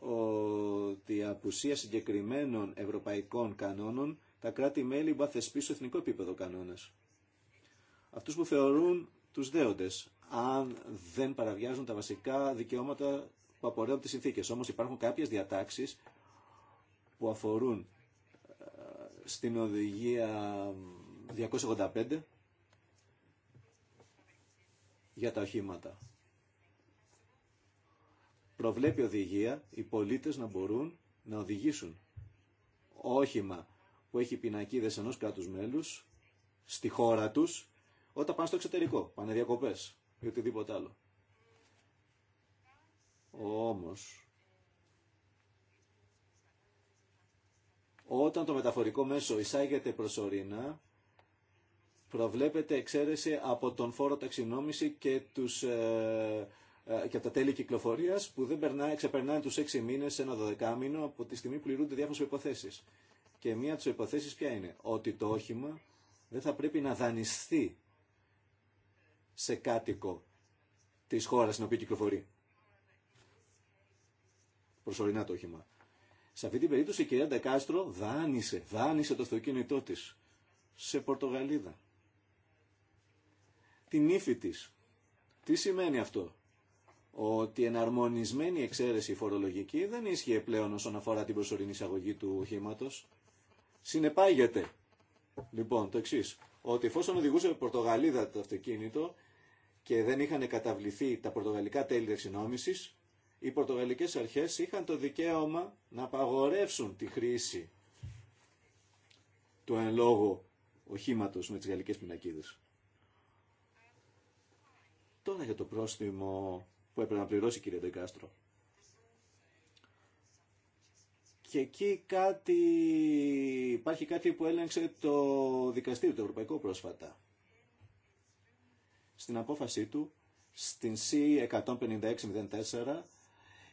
Ότι η απουσία συγκεκριμένων ευρωπαϊκών κανόνων τα κράτη-μέλη θα θεσπίσουν στο εθνικό επίπεδο κανόνες. Αυτούς που θεωρούν τους δέοντες, αν δεν παραβιάζουν τα βασικά δικαιώματα που απορρέουν τις συνθήκες. Όμως υπάρχουν κάποιες διατάξεις που αφορούν στην οδηγία 285 για τα οχήματα. Προβλέπει οδηγία οι πολίτες να μπορούν να οδηγήσουν όχημα που έχει πινακίδες ενός κράτους μέλους στη χώρα τους όταν πάνε στο εξωτερικό, πάνε διακοπές ή οτιδήποτε άλλο. Όμως, Όταν το μεταφορικό μέσο εισάγεται προσωρινά, προβλέπεται εξαίρεση από τον φόρο ταξινόμηση και, τους, ε, ε, και από τα τέλη κυκλοφορίας που δεν περνά, ξεπερνάει τους 6 μήνες σε ένα δωδεκάμινο από τη στιγμή που πληρούνται διάφορες υποθέσεις. Και μία από τις υποθέσεις ποια είναι, ότι το όχημα δεν θα πρέπει να δανειστεί σε κάτοικο της χώρας στην οποία κυκλοφορεί. Προσωρινά το όχημα. Σε αυτή την περίπτωση η κυρία Ντεκάστρο δάνεισε, δάνεισε το αυτοκίνητό της σε Πορτογαλίδα. Την ύφη τη, Τι σημαίνει αυτό. Ότι εναρμονισμένη εξαίρεση φορολογική δεν ίσχυε πλέον όσον αφορά την προσωρινή εισαγωγή του οχήματο. Συνεπάγεται λοιπόν το εξή. Ότι εφόσον οδηγούσε Πορτογαλίδα το αυτοκίνητο και δεν είχαν καταβληθεί τα πορτογαλικά τέλη δεξινόμηση, οι πορτογαλικές αρχές είχαν το δικαίωμα να απαγορεύσουν τη χρήση του εν λόγω οχήματος με τις γαλλικές πινακίδες. Τώρα για το πρόστιμο που έπρεπε να πληρώσει η κυρία Ντεκάστρο. Και εκεί κάτι, υπάρχει κάτι που έλεγξε το δικαστήριο, το ευρωπαϊκό πρόσφατα. Στην απόφασή του, στην c 04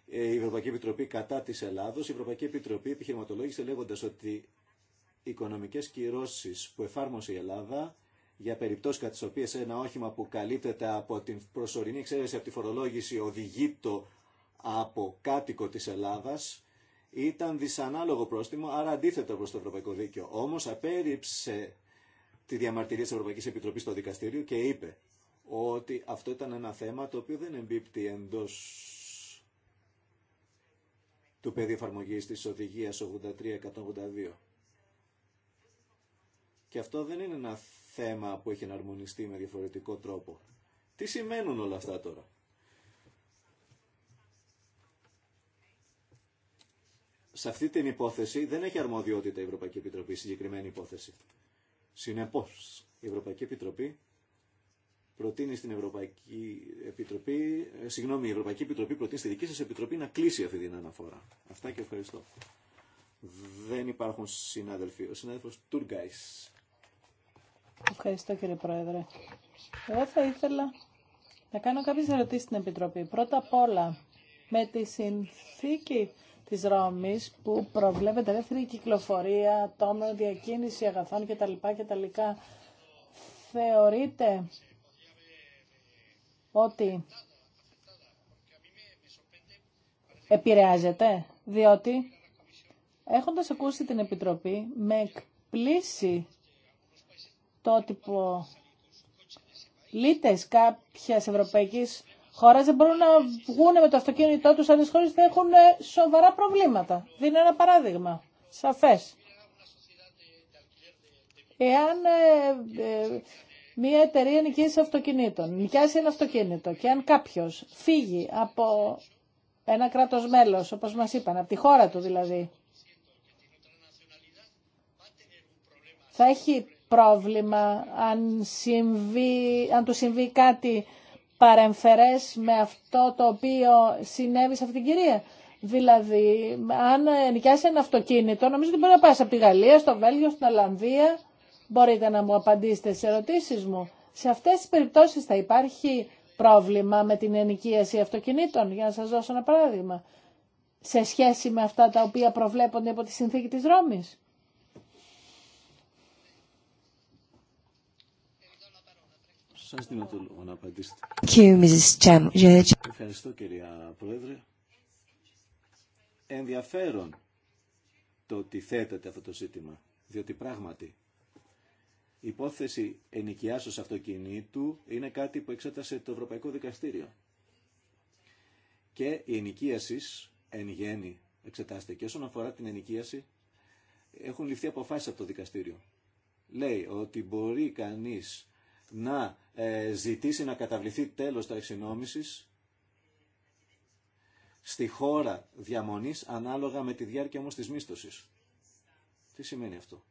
ε, η Ευρωπαϊκή Επιτροπή κατά της Ελλάδος. Η Ευρωπαϊκή Επιτροπή επιχειρηματολόγησε λέγοντας ότι οι οικονομικές κυρώσεις που εφάρμοσε η Ελλάδα για περιπτώσεις κατά τις οποίες ένα όχημα που καλύπτεται από την προσωρινή εξαίρεση από τη φορολόγηση το από κάτοικο της Ελλάδας ήταν δυσανάλογο πρόστιμο, άρα αντίθετο προς το Ευρωπαϊκό Δίκαιο. Όμως απέρριψε τη διαμαρτυρία της Ευρωπαϊκής Επιτροπής στο δικαστήριο και είπε ότι αυτό ήταν ένα θέμα το οποίο δεν εμπίπτει εντός του πεδίου εφαρμογή της οδηγίας 83-182. Και αυτό δεν είναι ένα θέμα που έχει εναρμονιστεί με διαφορετικό τρόπο. Τι σημαίνουν όλα αυτά τώρα. Σε αυτή την υπόθεση δεν έχει αρμοδιότητα η Ευρωπαϊκή Επιτροπή, συγκεκριμένη υπόθεση. Συνεπώς, η Ευρωπαϊκή Επιτροπή προτείνει στην Ευρωπαϊκή Επιτροπή, ε, συγγνώμη, η Ευρωπαϊκή Επιτροπή προτείνει στη δική σας Επιτροπή να κλείσει αυτή την αναφορά. Αυτά και ευχαριστώ. Δεν υπάρχουν συνάδελφοι. Ο συνάδελφος Τουργκάης. Ευχαριστώ κύριε Πρόεδρε. Εγώ θα ήθελα να κάνω κάποιες ερωτήσεις στην Επιτροπή. Πρώτα απ' όλα, με τη συνθήκη της Ρώμης που προβλέπεται ελεύθερη κυκλοφορία, τόνο διακίνηση αγαθών κτλ. κτλ. Θεωρείται ότι επηρεάζεται, διότι έχοντας ακούσει την Επιτροπή με εκπλήσει το ότι λίτες κάποιας ευρωπαϊκής χώρας δεν μπορούν να βγουν με το αυτοκίνητό τους, τις χώρες δεν έχουν ε, σοβαρά προβλήματα. Δίνει ένα παράδειγμα, σαφές. Εάν ε, ε, μια εταιρεία νοικίαση αυτοκινήτων νοικιάσει ένα αυτοκίνητο και αν κάποιος φύγει από ένα κράτος μέλος, όπως μας είπαν, από τη χώρα του δηλαδή, θα έχει πρόβλημα αν, συμβεί, αν του συμβεί κάτι παρεμφερές με αυτό το οποίο συνέβη σε αυτήν την κυρία. Δηλαδή, αν νοικιάσει ένα αυτοκίνητο, νομίζω ότι μπορεί να πάει από τη Γαλλία, στο Βέλγιο, στην Ολλανδία, Μπορείτε να μου απαντήσετε σε ερωτήσεις μου. Σε αυτές τις περιπτώσεις θα υπάρχει πρόβλημα με την ενοικίαση αυτοκινήτων, για να σας δώσω ένα παράδειγμα, σε σχέση με αυτά τα οποία προβλέπονται από τη συνθήκη της Ρώμης. δίνω το Ευχαριστώ κυρία Πρόεδρε. Ενδιαφέρον το ότι θέτεται αυτό το ζήτημα, διότι πράγματι η υπόθεση ενοικιάσεως αυτοκινήτου είναι κάτι που εξέτασε το Ευρωπαϊκό Δικαστήριο. Και η ενοικίαση εν γέννη εξετάστηκε. Και όσον αφορά την ενοικίαση, έχουν ληφθεί αποφάσει από το δικαστήριο. Λέει ότι μπορεί κανείς να ε, ζητήσει να καταβληθεί τέλος τα εξυνόμηση στη χώρα διαμονής ανάλογα με τη διάρκεια όμως της μίστοσης. Τι σημαίνει αυτό.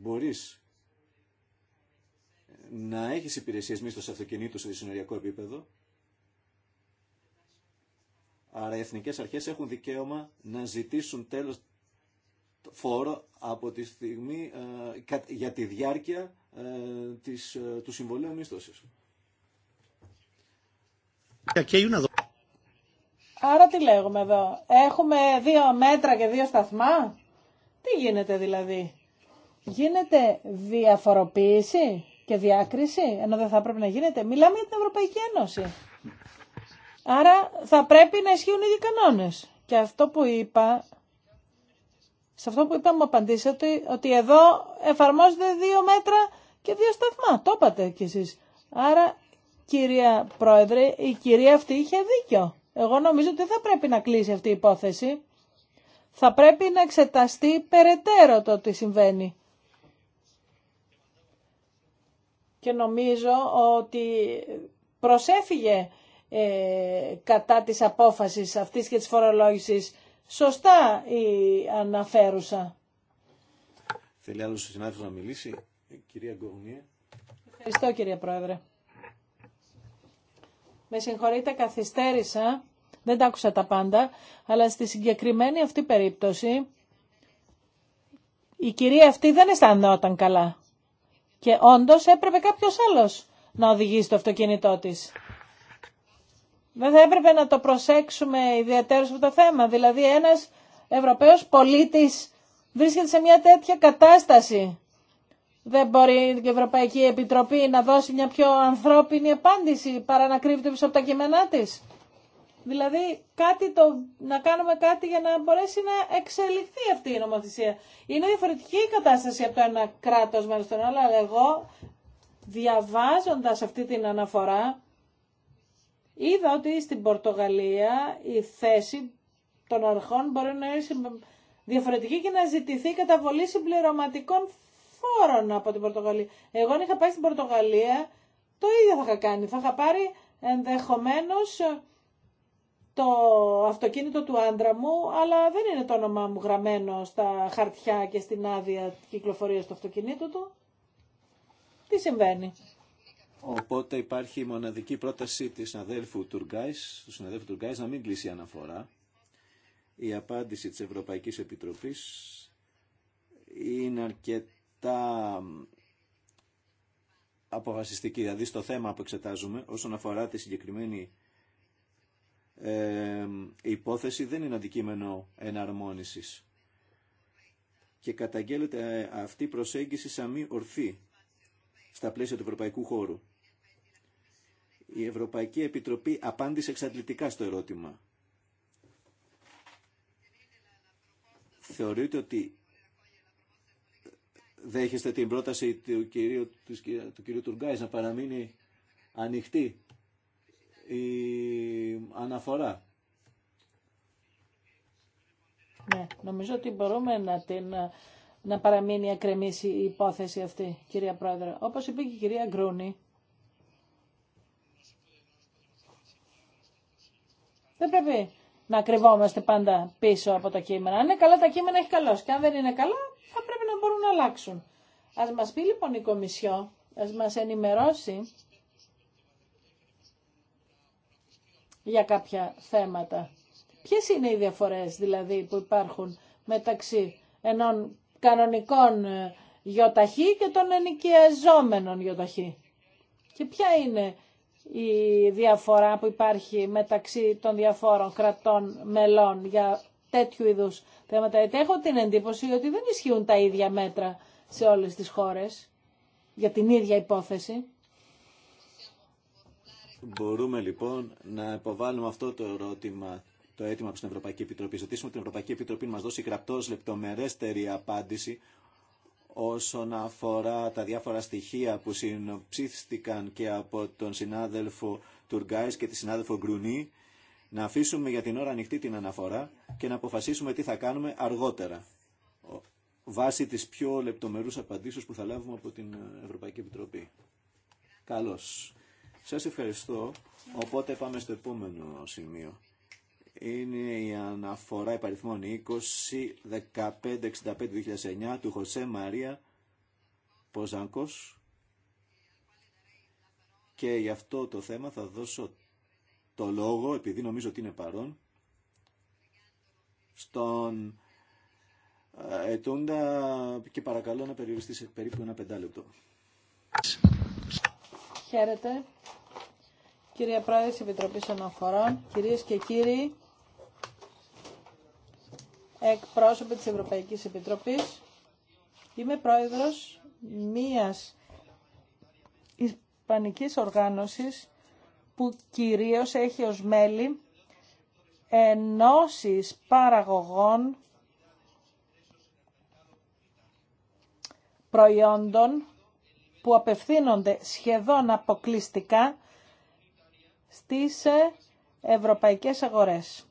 Μπορεί να έχει υπηρεσιε μίσθωση αυτοκινήτου σε δυσυνοριακό επίπεδο, άρα οι εθνικές αρχές έχουν δικαίωμα να ζητήσουν τέλος φόρο από τη στιγμή ε, για τη διάρκεια ε, ε, του συμβολέου μίσθωση. Άρα τι λέγουμε εδώ. Έχουμε δύο μέτρα και δύο σταθμά. Τι γίνεται δηλαδή γίνεται διαφοροποίηση και διάκριση, ενώ δεν θα πρέπει να γίνεται. Μιλάμε για την Ευρωπαϊκή Ένωση. Άρα θα πρέπει να ισχύουν οι κανόνες. Και αυτό που είπα, σε αυτό που είπα μου απαντήσατε ότι εδώ εφαρμόζονται δύο μέτρα και δύο σταθμά. Το είπατε κι εσείς. Άρα, κυρία Πρόεδρε, η κυρία αυτή είχε δίκιο. Εγώ νομίζω ότι δεν θα πρέπει να κλείσει αυτή η υπόθεση. Θα πρέπει να εξεταστεί περαιτέρω το τι συμβαίνει. και νομίζω ότι προσέφυγε ε, κατά της απόφασης αυτής και της φορολόγησης. Σωστά η αναφέρουσα. Θέλει άλλος συνάδελφος να μιλήσει. Κυρία Γκορνιέ. Ευχαριστώ κυρία Πρόεδρε. Με συγχωρείτε καθυστέρησα, δεν τα άκουσα τα πάντα, αλλά στη συγκεκριμένη αυτή περίπτωση η κυρία αυτή δεν αισθανόταν καλά. Και όντω έπρεπε κάποιο άλλος να οδηγήσει το αυτοκίνητό τη. Δεν θα έπρεπε να το προσέξουμε ιδιαίτερα αυτό το θέμα. Δηλαδή ένας Ευρωπαίος πολίτης βρίσκεται σε μια τέτοια κατάσταση. Δεν μπορεί η Ευρωπαϊκή Επιτροπή να δώσει μια πιο ανθρώπινη απάντηση παρά να κρύβεται πίσω από τα κείμενά της. Δηλαδή κάτι το, να κάνουμε κάτι για να μπορέσει να εξελιχθεί αυτή η νομοθεσία. Είναι διαφορετική η κατάσταση από το ένα κράτος μέσα στον άλλο, αλλά εγώ διαβάζοντας αυτή την αναφορά είδα ότι στην Πορτογαλία η θέση των αρχών μπορεί να είναι διαφορετική και να ζητηθεί καταβολή συμπληρωματικών φόρων από την Πορτογαλία. Εγώ αν είχα πάει στην Πορτογαλία το ίδιο θα είχα κάνει. Θα είχα πάρει ενδεχομένως το αυτοκίνητο του άντρα μου, αλλά δεν είναι το όνομά μου γραμμένο στα χαρτιά και στην άδεια κυκλοφορίας του αυτοκινήτου του. Τι συμβαίνει. Οπότε υπάρχει η μοναδική πρόταση της αδέλφου Τουργκάης, του συναδέλφου Τουργκάης να μην κλείσει αναφορά. Η απάντηση της Ευρωπαϊκής Επιτροπής είναι αρκετά αποφασιστική, δηλαδή στο θέμα που εξετάζουμε όσον αφορά τη συγκεκριμένη ε, η υπόθεση δεν είναι αντικείμενο εναρμόνισης και καταγγέλλεται ε, αυτή η προσέγγιση σαν μη ορθή στα πλαίσια του ευρωπαϊκού χώρου. Η Ευρωπαϊκή Επιτροπή απάντησε εξαντλητικά στο ερώτημα. Θεωρείτε ότι δέχεστε την πρόταση του κυρίου, του κυρίου Τουργκάης να παραμείνει ανοιχτή η αναφορά. Ναι, νομίζω ότι μπορούμε να να παραμείνει ακρεμής η υπόθεση αυτή, κυρία Πρόεδρε. Όπως είπε και η κυρία Γκρούνη, δεν πρέπει να κρυβόμαστε πάντα πίσω από τα κείμενα. Αν είναι καλά τα κείμενα έχει καλό. και αν δεν είναι καλά θα πρέπει να μπορούν να αλλάξουν. Ας μας πει λοιπόν η Κομισιό, ας μας ενημερώσει για κάποια θέματα. Ποιες είναι οι διαφορές δηλαδή που υπάρχουν μεταξύ ενών κανονικών γιοταχή ε, και των ενοικιαζόμενων γιοταχή. Και ποια είναι η διαφορά που υπάρχει μεταξύ των διαφόρων κρατών μελών για τέτοιου είδους θέματα. Γιατί έχω την εντύπωση ότι δεν ισχύουν τα ίδια μέτρα σε όλες τις χώρες για την ίδια υπόθεση. Μπορούμε λοιπόν να υποβάλουμε αυτό το ερώτημα, το αίτημα από την Ευρωπαϊκή Επιτροπή. Ζητήσουμε την Ευρωπαϊκή Επιτροπή να μας δώσει γραπτό λεπτομερέστερη απάντηση όσον αφορά τα διάφορα στοιχεία που συνοψίστηκαν και από τον συνάδελφο Τουργκάης και τη συνάδελφο Γκρουνή, να αφήσουμε για την ώρα ανοιχτή την αναφορά και να αποφασίσουμε τι θα κάνουμε αργότερα, βάσει της πιο λεπτομερούς απαντήσει που θα λάβουμε από την Ευρωπαϊκή Επιτροπή. Καλώς. Σας ευχαριστώ. Οπότε πάμε στο επόμενο σημείο. Είναι η αναφορά υπαριθμών 20-15-65-2009 του Χωσέ Μαρία Ποζάνκος και γι' αυτό το θέμα θα δώσω το λόγο, επειδή νομίζω ότι είναι παρόν, στον ε, ετούντα και παρακαλώ να περιοριστεί σε περίπου ένα πεντάλεπτο. Χαίρετε. Κυρία Πρόεδρε της Επιτροπής Αναφορών, κυρίες και κύριοι, εκπρόσωποι της Ευρωπαϊκής Επιτροπής, είμαι πρόεδρος μίας ισπανικής οργάνωσης που κυρίως έχει ως μέλη ενώσεις παραγωγών προϊόντων που απευθύνονται σχεδόν αποκλειστικά στις ε, ευρωπαϊκές αγορές.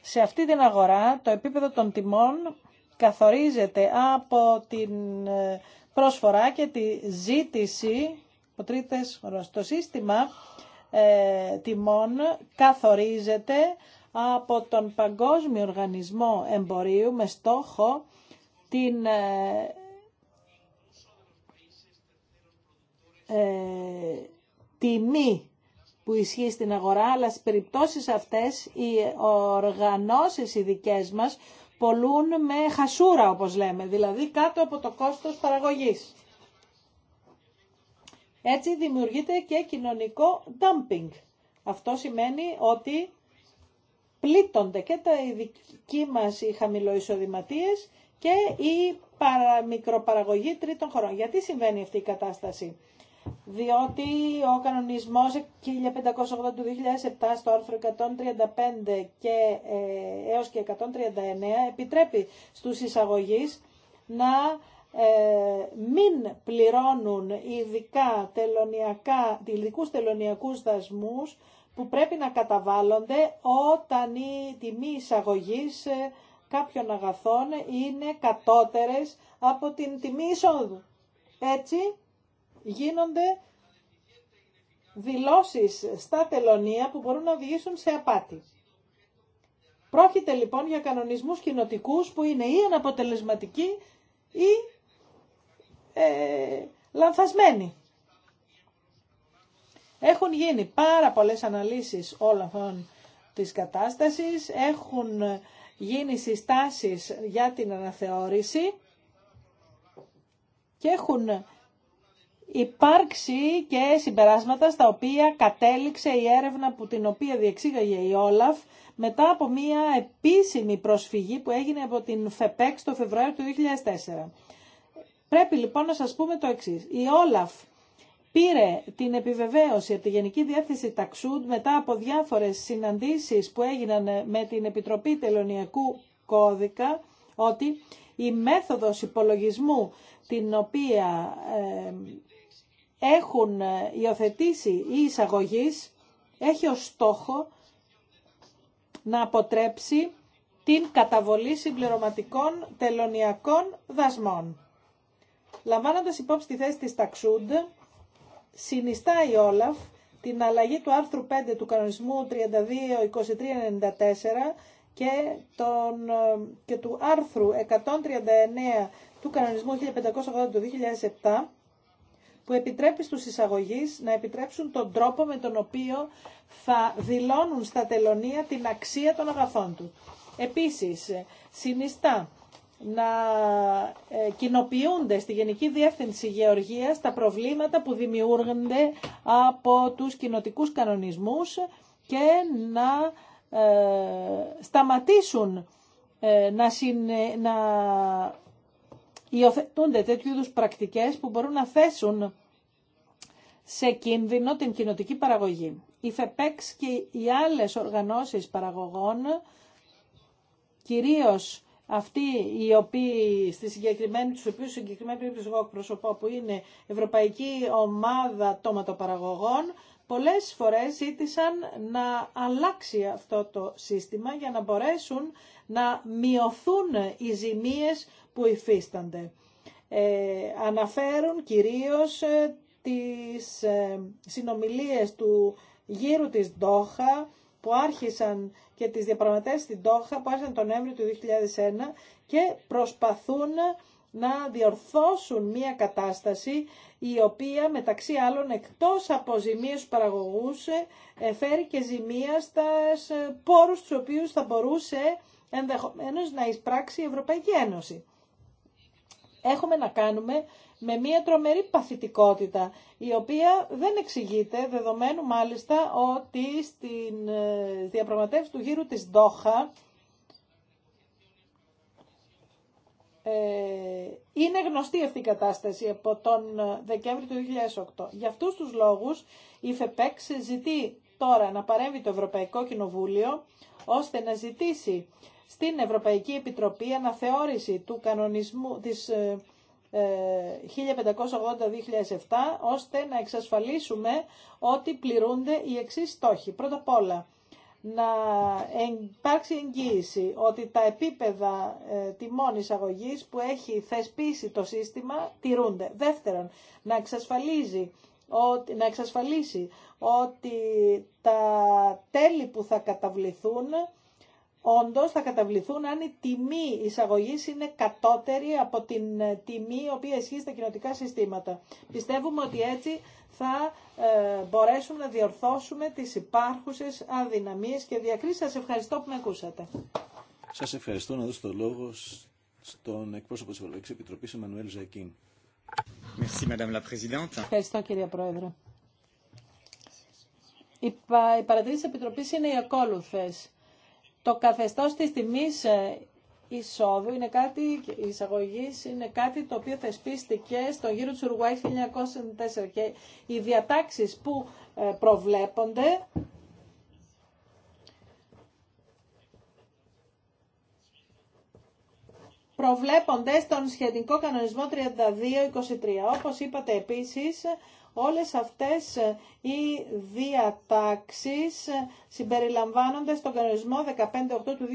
Σε αυτή την αγορά το επίπεδο των τιμών καθορίζεται από την ε, πρόσφορα και τη ζήτηση από τρίτες Το σύστημα ε, τιμών καθορίζεται από τον Παγκόσμιο Οργανισμό Εμπορίου με στόχο την τιμή που ισχύει στην αγορά, αλλά στις περιπτώσεις αυτές οι οργανώσεις οι δικές μας πολλούν με χασούρα όπως λέμε, δηλαδή κάτω από το κόστος παραγωγής. Έτσι δημιουργείται και κοινωνικό dumping. Αυτό σημαίνει ότι πλήττονται και τα δικοί μας οι χαμηλοεισοδηματίες και η μικροπαραγωγή τρίτων χωρών. Γιατί συμβαίνει αυτή η κατάσταση διότι ο κανονισμός 1580 του 2007 στο άρθρο 135 και ε, έως και 139 επιτρέπει στους εισαγωγείς να ε, μην πληρώνουν ειδικά τελωνιακά, ειδικούς τελωνιακούς δασμούς που πρέπει να καταβάλλονται όταν η τιμή εισαγωγής ε, κάποιων αγαθών είναι κατώτερες από την τιμή εισόδου. Έτσι, γίνονται δηλώσεις στα τελωνία που μπορούν να οδηγήσουν σε απάτη. Πρόκειται λοιπόν για κανονισμούς κοινοτικού που είναι ή αναποτελεσματικοί ή ε, λανθασμένοι. Έχουν γίνει πάρα πολλές αναλύσεις όλων αυτών της κατάστασης, έχουν γίνει συστάσεις για την αναθεώρηση και έχουν υπάρξει και συμπεράσματα στα οποία κατέληξε η έρευνα που την οποία διεξήγαγε η Όλαφ μετά από μια επίσημη προσφυγή που έγινε από την ΦΕΠΕΚ το Φεβρουάριο του 2004. Πρέπει λοιπόν να σας πούμε το εξής. Η Όλαφ πήρε την επιβεβαίωση από τη Γενική Διεύθυνση Ταξούντ μετά από διάφορες συναντήσεις που έγιναν με την Επιτροπή Τελωνιακού Κώδικα ότι η μέθοδος υπολογισμού την οποία ε, έχουν ε, υιοθετήσει η εισαγωγής έχει ως στόχο να αποτρέψει την καταβολή συμπληρωματικών τελωνιακών δασμών. Λαμβάνοντας υπόψη τη θέση της Ταξούντ, συνιστά η Όλαφ την αλλαγή του άρθρου 5 του κανονισμού 32-23-94 και, ε, και του άρθρου 139 του κανονισμού 1580 του 2007 που επιτρέπει στους εισαγωγείς να επιτρέψουν τον τρόπο με τον οποίο θα δηλώνουν στα τελωνία την αξία των αγαθών του. Επίσης, συνιστά να ε, κοινοποιούνται στη Γενική Διεύθυνση Γεωργίας τα προβλήματα που δημιούργονται από τους κοινοτικούς κανονισμούς και να ε, σταματήσουν να, ε, να υιοθετούνται τέτοιου είδους πρακτικές που μπορούν να θέσουν σε κίνδυνο την κοινοτική παραγωγή. Η ΦΕΠΕΞ και οι άλλες οργανώσεις παραγωγών, κυρίως αυτοί οι οποίοι στη συγκεκριμένη, τους οποίους συγκεκριμένη περίπτωση που είναι Ευρωπαϊκή Ομάδα Τόματοπαραγωγών, πολλές φορές ζήτησαν να αλλάξει αυτό το σύστημα για να μπορέσουν να μειωθούν οι ζημίες που υφίστανται. Ε, αναφέρουν κυρίως ε, τις ε, συνομιλίες του γύρου της Ντόχα που άρχισαν και τις διαπραγματεύσεις στην Ντόχα που άρχισαν τον Νοέμβριο του 2001 και προσπαθούν να διορθώσουν μια κατάσταση η οποία μεταξύ άλλων εκτός από ζημίες στους παραγωγούς φέρει και ζημία στα πόρους τους οποίους θα μπορούσε ενδεχομένως να εισπράξει η Ευρωπαϊκή Ένωση έχουμε να κάνουμε με μια τρομερή παθητικότητα, η οποία δεν εξηγείται, δεδομένου μάλιστα ότι στην ε, διαπραγματεύση του γύρου της Δόχα ε, είναι γνωστή αυτή η κατάσταση από τον Δεκέμβρη του 2008. Για αυτούς τους λόγους η ΦΕΠΕΚ ζητεί τώρα να παρέμβει το Ευρωπαϊκό Κοινοβούλιο ώστε να ζητήσει στην Ευρωπαϊκή Επιτροπή αναθεώρηση του κανονισμού της 1580-2007 ε, ε, ώστε να εξασφαλίσουμε ότι πληρούνται οι εξής στόχοι. Πρώτα απ' όλα, να υπάρξει εγγύηση ότι τα επίπεδα ε, τιμών εισαγωγής που έχει θεσπίσει το σύστημα τηρούνται. Δεύτερον, να εξασφαλίζει ότι, να εξασφαλίσει ότι τα τέλη που θα καταβληθούν Όντω θα καταβληθούν αν η τιμή εισαγωγή είναι κατώτερη από την ε, τιμή η οποία ισχύει στα κοινοτικά συστήματα. Πιστεύουμε ότι έτσι θα ε, μπορέσουμε να διορθώσουμε τις υπάρχουσες αδυναμίες και διακρίσεις. Σας ευχαριστώ που με ακούσατε. Σας ευχαριστώ να δώσω το λόγο στον εκπρόσωπο της Ευρωπαϊκής Επιτροπής, Εμμανουέλ Ζακίν. Ευχαριστώ κύριε Πρόεδρε. Οι παρατηρήσεις της Επιτροπής είναι οι ακόλουθες. Το καθεστώς της τιμής ε, εισόδου είναι κάτι, εισαγωγή, είναι κάτι το οποίο θεσπίστηκε στο γύρο του Ουρουάη 1904 και οι διατάξεις που ε, προβλέπονται προβλέπονται στον σχετικό κανονισμό 32-23. Όπως είπατε επίσης, όλες αυτές οι διατάξεις συμπεριλαμβάνονται στον κανονισμό 1580 του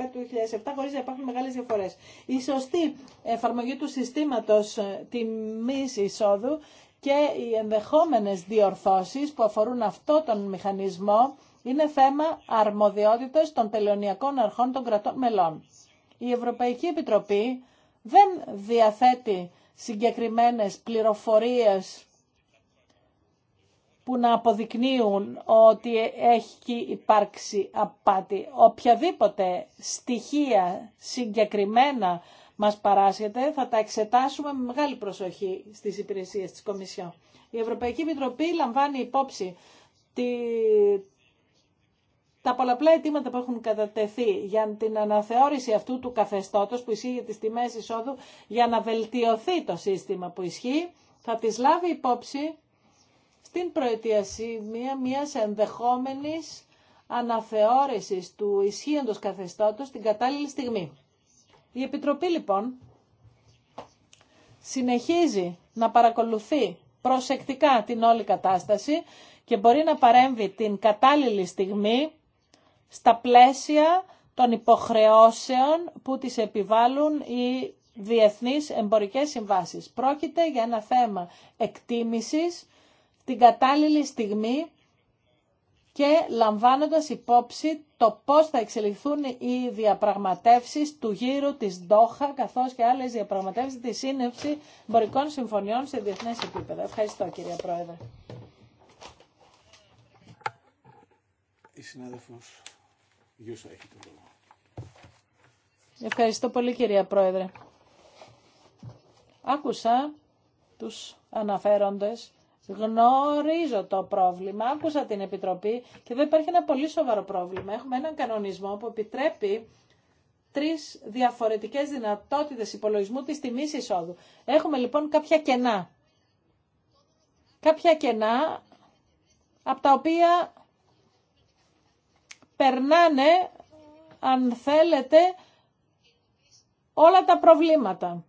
2007 χωρίς να υπάρχουν μεγάλες διαφορές. Η σωστή εφαρμογή του συστήματος τιμής εισόδου και οι ενδεχόμενες διορθώσεις που αφορούν αυτό τον μηχανισμό είναι θέμα αρμοδιότητας των τελωνιακών αρχών των κρατών μελών η Ευρωπαϊκή Επιτροπή δεν διαθέτει συγκεκριμένες πληροφορίες που να αποδεικνύουν ότι έχει υπάρξει απάτη. Οποιαδήποτε στοιχεία συγκεκριμένα μας παράσχεται θα τα εξετάσουμε με μεγάλη προσοχή στις υπηρεσίες της Κομισιόν. Η Ευρωπαϊκή Επιτροπή λαμβάνει υπόψη τα πολλαπλά αιτήματα που έχουν κατατεθεί για την αναθεώρηση αυτού του καθεστώτος που ισχύει για τις τιμές εισόδου για να βελτιωθεί το σύστημα που ισχύει, θα τις λάβει υπόψη στην μία μιας ενδεχόμενης αναθεώρησης του ισχύοντος καθεστώτος την κατάλληλη στιγμή. Η Επιτροπή λοιπόν συνεχίζει να παρακολουθεί προσεκτικά την όλη κατάσταση και μπορεί να παρέμβει την κατάλληλη στιγμή στα πλαίσια των υποχρεώσεων που τις επιβάλλουν οι διεθνείς εμπορικές συμβάσεις. Πρόκειται για ένα θέμα εκτίμησης την κατάλληλη στιγμή και λαμβάνοντας υπόψη το πώς θα εξελιχθούν οι διαπραγματεύσεις του γύρου της Ντόχα, καθώς και άλλες διαπραγματεύσεις της σύνευση εμπορικών συμφωνιών σε διεθνές επίπεδα. Ευχαριστώ κυρία Πρόεδρε. Ευχαριστώ πολύ κυρία Πρόεδρε. Άκουσα τους αναφέροντες, γνωρίζω το πρόβλημα, άκουσα την Επιτροπή και δεν υπάρχει ένα πολύ σοβαρό πρόβλημα. Έχουμε έναν κανονισμό που επιτρέπει τρεις διαφορετικές δυνατότητες υπολογισμού της τιμής εισόδου. Έχουμε λοιπόν κάποια κενά. Κάποια κενά από τα οποία περνάνε, αν θέλετε, όλα τα προβλήματα.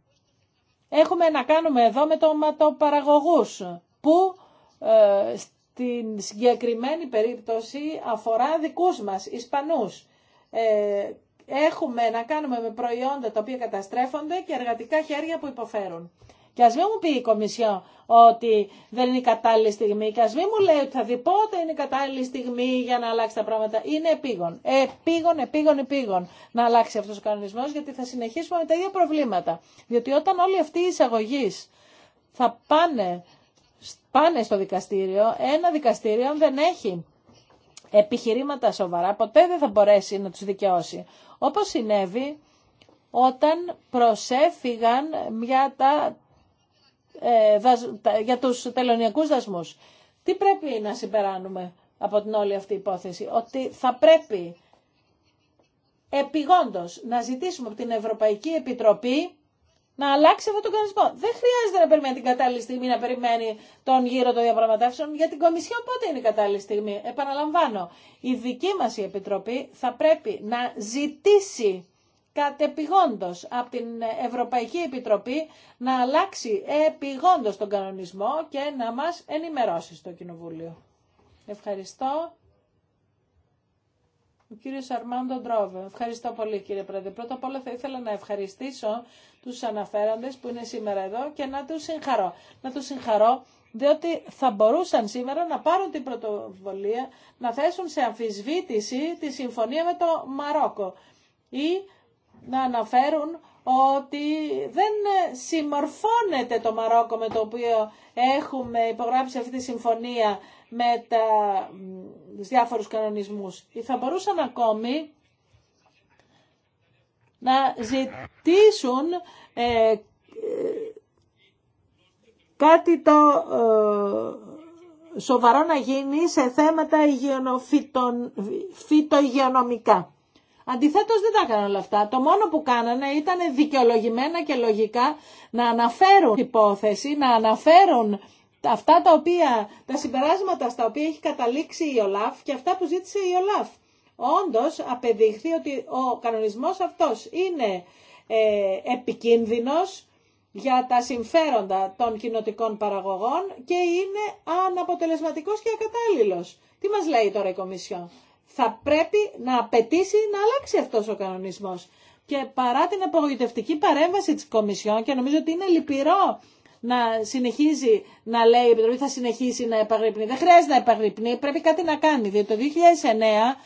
Έχουμε να κάνουμε εδώ με το ματοπαραγωγούς, που ε, στην συγκεκριμένη περίπτωση αφορά δικούς μας, Ισπανούς. Ε, έχουμε να κάνουμε με προϊόντα τα οποία καταστρέφονται και εργατικά χέρια που υποφέρουν. Και α μην μου πει η Κομισιό ότι δεν είναι η κατάλληλη στιγμή και α μην μου λέει ότι θα δει πότε είναι η κατάλληλη στιγμή για να αλλάξει τα πράγματα. Είναι επίγον. Επίγον, επίγον, επίγον να αλλάξει αυτό ο κανονισμό γιατί θα συνεχίσουμε με τα ίδια προβλήματα. Διότι όταν όλοι αυτοί οι εισαγωγεί θα πάνε, πάνε στο δικαστήριο, ένα δικαστήριο δεν έχει επιχειρήματα σοβαρά ποτέ δεν θα μπορέσει να τους δικαιώσει. Όπως συνέβη όταν προσέφηγαν μια τα ε, για τους τελωνιακούς δασμούς. Τι πρέπει να συμπεράνουμε από την όλη αυτή υπόθεση. Ότι θα πρέπει επιγόντως να ζητήσουμε από την Ευρωπαϊκή Επιτροπή να αλλάξει αυτό τον κανονισμό. Δεν χρειάζεται να περιμένει την κατάλληλη στιγμή να περιμένει τον γύρο των διαπραγματεύσεων για την Κομισιόν. Πότε είναι η κατάλληλη στιγμή. Επαναλαμβάνω, η δική μας η Επιτροπή θα πρέπει να ζητήσει κατεπηγόντως από την Ευρωπαϊκή Επιτροπή να αλλάξει επιγόντως τον κανονισμό και να μας ενημερώσει στο Κοινοβούλιο. Ευχαριστώ. Ο κύριος Αρμάντο Ντρόβε. Ευχαριστώ πολύ κύριε Πρόεδρε. Πρώτα απ' όλα θα ήθελα να ευχαριστήσω τους αναφέροντες που είναι σήμερα εδώ και να τους συγχαρώ. Να τους συγχαρώ διότι θα μπορούσαν σήμερα να πάρουν την πρωτοβολία να θέσουν σε αμφισβήτηση τη συμφωνία με το Μαρόκο να αναφέρουν ότι δεν συμμορφώνεται το Μαρόκο με το οποίο έχουμε υπογράψει αυτή τη συμφωνία με τα, τους διάφορους κανονισμούς. Θα μπορούσαν ακόμη να ζητήσουν ε, κάτι το ε, σοβαρό να γίνει σε θέματα φυτο, φυτογειονομικά. Αντιθέτως δεν τα έκαναν όλα αυτά. Το μόνο που κάνανε ήταν δικαιολογημένα και λογικά να αναφέρουν υπόθεση, να αναφέρουν αυτά τα οποία, τα συμπεράσματα στα οποία έχει καταλήξει η ΟΛΑΦ και αυτά που ζήτησε η ΟΛΑΦ. Όντως απεδείχθη ότι ο κανονισμός αυτός είναι ε, επικίνδυνος για τα συμφέροντα των κοινοτικών παραγωγών και είναι αναποτελεσματικός και ακατάλληλος. Τι μας λέει τώρα η Κομισιόν θα πρέπει να απαιτήσει να αλλάξει αυτός ο κανονισμός. Και παρά την απογοητευτική παρέμβαση της Κομισιόν και νομίζω ότι είναι λυπηρό να συνεχίζει να λέει η Επιτροπή θα συνεχίσει να επαγρυπνεί. Δεν χρειάζεται να επαγρυπνεί, πρέπει κάτι να κάνει. Διότι το 2009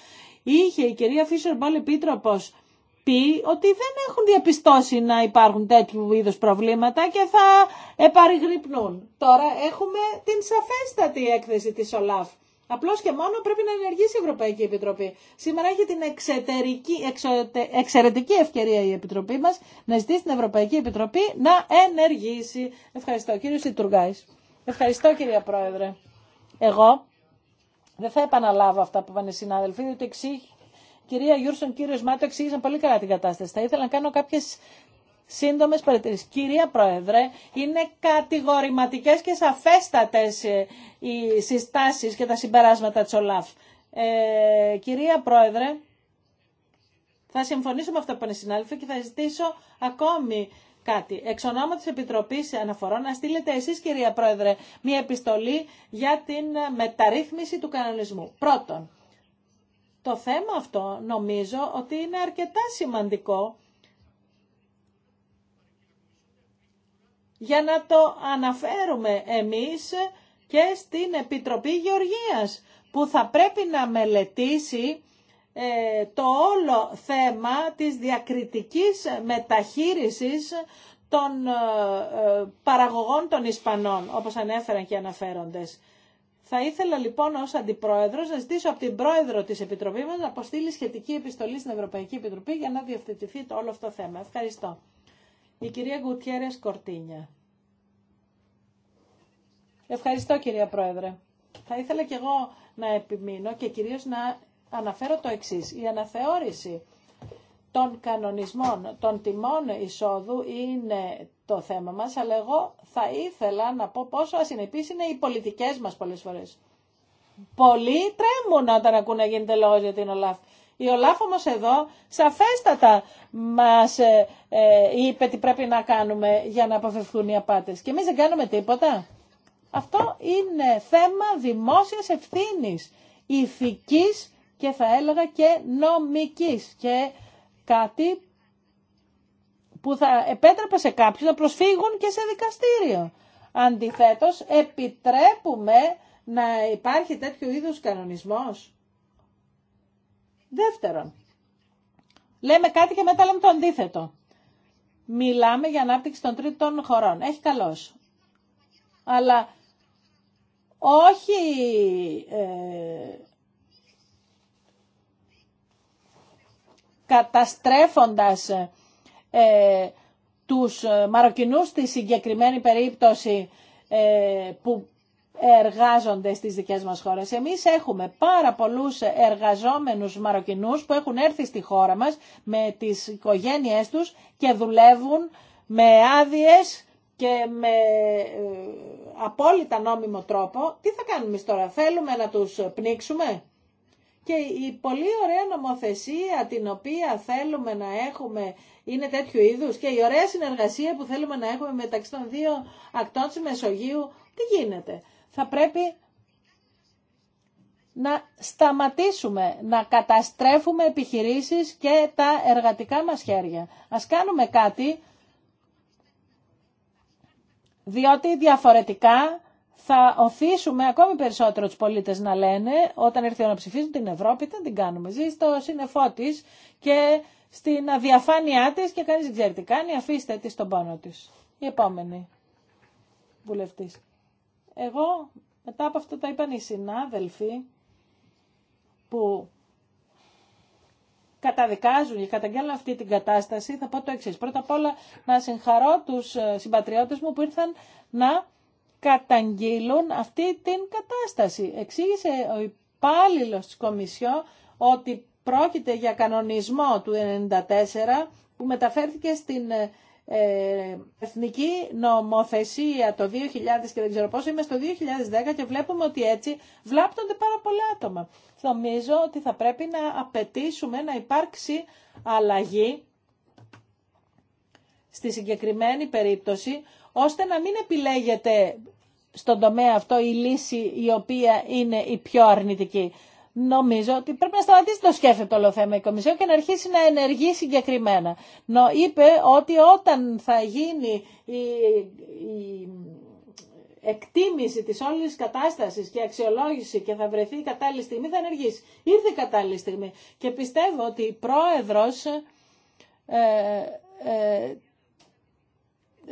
είχε η κυρία Φίσερ Μπόλ Επίτροπος πει ότι δεν έχουν διαπιστώσει να υπάρχουν τέτοιου είδους προβλήματα και θα επαγρυπνούν. Τώρα έχουμε την σαφέστατη έκθεση της ΟΛΑΦ Απλώ και μόνο πρέπει να ενεργήσει η Ευρωπαϊκή Επιτροπή. Σήμερα έχει την εξαιρετική ευκαιρία η Επιτροπή μα να ζητήσει την Ευρωπαϊκή Επιτροπή να ενεργήσει. Ευχαριστώ κύριο Σιτουργάη. Ευχαριστώ κυρία Πρόεδρε. Εγώ δεν θα επαναλάβω αυτά που είπαν οι συνάδελφοι, διότι η Κυρία Γιούρσον, κύριο Μάτο εξήγησαν πολύ καλά την κατάσταση. Θα ήθελα να κάνω κάποιε σύντομε παρατηρήσει. Κυρία Πρόεδρε, είναι κατηγορηματικέ και σαφέστατε ε, οι συστάσει και τα συμπεράσματα τη ΟΛΑΦ. Ε, κυρία Πρόεδρε, θα συμφωνήσω με αυτό που είναι συνάδελφοι και θα ζητήσω ακόμη κάτι. Εξ ονόματο Επιτροπή Αναφορών, να στείλετε εσεί, κυρία Πρόεδρε, μία επιστολή για την μεταρρύθμιση του κανονισμού. Πρώτον, το θέμα αυτό νομίζω ότι είναι αρκετά σημαντικό για να το αναφέρουμε εμείς και στην Επιτροπή Γεωργίας που θα πρέπει να μελετήσει ε, το όλο θέμα της διακριτικής μεταχείρισης των ε, ε, παραγωγών των Ισπανών, όπως ανέφεραν και αναφέροντες. Θα ήθελα λοιπόν ως Αντιπρόεδρος να ζητήσω από την Πρόεδρο της Επιτροπής μας να αποστείλει σχετική επιστολή στην Ευρωπαϊκή Επιτροπή για να διευθετηθεί το όλο αυτό το θέμα. Ευχαριστώ. Η κυρία Γκουτιέρες Κορτίνια. Ευχαριστώ κυρία Πρόεδρε. Θα ήθελα κι εγώ να επιμείνω και κυρίως να αναφέρω το εξής. Η αναθεώρηση των κανονισμών, των τιμών εισόδου είναι το θέμα μας, αλλά εγώ θα ήθελα να πω πόσο ασυνεπείς είναι οι πολιτικές μας πολλές φορές. Πολλοί τρέμουν όταν ακούνε γίνεται λόγος για την ΟΛΑΦ. Η Ολάφ όμως εδώ σαφέστατα μας ε, ε, είπε τι πρέπει να κάνουμε για να αποφευθούν οι απάτες. Και εμείς δεν κάνουμε τίποτα. Αυτό είναι θέμα δημόσιας ευθύνης, ηθικής και θα έλεγα και νομικής και κάτι που θα επέτρεπε σε κάποιους να προσφύγουν και σε δικαστήριο. Αντιθέτως, επιτρέπουμε να υπάρχει τέτοιο είδους κανονισμός. Δεύτερον, λέμε κάτι και μετά λέμε το αντίθετο. Μιλάμε για ανάπτυξη των τρίτων χωρών. Έχει καλώς. Αλλά όχι ε, καταστρέφοντας ε, τους Μαροκινούς στη συγκεκριμένη περίπτωση ε, που εργάζονται στις δικές μας χώρες. Εμείς έχουμε πάρα πολλούς εργαζόμενους Μαροκινούς που έχουν έρθει στη χώρα μας με τις οικογένειές τους και δουλεύουν με άδειες και με ε, απόλυτα νόμιμο τρόπο. Τι θα κάνουμε τώρα, θέλουμε να τους πνίξουμε. Και η πολύ ωραία νομοθεσία την οποία θέλουμε να έχουμε είναι τέτοιου είδους και η ωραία συνεργασία που θέλουμε να έχουμε μεταξύ των δύο ακτών της Μεσογείου, τι γίνεται θα πρέπει να σταματήσουμε να καταστρέφουμε επιχειρήσεις και τα εργατικά μας χέρια. Ας κάνουμε κάτι, διότι διαφορετικά θα οθήσουμε ακόμη περισσότερο τους πολίτες να λένε όταν έρθει να ψηφίζουν την Ευρώπη, δεν την κάνουμε. Ζει στο σύννεφό τη και στην αδιαφάνειά της και κανείς δεν ξέρει τι κάνει, αφήστε τη στον πόνο της. Η επόμενη βουλευτής. Εγώ, μετά από αυτό τα είπαν οι συνάδελφοι που καταδικάζουν και καταγγέλνουν αυτή την κατάσταση, θα πω το εξή. Πρώτα απ' όλα να συγχαρώ τους ε, συμπατριώτες μου που ήρθαν να καταγγείλουν αυτή την κατάσταση. Εξήγησε ο υπάλληλο της Κομισιό ότι πρόκειται για κανονισμό του 1994 που μεταφέρθηκε στην ε, ε, εθνική νομοθεσία το 2000 και δεν ξέρω πόσο, είμαι στο 2010 και βλέπουμε ότι έτσι βλάπτονται πάρα πολλά άτομα. Νομίζω ότι θα πρέπει να απαιτήσουμε να υπάρξει αλλαγή στη συγκεκριμένη περίπτωση, ώστε να μην επιλέγεται στον τομέα αυτό η λύση η οποία είναι η πιο αρνητική. Νομίζω ότι πρέπει να σταματήσει το σκέφτεται όλο θέμα η Κομισιόν και να αρχίσει να ενεργεί συγκεκριμένα. Νο, είπε ότι όταν θα γίνει η, η εκτίμηση της όλης κατάστασης και αξιολόγηση και θα βρεθεί η κατάλληλη στιγμή θα ενεργήσει. Ήρθε η κατάλληλη στιγμή και πιστεύω ότι ο πρόεδρος, ε, ε,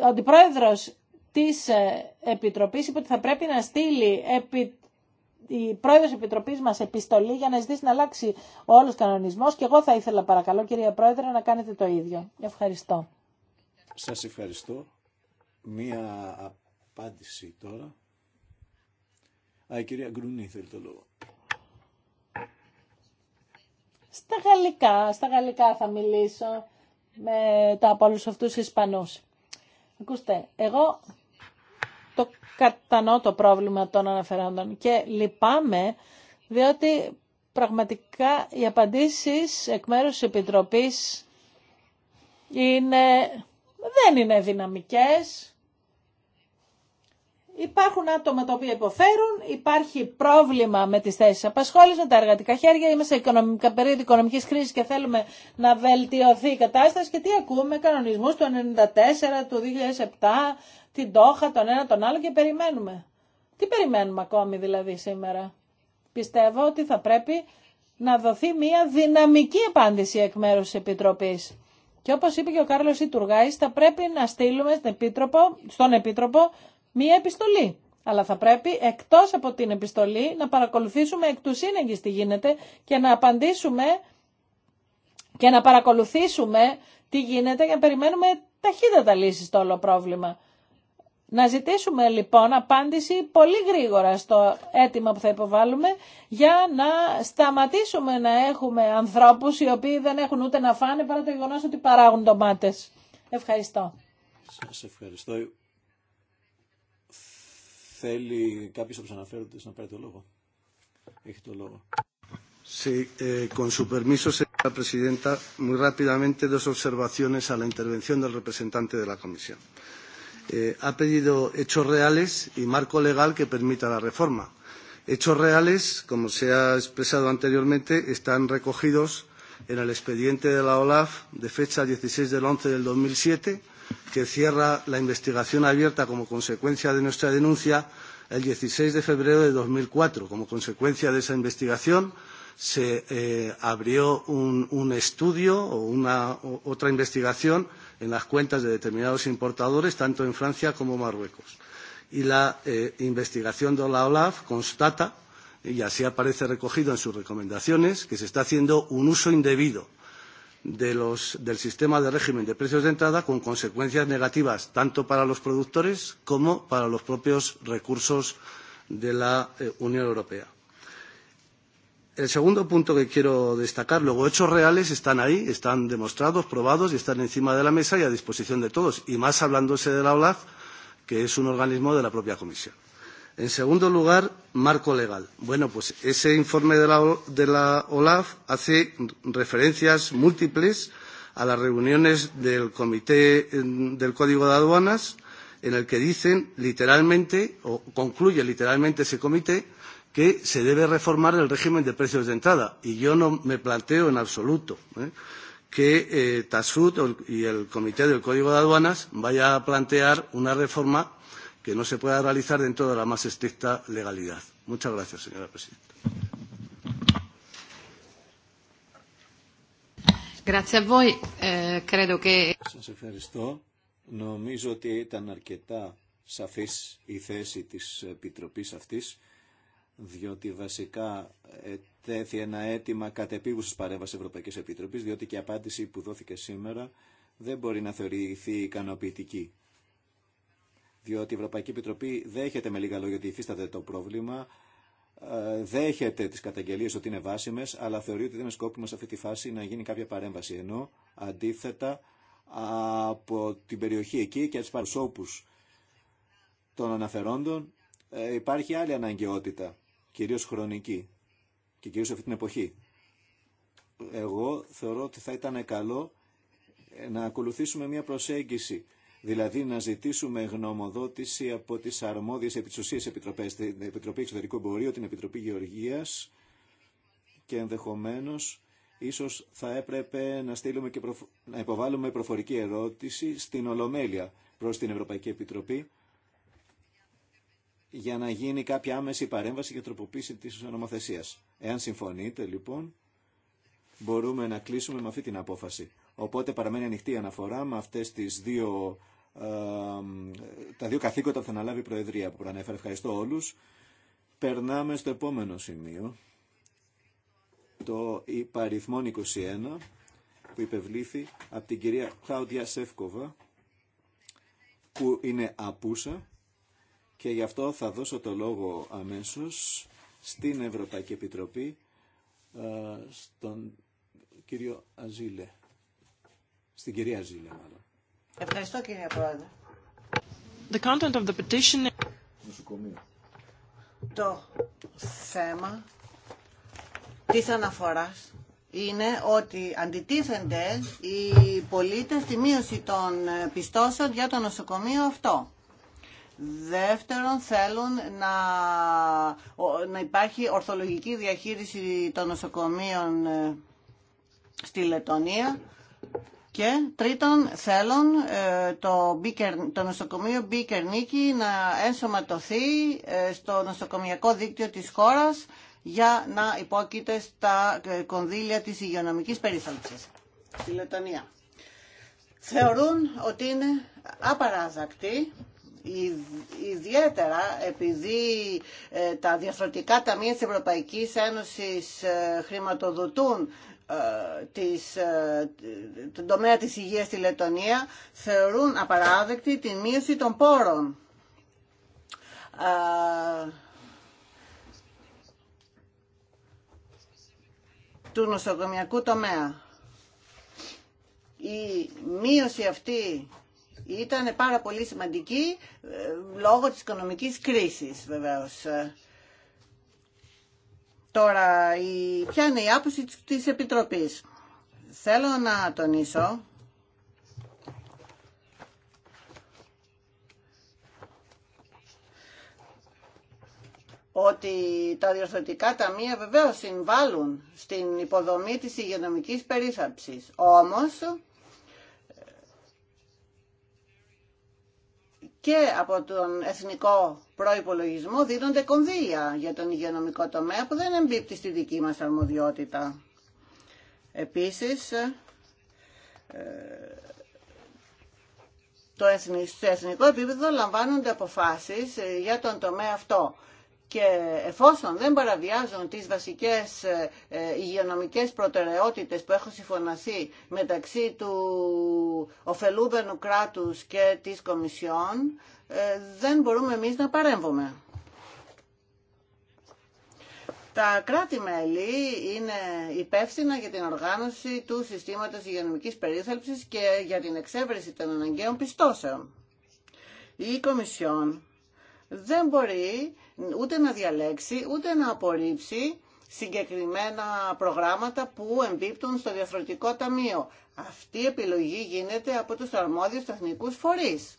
ότι πρόεδρος της ε, Επιτροπής είπε ότι θα πρέπει να στείλει επί η πρόεδρος της Επιτροπής μας επιστολή για να ζητήσει να αλλάξει ο όλος κανονισμός και εγώ θα ήθελα παρακαλώ κυρία Πρόεδρε να κάνετε το ίδιο. Ευχαριστώ. Σας ευχαριστώ. Μία απάντηση τώρα. Α, η κυρία Γκρουνή θέλει το λόγο. Στα γαλλικά, στα γαλλικά θα μιλήσω με τα από όλους αυτούς Ισπανούς. Ακούστε, εγώ το κατανοώ το πρόβλημα των αναφερόντων και λυπάμαι διότι πραγματικά οι απαντήσεις εκ μέρους της Επιτροπής είναι, δεν είναι δυναμικές, Υπάρχουν άτομα τα οποία υποφέρουν, υπάρχει πρόβλημα με τις θέσεις απασχόληση, με τα εργατικά χέρια, είμαστε σε οικονομικά, περίοδο οικονομικής κρίσης και θέλουμε να βελτιωθεί η κατάσταση και τι ακούμε, κανονισμούς του 1994, του 2007, την τόχα, τον ένα τον άλλο και περιμένουμε. Τι περιμένουμε ακόμη δηλαδή σήμερα. Πιστεύω ότι θα πρέπει να δοθεί μια δυναμική απάντηση εκ μέρους της Επιτροπής. Και όπως είπε και ο Κάρλος Ιτουργάης, θα πρέπει να στείλουμε στον Επίτροπο, στον Επίτροπο μία επιστολή. Αλλά θα πρέπει εκτός από την επιστολή να παρακολουθήσουμε εκ του σύνεγγυς τι γίνεται και να απαντήσουμε και να παρακολουθήσουμε τι γίνεται για να περιμένουμε ταχύτατα λύσει στο όλο πρόβλημα. Να ζητήσουμε λοιπόν απάντηση πολύ γρήγορα στο αίτημα που θα υποβάλουμε για να σταματήσουμε να έχουμε ανθρώπους οι οποίοι δεν έχουν ούτε να φάνε παρά το γεγονός ότι παράγουν ντομάτες. Ευχαριστώ. Σας ευχαριστώ. Θέλει κάποιο από να πάρει το λόγο. Έχει το λόγο. Sí, con su permiso, señora presidenta, muy rápidamente dos observaciones a la intervención del representante de la Comisión. Eh, ha pedido hechos reales y marco legal que permita la reforma. Hechos reales, como se ha expresado anteriormente, están recogidos en el expediente de la OLAF de fecha 16 del 11 del 2007 que cierra la investigación abierta como consecuencia de nuestra denuncia el 16 de febrero de 2004. Como consecuencia de esa investigación se abrió un estudio o una otra investigación en las cuentas de determinados importadores, tanto en Francia como en Marruecos. Y la investigación de la OLAF constata, y así aparece recogido en sus recomendaciones, que se está haciendo un uso indebido del sistema de régimen de precios de entrada con consecuencias negativas tanto para los productores como para los propios recursos de la Unión Europea. El segundo punto que quiero destacar, luego hechos reales están ahí, están demostrados, probados y están encima de la mesa y a disposición de todos, y más hablándose de la OLAF, que es un organismo de la propia Comisión. En segundo lugar, marco legal. Bueno, pues ese informe de la OLAF hace referencias múltiples a las reuniones del Comité del Código de Aduanas, en el que dicen literalmente, o concluye literalmente ese comité, que se debe reformar el régimen de precios de entrada. Y yo no me planteo en absoluto que TASUD y el Comité del Código de Aduanas vaya a plantear una reforma que no se pueda realizar dentro de la más estricta legalidad. Muchas gracias, señora presidenta. Grazie eh, Σας ευχαριστώ. Νομίζω ότι ήταν αρκετά σαφής η θέση της Επιτροπής αυτής, διότι βασικά ε, τέθη ένα αίτημα κατεπίγουσης παρέμβασης Ευρωπαϊκής Επιτροπής, διότι και η απάντηση που δόθηκε σήμερα δεν μπορεί να θεωρηθεί ικανοποιητική διότι η Ευρωπαϊκή Επιτροπή δέχεται με λίγα λόγια ότι υφίσταται το πρόβλημα, ε, δέχεται τις καταγγελίες ότι είναι βάσιμες, αλλά θεωρεί ότι δεν είναι σκόπιμο σε αυτή τη φάση να γίνει κάποια παρέμβαση. Ενώ αντίθετα από την περιοχή εκεί και από του παρουσόπους των αναφερόντων ε, υπάρχει άλλη αναγκαιότητα, κυρίως χρονική και κυρίως αυτή την εποχή. Εγώ θεωρώ ότι θα ήταν καλό να ακολουθήσουμε μια προσέγγιση δηλαδή να ζητήσουμε γνωμοδότηση από τι αρμόδιε επιτροπέ, επιτροπές, την Επιτροπή Εξωτερικού Εμπορίου, την Επιτροπή Γεωργίας και ενδεχομένω ίσω θα έπρεπε να, στείλουμε και να υποβάλουμε προφορική ερώτηση στην Ολομέλεια προ την Ευρωπαϊκή Επιτροπή για να γίνει κάποια άμεση παρέμβαση για τροποποίηση της νομοθεσίας. Εάν συμφωνείτε λοιπόν, μπορούμε να κλείσουμε με αυτή την απόφαση. Οπότε παραμένει ανοιχτή η αναφορά με αυτές τις δύο τα δύο καθήκοντα που θα αναλάβει η Προεδρία που προανέφερε, Ευχαριστώ όλους. Περνάμε στο επόμενο σημείο, το υπαριθμόν 21 που υπευλήθη από την κυρία Κλάουδια Σεύκοβα που είναι απούσα και γι' αυτό θα δώσω το λόγο αμέσως στην Ευρωπαϊκή Επιτροπή στον κύριο Αζίλε. Στην κυρία Αζίλε μάλλον. Ευχαριστώ κύριε Πρόεδρε. Το θέμα της αναφοράς είναι ότι αντιτίθενται οι πολίτες στη μείωση των πιστώσεων για το νοσοκομείο αυτό. Δεύτερον, θέλουν να, να υπάρχει ορθολογική διαχείριση των νοσοκομείων ε, στη Λετωνία και τρίτον, θέλουν ε, το, νοσοκομείο Μπίκερ Νίκη να ενσωματωθεί ε, στο νοσοκομιακό δίκτυο της χώρας για να υπόκειται στα ε, κονδύλια της υγειονομικής περίθαλψης στη Λετωνία. Θεωρούν ότι είναι απαράζακτη ιδιαίτερα επειδή τα διαφορετικά ταμεία της Ευρωπαϊκής Ένωσης χρηματοδοτούν ε, της, ε, τον τομέα της υγείας στη Λετωνία θεωρούν απαράδεκτη την μείωση των πόρων. Ε, του νοσοκομιακού τομέα. Η μείωση αυτή ήταν πάρα πολύ σημαντική λόγω της οικονομικής κρίσης βεβαίως. Τώρα, η... ποια είναι η άποψη της Επιτροπής. Θέλω να τονίσω ότι τα διορθωτικά ταμεία βεβαίως συμβάλλουν στην υποδομή της υγειονομικής περίθαψης. Όμως, και από τον εθνικό προϋπολογισμό δίνονται κονδύλια για τον υγειονομικό τομέα που δεν εμπίπτει στη δική μας αρμοδιότητα. Επίσης, ε, το εθνικό, στο εθνικό επίπεδο λαμβάνονται αποφάσεις ε, για τον τομέα αυτό και εφόσον δεν παραβιάζουν τις βασικές ε, ε, υγειονομικές προτεραιότητες που έχουν συμφωνηθεί μεταξύ του ωφελούμενου κράτους και της Κομισιόν, ε, δεν μπορούμε εμείς να παρέμβουμε. Τα κράτη-μέλη είναι υπεύθυνα για την οργάνωση του συστήματος υγειονομικής περίθαλψης και για την εξέβρεση των αναγκαίων πιστώσεων. Η Κομισιόν δεν μπορεί ούτε να διαλέξει, ούτε να απορρίψει συγκεκριμένα προγράμματα που εμπίπτουν στο διαφορετικό ταμείο. Αυτή η επιλογή γίνεται από τους αρμόδιους τεχνικούς φορείς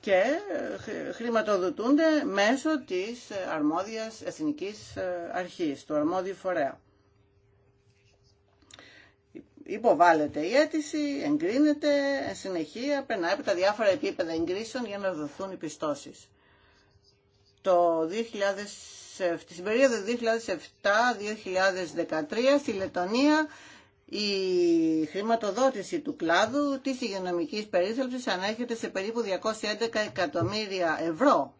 και ε, χρηματοδοτούνται μέσω της αρμόδιας εθνικής ε, αρχής, του αρμόδιου φορέα. Υποβάλλεται η αίτηση, εγκρίνεται, συνεχεία, περνάει από τα διάφορα επίπεδα εγκρίσεων για να δοθούν οι πιστώσεις το 2000, στην περίοδο 2007-2013 στη Λετωνία η χρηματοδότηση του κλάδου της υγειονομικής περίθαλψης ανέρχεται σε περίπου 211 εκατομμύρια ευρώ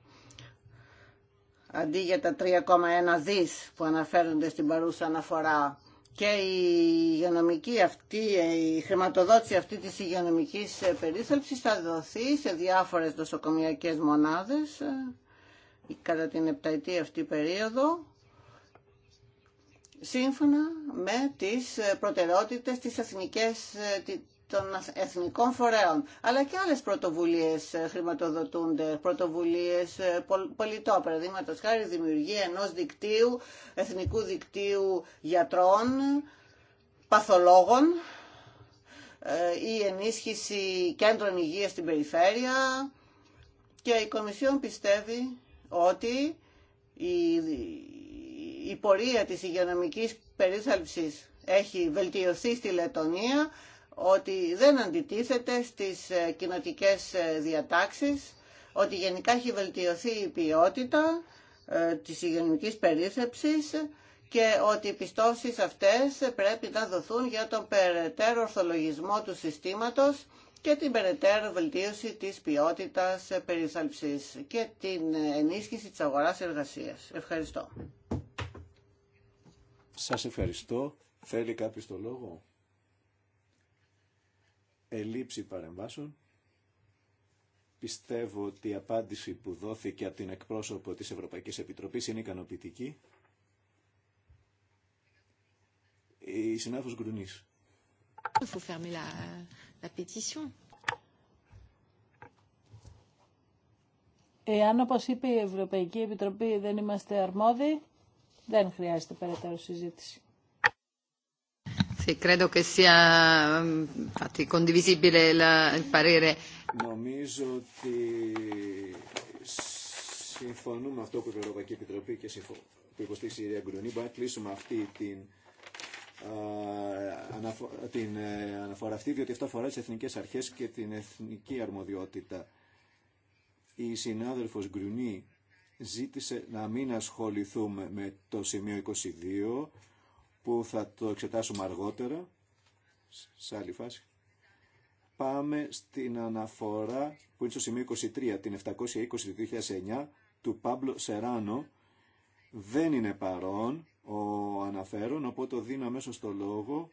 αντί για τα 3,1 δις που αναφέρονται στην παρούσα αναφορά και η υγειονομική αυτή, η χρηματοδότηση αυτή της υγειονομικής περίθαλψης θα δοθεί σε διάφορες νοσοκομιακές μονάδες κατά την επταετή αυτή περίοδο σύμφωνα με τις προτεραιότητες της των εθνικών φορέων. Αλλά και άλλες πρωτοβουλίες χρηματοδοτούνται, πρωτοβουλίες πολιτό, παραδείγματος χάρη δημιουργία ενός δικτύου, εθνικού δικτύου γιατρών, παθολόγων, η ε, ενίσχυση κέντρων υγείας στην περιφέρεια και η Κομισιόν πιστεύει ότι η, η πορεία της υγειονομικής περίθαλψης έχει βελτιωθεί στη Λετωνία, ότι δεν αντιτίθεται στις ε, κοινοτικές ε, διατάξεις, ότι γενικά έχει βελτιωθεί η ποιότητα ε, της υγειονομικής περίθεψης και ότι οι πιστώσεις αυτές πρέπει να δοθούν για τον περαιτέρω ορθολογισμό του συστήματος και την περαιτέρω βελτίωση της ποιότητας περισσάλψης και την ενίσχυση της αγοράς εργασίας. Ευχαριστώ. Σας ευχαριστώ. Θέλει κάποιος το λόγο. Ελήψη παρεμβάσεων. Πιστεύω ότι η απάντηση που δόθηκε από την εκπρόσωπο της Ευρωπαϊκής Επιτροπής είναι ικανοποιητική. Η συνάδελφος Γκρουνής la Εάν, όπω είπε η Ευρωπαϊκή Επιτροπή, δεν είμαστε αρμόδιοι, δεν χρειάζεται περαιτέρω συζήτηση. Mm, Νομίζω ότι συμφωνούμε αυτό που η Ευρωπαϊκή Επιτροπή και που υποστήριξε η Μπορεί να κλείσουμε αυτή την ε, την ε, αναφορά αυτή, διότι αυτό αφορά τι εθνικές αρχές και την εθνική αρμοδιότητα. Η συνάδελφος Γκρουνί ζήτησε να μην ασχοληθούμε με το σημείο 22, που θα το εξετάσουμε αργότερα, σε άλλη φάση. Πάμε στην αναφορά που είναι στο σημείο 23, την 720 του 2009, του Πάμπλο Σεράνο. Δεν είναι παρόν ο αναφέρον, οπότε δίνω αμέσως το λόγο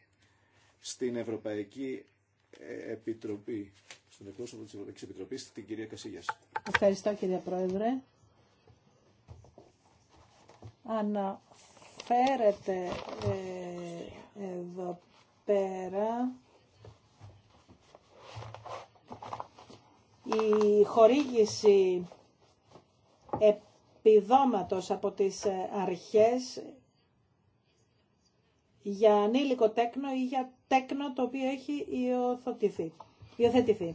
στην Ευρωπαϊκή Επιτροπή, στον εκπρόσωπο της Ευρωπαϊκής Επιτροπής, την κυρία Κασίγιας. Ευχαριστώ κύριε Πρόεδρε. Αναφέρεται ε, εδώ πέρα η χορήγηση επιδόματος από τις ε, αρχές για ανήλικο τέκνο ή για τέκνο το οποίο έχει υιοθετηθεί.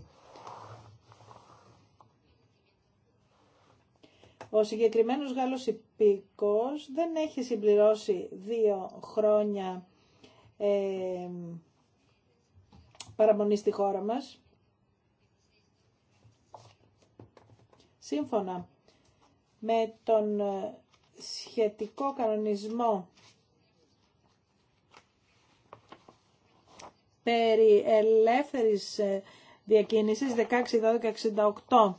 Ο συγκεκριμένος Γάλλος υπήκος δεν έχει συμπληρώσει δύο χρόνια ε, παραμονή στη χώρα μας. Σύμφωνα με τον ε, σχετικό κανονισμό περί ελεύθερης ε, διακίνησης 16-12-68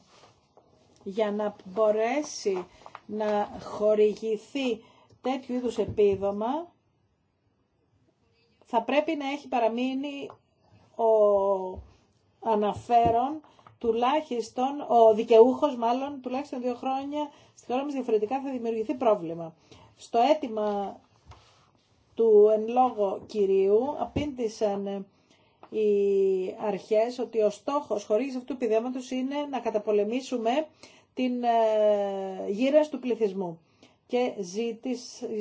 για να μπορέσει να χορηγηθεί τέτοιου είδους επίδομα θα πρέπει να έχει παραμείνει ο αναφέρον τουλάχιστον, ο δικαιούχος μάλλον τουλάχιστον δύο χρόνια στη χώρα μας διαφορετικά θα δημιουργηθεί πρόβλημα. Στο αίτημα του εν λόγω κυρίου απήντησαν ε, οι αρχές ότι ο στόχος χωρίς αυτού του επιδέματος είναι να καταπολεμήσουμε την ε, γύρα του πληθυσμού. Και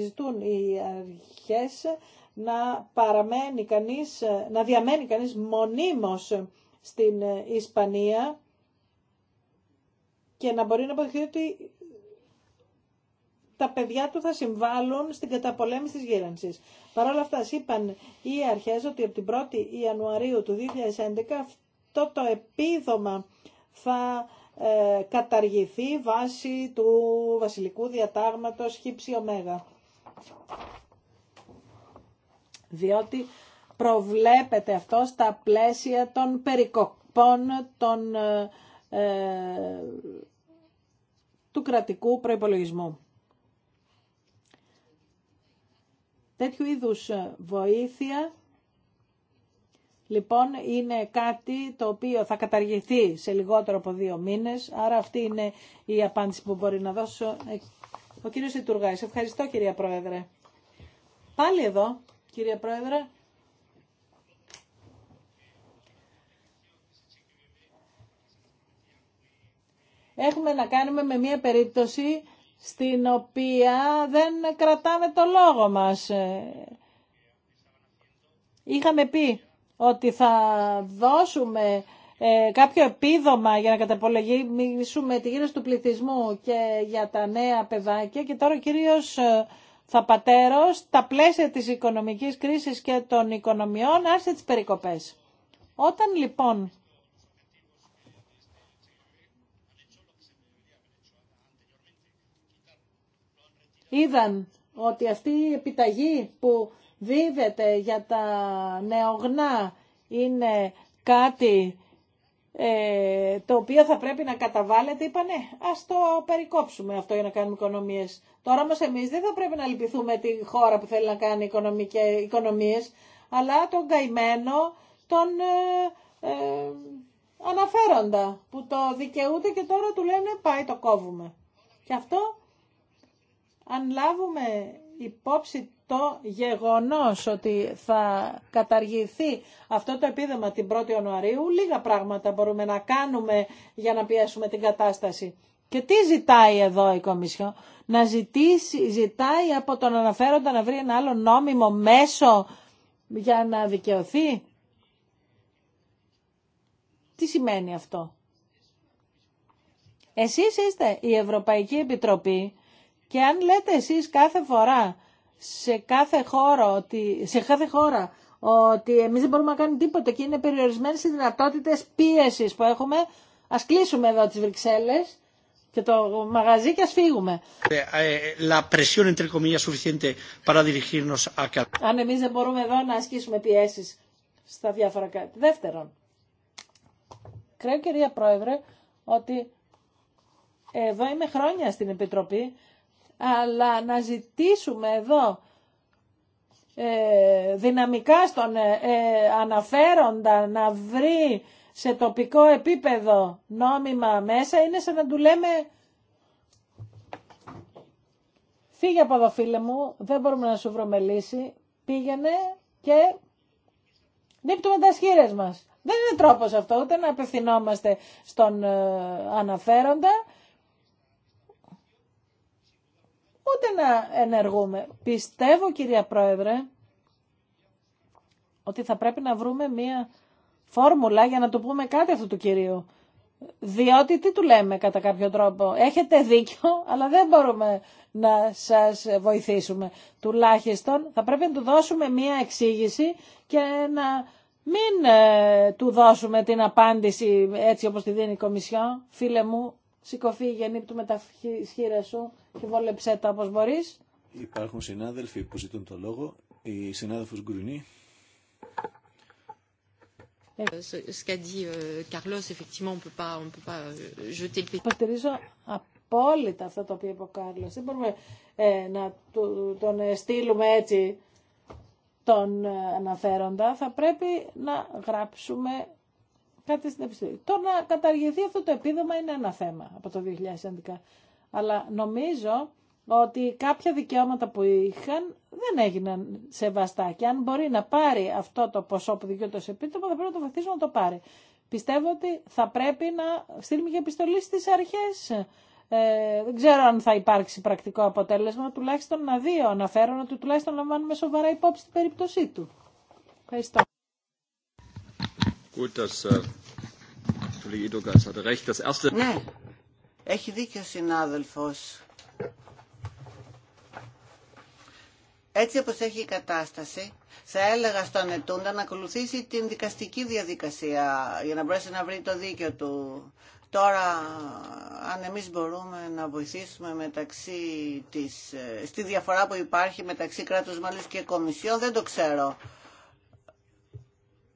ζητούν οι αρχές να παραμένει κανείς, να διαμένει κανείς μονίμως στην ε, Ισπανία και να μπορεί να αποδειχθεί ότι τα παιδιά του θα συμβάλλουν στην καταπολέμηση της γύρανσης. Παρ' όλα αυτά, είπαν οι αρχές ότι από την 1η Ιανουαρίου του 2011 αυτό το επίδομα θα ε, καταργηθεί βάσει του βασιλικού διατάγματος χύψη ωμέγα. Διότι προβλέπεται αυτό στα πλαίσια των περικοπών των, ε, ε του κρατικού προϋπολογισμού. Τέτοιου είδους ε, βοήθεια λοιπόν είναι κάτι το οποίο θα καταργηθεί σε λιγότερο από δύο μήνες, άρα αυτή είναι η απάντηση που μπορεί να δώσω ε, ο κύριος Ιτουργάης. Ευχαριστώ κυρία Πρόεδρε. Πάλι εδώ, κυρία Πρόεδρε. Έχουμε να κάνουμε με μια περίπτωση στην οποία δεν κρατάμε το λόγο μας. Είχαμε πει ότι θα δώσουμε ε, κάποιο επίδομα για να καταπολεμήσουμε τη γύρωση του πληθυσμού και για τα νέα παιδάκια και τώρα ο ε, θα Θαπατέρος, τα πλαίσια της οικονομικής κρίσης και των οικονομιών, άρχισε τις περικοπές. Όταν λοιπόν είδαν ότι αυτή η επιταγή που δίδεται για τα νεογνά είναι κάτι ε, το οποίο θα πρέπει να καταβάλλεται, είπανε ναι, ας το περικόψουμε αυτό για να κάνουμε οικονομίες. Τώρα όμως εμείς δεν θα πρέπει να λυπηθούμε τη χώρα που θέλει να κάνει οικονομίες, αλλά τον καημένο, τον ε, ε, αναφέροντα που το δικαιούται και τώρα του λένε πάει το κόβουμε. Και αυτό αν λάβουμε υπόψη το γεγονός ότι θα καταργηθεί αυτό το επίδομα την 1η Ιανουαρίου, λίγα πράγματα μπορούμε να κάνουμε για να πιέσουμε την κατάσταση. Και τι ζητάει εδώ η Κομισιό, να ζητήσει, ζητάει από τον αναφέροντα να βρει ένα άλλο νόμιμο μέσο για να δικαιωθεί. Τι σημαίνει αυτό. Εσείς είστε η Ευρωπαϊκή Επιτροπή και αν λέτε εσείς κάθε φορά σε κάθε, χώρο, ότι, σε κάθε χώρα ότι εμείς δεν μπορούμε να κάνουμε τίποτα και είναι περιορισμένες οι δυνατότητες πίεσης που έχουμε, ας κλείσουμε εδώ τις Βρυξέλλες και το μαγαζί και ας φύγουμε. Αν εμείς δεν μπορούμε εδώ να ασκήσουμε πιέσεις στα διάφορα κάτι Δεύτερον, κρέω κυρία Πρόεδρε ότι εδώ είμαι χρόνια στην Επιτροπή αλλά να ζητήσουμε εδώ ε, δυναμικά στον ε, ε, αναφέροντα να βρει σε τοπικό επίπεδο νόμιμα μέσα είναι σαν να του λέμε φύγε από εδώ φίλε μου, δεν μπορούμε να σου βρούμε λύση, πήγαινε και νύπτουμε τα σχήρες μας. Δεν είναι τρόπος αυτό, ούτε να απευθυνόμαστε στον αναφέροντα, ούτε να ενεργούμε. Πιστεύω, κυρία Πρόεδρε, ότι θα πρέπει να βρούμε μία φόρμουλα για να το πούμε κάτι αυτού του κυρίου. Διότι τι του λέμε κατά κάποιο τρόπο. Έχετε δίκιο, αλλά δεν μπορούμε να σας βοηθήσουμε. Τουλάχιστον θα πρέπει να του δώσουμε μία εξήγηση και να μην ε, του δώσουμε την απάντηση έτσι όπως τη δίνει η Κομισιό. Φίλε μου, σηκωθεί η γεννή του τα σου και βόλεψέ τα όπως μπορείς. Υπάρχουν συνάδελφοι που ζητούν το λόγο. Η συνάδελφος Γκουρινή. Euh, euh, Υποστηρίζω απόλυτα αυτό το οποίο είπε ο Κάρλος. Δεν μπορούμε ε, να τον ε, στείλουμε έτσι τον ε, αναφέροντα. Θα πρέπει να γράψουμε κάτι στην επιστήμη. Το να καταργηθεί αυτό το επίδομα είναι ένα θέμα από το 2011 αλλά νομίζω ότι κάποια δικαιώματα που είχαν δεν έγιναν σεβαστά και αν μπορεί να πάρει αυτό το ποσό που δικαιούται ως επίτροπο θα πρέπει να το βοηθήσουν να το πάρει. Πιστεύω ότι θα πρέπει να στείλουμε και επιστολή στις αρχές. Ε, δεν ξέρω αν θα υπάρξει πρακτικό αποτέλεσμα, τουλάχιστον να δει ο αναφέρον ότι τουλάχιστον λαμβάνουμε σοβαρά υπόψη την περίπτωσή του. Ευχαριστώ. Äh, έχει δίκιο ο συνάδελφος. Έτσι όπως έχει η κατάσταση, θα έλεγα στον Ετούντα να ακολουθήσει την δικαστική διαδικασία για να μπορέσει να βρει το δίκιο του. Τώρα, αν εμείς μπορούμε να βοηθήσουμε μεταξύ της, ε, στη διαφορά που υπάρχει μεταξύ κράτους μάλιστα και κομισιόν, δεν το ξέρω.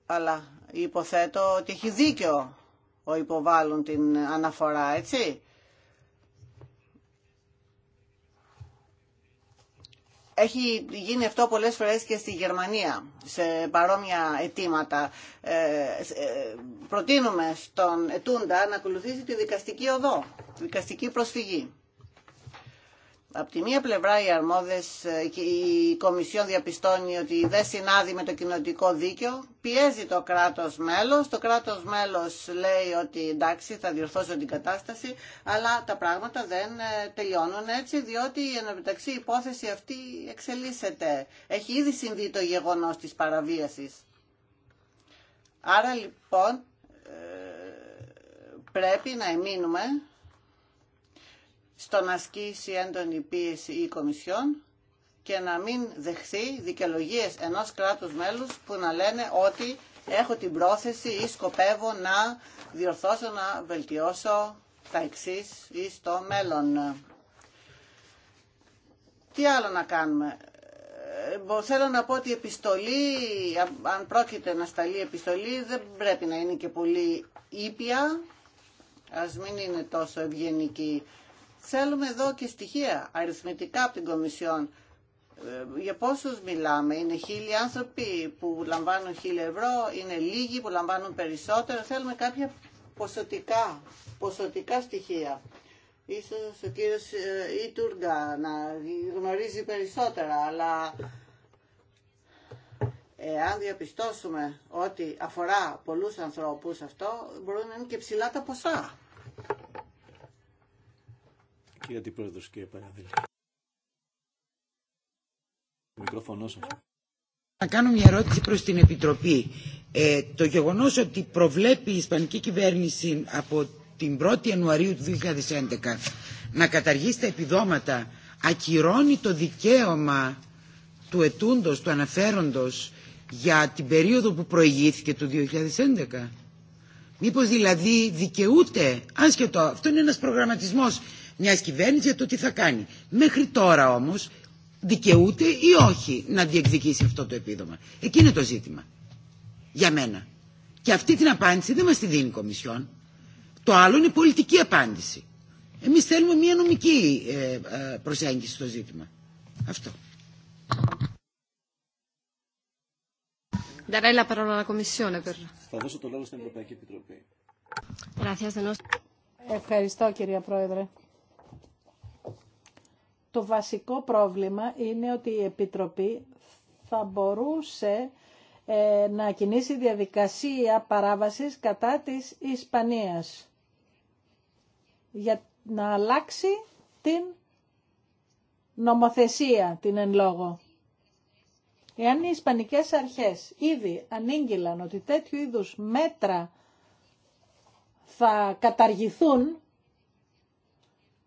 Αλλά υποθέτω ότι έχει δίκιο ο υποβάλλον την αναφορά, έτσι. έχει γίνει αυτό πολλές φορές και στη Γερμανία σε παρόμοια αιτήματα. Ε, ε προτείνουμε στον Ετούντα να ακολουθήσει τη δικαστική οδό, τη δικαστική προσφυγή από τη μία πλευρά οι αρμόδες ε, και η Κομισιόν διαπιστώνει ότι δεν συνάδει με το κοινοτικό δίκαιο, πιέζει το κράτος μέλος, το κράτος μέλος λέει ότι εντάξει θα διορθώσω την κατάσταση, αλλά τα πράγματα δεν ε, τελειώνουν έτσι, διότι η η υπόθεση αυτή εξελίσσεται. Έχει ήδη συμβεί το γεγονός της παραβίασης. Άρα λοιπόν ε, πρέπει να εμείνουμε στο να ασκήσει έντονη πίεση η Κομισιόν και να μην δεχθεί δικαιολογίες ενός κράτους μέλους που να λένε ότι έχω την πρόθεση ή σκοπεύω να διορθώσω, να βελτιώσω τα εξή ή στο μέλλον. Τι άλλο να κάνουμε. Ε, θέλω να πω ότι η επιστολή, αν πρόκειται να σταλεί επιστολή, δεν πρέπει να είναι και πολύ ήπια. Ας μην είναι τόσο ευγενική. Θέλουμε εδώ και στοιχεία αριθμητικά από την Κομισιόν. Ε, για πόσους μιλάμε, είναι χίλιοι άνθρωποι που λαμβάνουν χίλια ευρώ, είναι λίγοι που λαμβάνουν περισσότερο. Θέλουμε κάποια ποσοτικά, ποσοτικά στοιχεία. Ίσως ο κύριος ε, Ιτουργκα να γνωρίζει περισσότερα, αλλά αν διαπιστώσουμε ότι αφορά πολλούς ανθρώπους αυτό, μπορούν να είναι και ψηλά τα ποσά. Κύριε Αντιπρόεδρος, Μικρόφωνο σας. Να κάνω μια ερώτηση προς την Επιτροπή. Ε, το γεγονός ότι προβλέπει η Ισπανική κυβέρνηση από την 1η Ιανουαρίου του 2011 να καταργήσει τα επιδόματα ακυρώνει το δικαίωμα του ετούντος, του αναφέροντος για την περίοδο που προηγήθηκε το 2011. Μήπως δηλαδή δικαιούται, άσχετο, αυτό είναι ένας προγραμματισμός μια κυβέρνηση για το τι θα κάνει. Μέχρι τώρα όμω, δικαιούται ή όχι να διεκδικήσει αυτό το επίδομα. Εκεί είναι το ζήτημα. Για μένα. Και αυτή την απάντηση δεν μα τη δίνει η Κομισιόν. Το άλλο είναι πολιτική απάντηση. Εμεί θέλουμε μια νομική ε, ε, προσέγγιση στο ζήτημα. Αυτό. Θα δώσω το λόγο στην Ευρωπαϊκή Επιτροπή. Ευχαριστώ κυρία Πρόεδρε το βασικό πρόβλημα είναι ότι η Επιτροπή θα μπορούσε ε, να κινήσει διαδικασία παράβασης κατά της Ισπανίας για να αλλάξει την νομοθεσία την εν λόγω. Εάν οι Ισπανικές αρχές ήδη ανήγγυλαν ότι τέτοιου είδους μέτρα θα καταργηθούν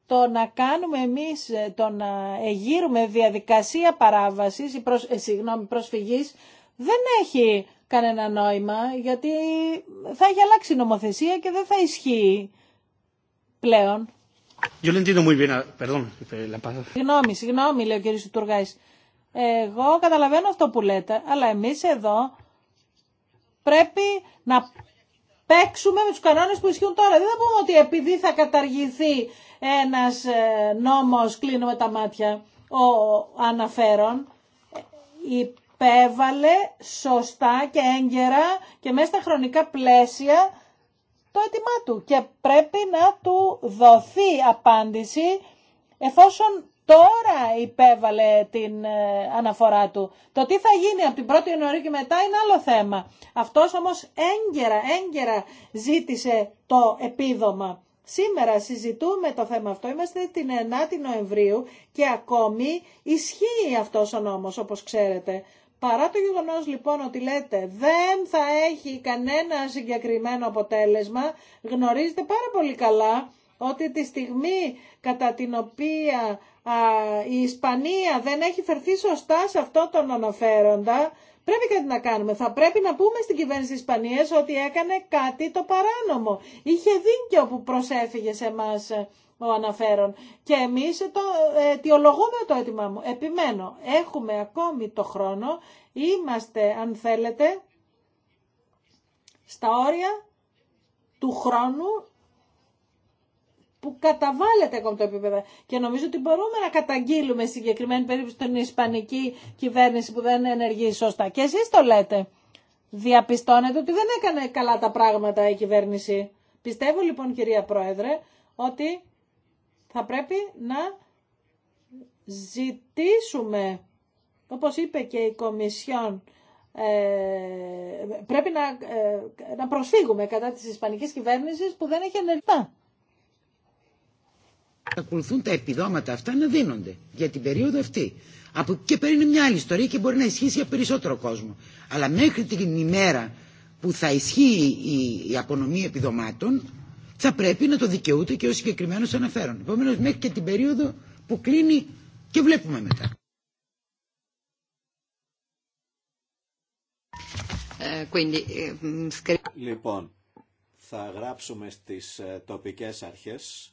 το να κάνουμε εμείς, ε, το να εγείρουμε διαδικασία παράβασης, ή ε, συγγνώμη, προσφυγής, δεν έχει κανένα νόημα, γιατί θα έχει αλλάξει η νομοθεσία και δεν θα ισχύει πλέον. Ah, συγγνώμη, συγγνώμη, λέει ο κ. Τουργάης. Εγώ καταλαβαίνω αυτό που λέτε, αλλά εμείς εδώ πρέπει να παίξουμε με τους κανόνες που ισχύουν τώρα. Δεν θα πούμε ότι επειδή θα καταργηθεί ένας ε, νόμος, κλείνουμε τα μάτια, ο αναφέρον, υπέβαλε σωστά και έγκαιρα και μέσα στα χρονικά πλαίσια το αίτημά του και πρέπει να του δοθεί απάντηση εφόσον τώρα υπέβαλε την ε, αναφορά του. Το τι θα γίνει από την 1η Ιανουαρίου και μετά είναι άλλο θέμα. Αυτός όμως έγκαιρα, έγκαιρα ζήτησε το επίδομα. Σήμερα συζητούμε το θέμα αυτό, είμαστε την 9η Νοεμβρίου και ακόμη ισχύει αυτός ο νόμος όπως ξέρετε. Παρά το γεγονός λοιπόν ότι λέτε δεν θα έχει κανένα συγκεκριμένο αποτέλεσμα, γνωρίζετε πάρα πολύ καλά ότι τη στιγμή κατά την οποία η Ισπανία δεν έχει φερθεί σωστά σε αυτό τον αναφέροντα, Πρέπει κάτι να κάνουμε. Θα πρέπει να πούμε στην κυβέρνηση της Ισπανίας ότι έκανε κάτι το παράνομο. Είχε δίκιο που προσέφυγε σε εμά ε, ο αναφέρον. Και εμείς το ε, αιτιολογούμε το έτοιμά μου. Επιμένω, έχουμε ακόμη το χρόνο, είμαστε αν θέλετε στα όρια του χρόνου που καταβάλλεται ακόμα το επίπεδο. Και νομίζω ότι μπορούμε να καταγγείλουμε συγκεκριμένη περίπτωση την Ισπανική κυβέρνηση που δεν ενεργεί σωστά. Και εσείς το λέτε. Διαπιστώνετε ότι δεν έκανε καλά τα πράγματα η κυβέρνηση. Πιστεύω λοιπόν κυρία Πρόεδρε ότι θα πρέπει να ζητήσουμε, όπως είπε και η Κομισιόν, ε, πρέπει να, ε, να προσφύγουμε κατά της Ισπανικής κυβέρνησης που δεν έχει ενεργητά ακολουθούν τα επιδόματα αυτά να δίνονται για την περίοδο αυτή. Από και πέρα είναι μια άλλη ιστορία και μπορεί να ισχύσει για περισσότερο κόσμο. Αλλά μέχρι την ημέρα που θα ισχύει η απονομή επιδομάτων θα πρέπει να το δικαιούται και ο συγκεκριμένο αναφέρον. Επομένω μέχρι και την περίοδο που κλείνει και βλέπουμε μετά. Ε, ε, λοιπόν, θα γράψουμε στις ε, τοπικές αρχές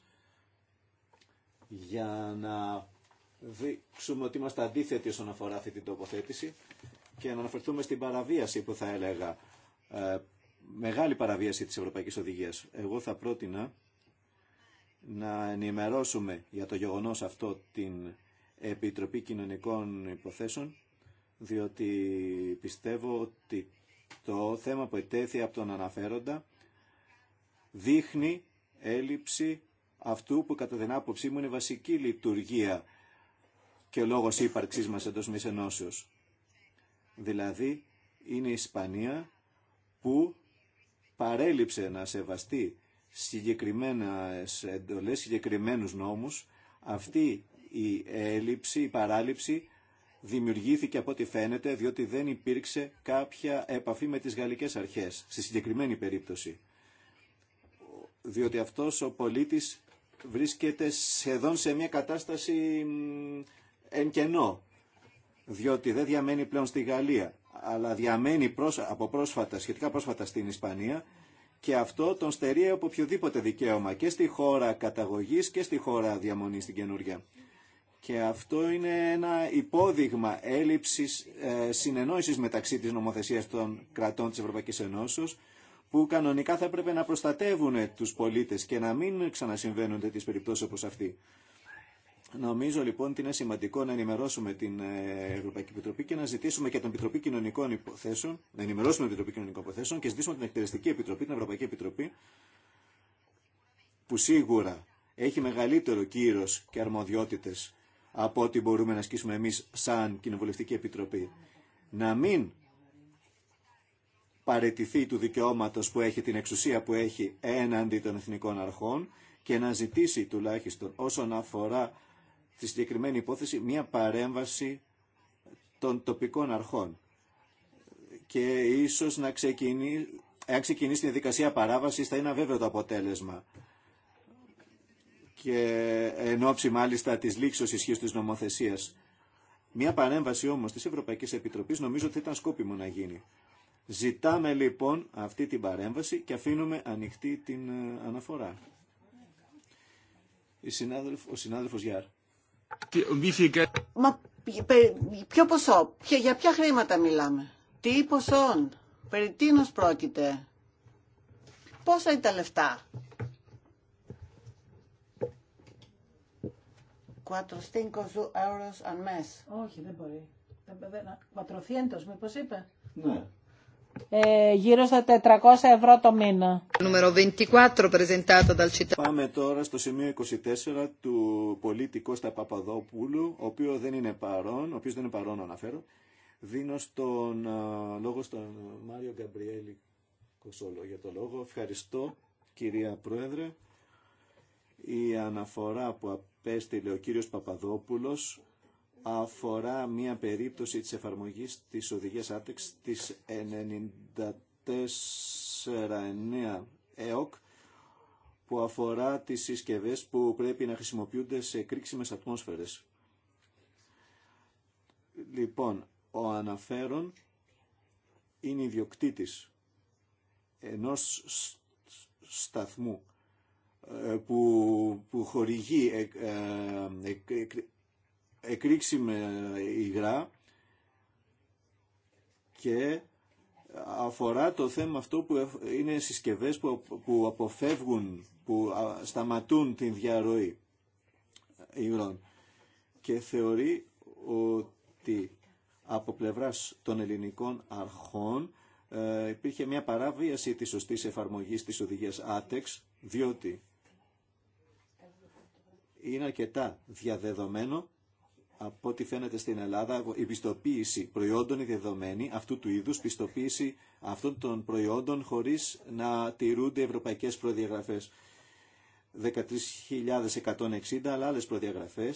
για να δείξουμε ότι είμαστε αντίθετοι όσον αφορά αυτή την τοποθέτηση και να αναφερθούμε στην παραβίαση που θα έλεγα, ε, μεγάλη παραβίαση της Ευρωπαϊκής Οδηγίας. Εγώ θα πρότεινα να ενημερώσουμε για το γεγονός αυτό την Επιτροπή Κοινωνικών Υποθέσεων, διότι πιστεύω ότι το θέμα που ετέθη από τον αναφέροντα δείχνει έλλειψη αυτού που κατά την άποψή μου είναι βασική λειτουργία και ο λόγος ύπαρξής μας εντός μης Δηλαδή, είναι η Ισπανία που παρέλειψε να σεβαστεί συγκεκριμένες εντολές, συγκεκριμένους νόμους. Αυτή η έλλειψη, η παράληψη δημιουργήθηκε από ό,τι φαίνεται διότι δεν υπήρξε κάποια επαφή με τις γαλλικές αρχές, στη συγκεκριμένη περίπτωση. Διότι αυτός ο πολίτης βρίσκεται σχεδόν σε μια κατάσταση εν κενό, διότι δεν διαμένει πλέον στη Γαλλία, αλλά διαμένει από πρόσφατα, σχετικά πρόσφατα στην Ισπανία και αυτό τον στερεί από οποιοδήποτε δικαίωμα και στη χώρα καταγωγής και στη χώρα διαμονής στην καινούργια. Και αυτό είναι ένα υπόδειγμα έλλειψης ε, συνεννόησης μεταξύ της νομοθεσίας των κρατών της Ευρωπαϊκής Ενώσεως που κανονικά θα έπρεπε να προστατεύουν τους πολίτες και να μην ξανασυμβαίνουν τέτοιες περιπτώσεις όπως αυτή. Νομίζω λοιπόν ότι είναι σημαντικό να ενημερώσουμε την ε, Ευρωπαϊκή Επιτροπή και να ζητήσουμε και την Επιτροπή Κοινωνικών Υποθέσεων, να ενημερώσουμε την Επιτροπή Κοινωνικών Υποθέσεων και ζητήσουμε την Εκτελεστική Επιτροπή, την Ευρωπαϊκή Επιτροπή, που σίγουρα έχει μεγαλύτερο κύρο και αρμοδιότητε από ό,τι μπορούμε να ασκήσουμε εμεί σαν Κοινοβουλευτική Επιτροπή. Να μην παρετηθεί του δικαιώματος που έχει την εξουσία που έχει έναντι των εθνικών αρχών και να ζητήσει τουλάχιστον όσον αφορά τη συγκεκριμένη υπόθεση μια παρέμβαση των τοπικών αρχών και ίσως να ξεκινήσει, αν ξεκινήσει την δικασία παράβασης θα είναι αβέβαιο το αποτέλεσμα και εν ώψη μάλιστα της λήξης ισχύω της νομοθεσίας. Μια παρέμβαση όμως της Ευρωπαϊκής Επιτροπής νομίζω ότι ήταν σκόπιμο να γίνει. Ζητάμε λοιπόν αυτή την παρέμβαση και αφήνουμε ανοιχτή την ε, αναφορά. Η ο συνάδελφος Γιάρ. Μα ποιο ποσό, για ποια χρήματα μιλάμε, τι ποσόν, περί τίνος πρόκειται, πόσα είναι τα λεφτά. €400 euros αν mes. Όχι, δεν μπορεί. Πατροφιέντος, μήπως είπε. Ναι. Ε, γύρω στα 400 ευρώ το μήνα. Νούμερο 24, presentato dal Πάμε τώρα στο σημείο 24 του πολίτη Κώστα Παπαδόπουλου, ο οποίο δεν είναι παρόν, ο οποίος δεν είναι παρόν αναφέρω. Δίνω στον λόγο στον Μάριο Γκαμπριέλη Κοσόλο για το λόγο. Ευχαριστώ κυρία Πρόεδρε. Η αναφορά που απέστειλε ο κύριος Παπαδόπουλος αφορά μία περίπτωση της εφαρμογής της οδηγίας άτεξ της 94.9 ΕΟΚ που αφορά τις συσκευές που πρέπει να χρησιμοποιούνται σε κρίξιμες ατμόσφαιρες. Λοιπόν, ο αναφέρον είναι ιδιοκτήτης ενός σταθμού ε, που, που χορηγεί ε, ε, με υγρά και αφορά το θέμα αυτό που είναι συσκευές που αποφεύγουν, που σταματούν την διαρροή υγρών και θεωρεί ότι από πλευράς των ελληνικών αρχών ε, υπήρχε μια παράβιαση της σωστής εφαρμογής της οδηγίας άτεξ διότι είναι αρκετά διαδεδομένο από ό,τι φαίνεται στην Ελλάδα, η πιστοποίηση προϊόντων ή δεδομένη αυτού του είδου, πιστοποίηση αυτών των προϊόντων χωρίς να τηρούνται ευρωπαϊκέ προδιαγραφές. 13.160, αλλά άλλε προδιαγραφέ,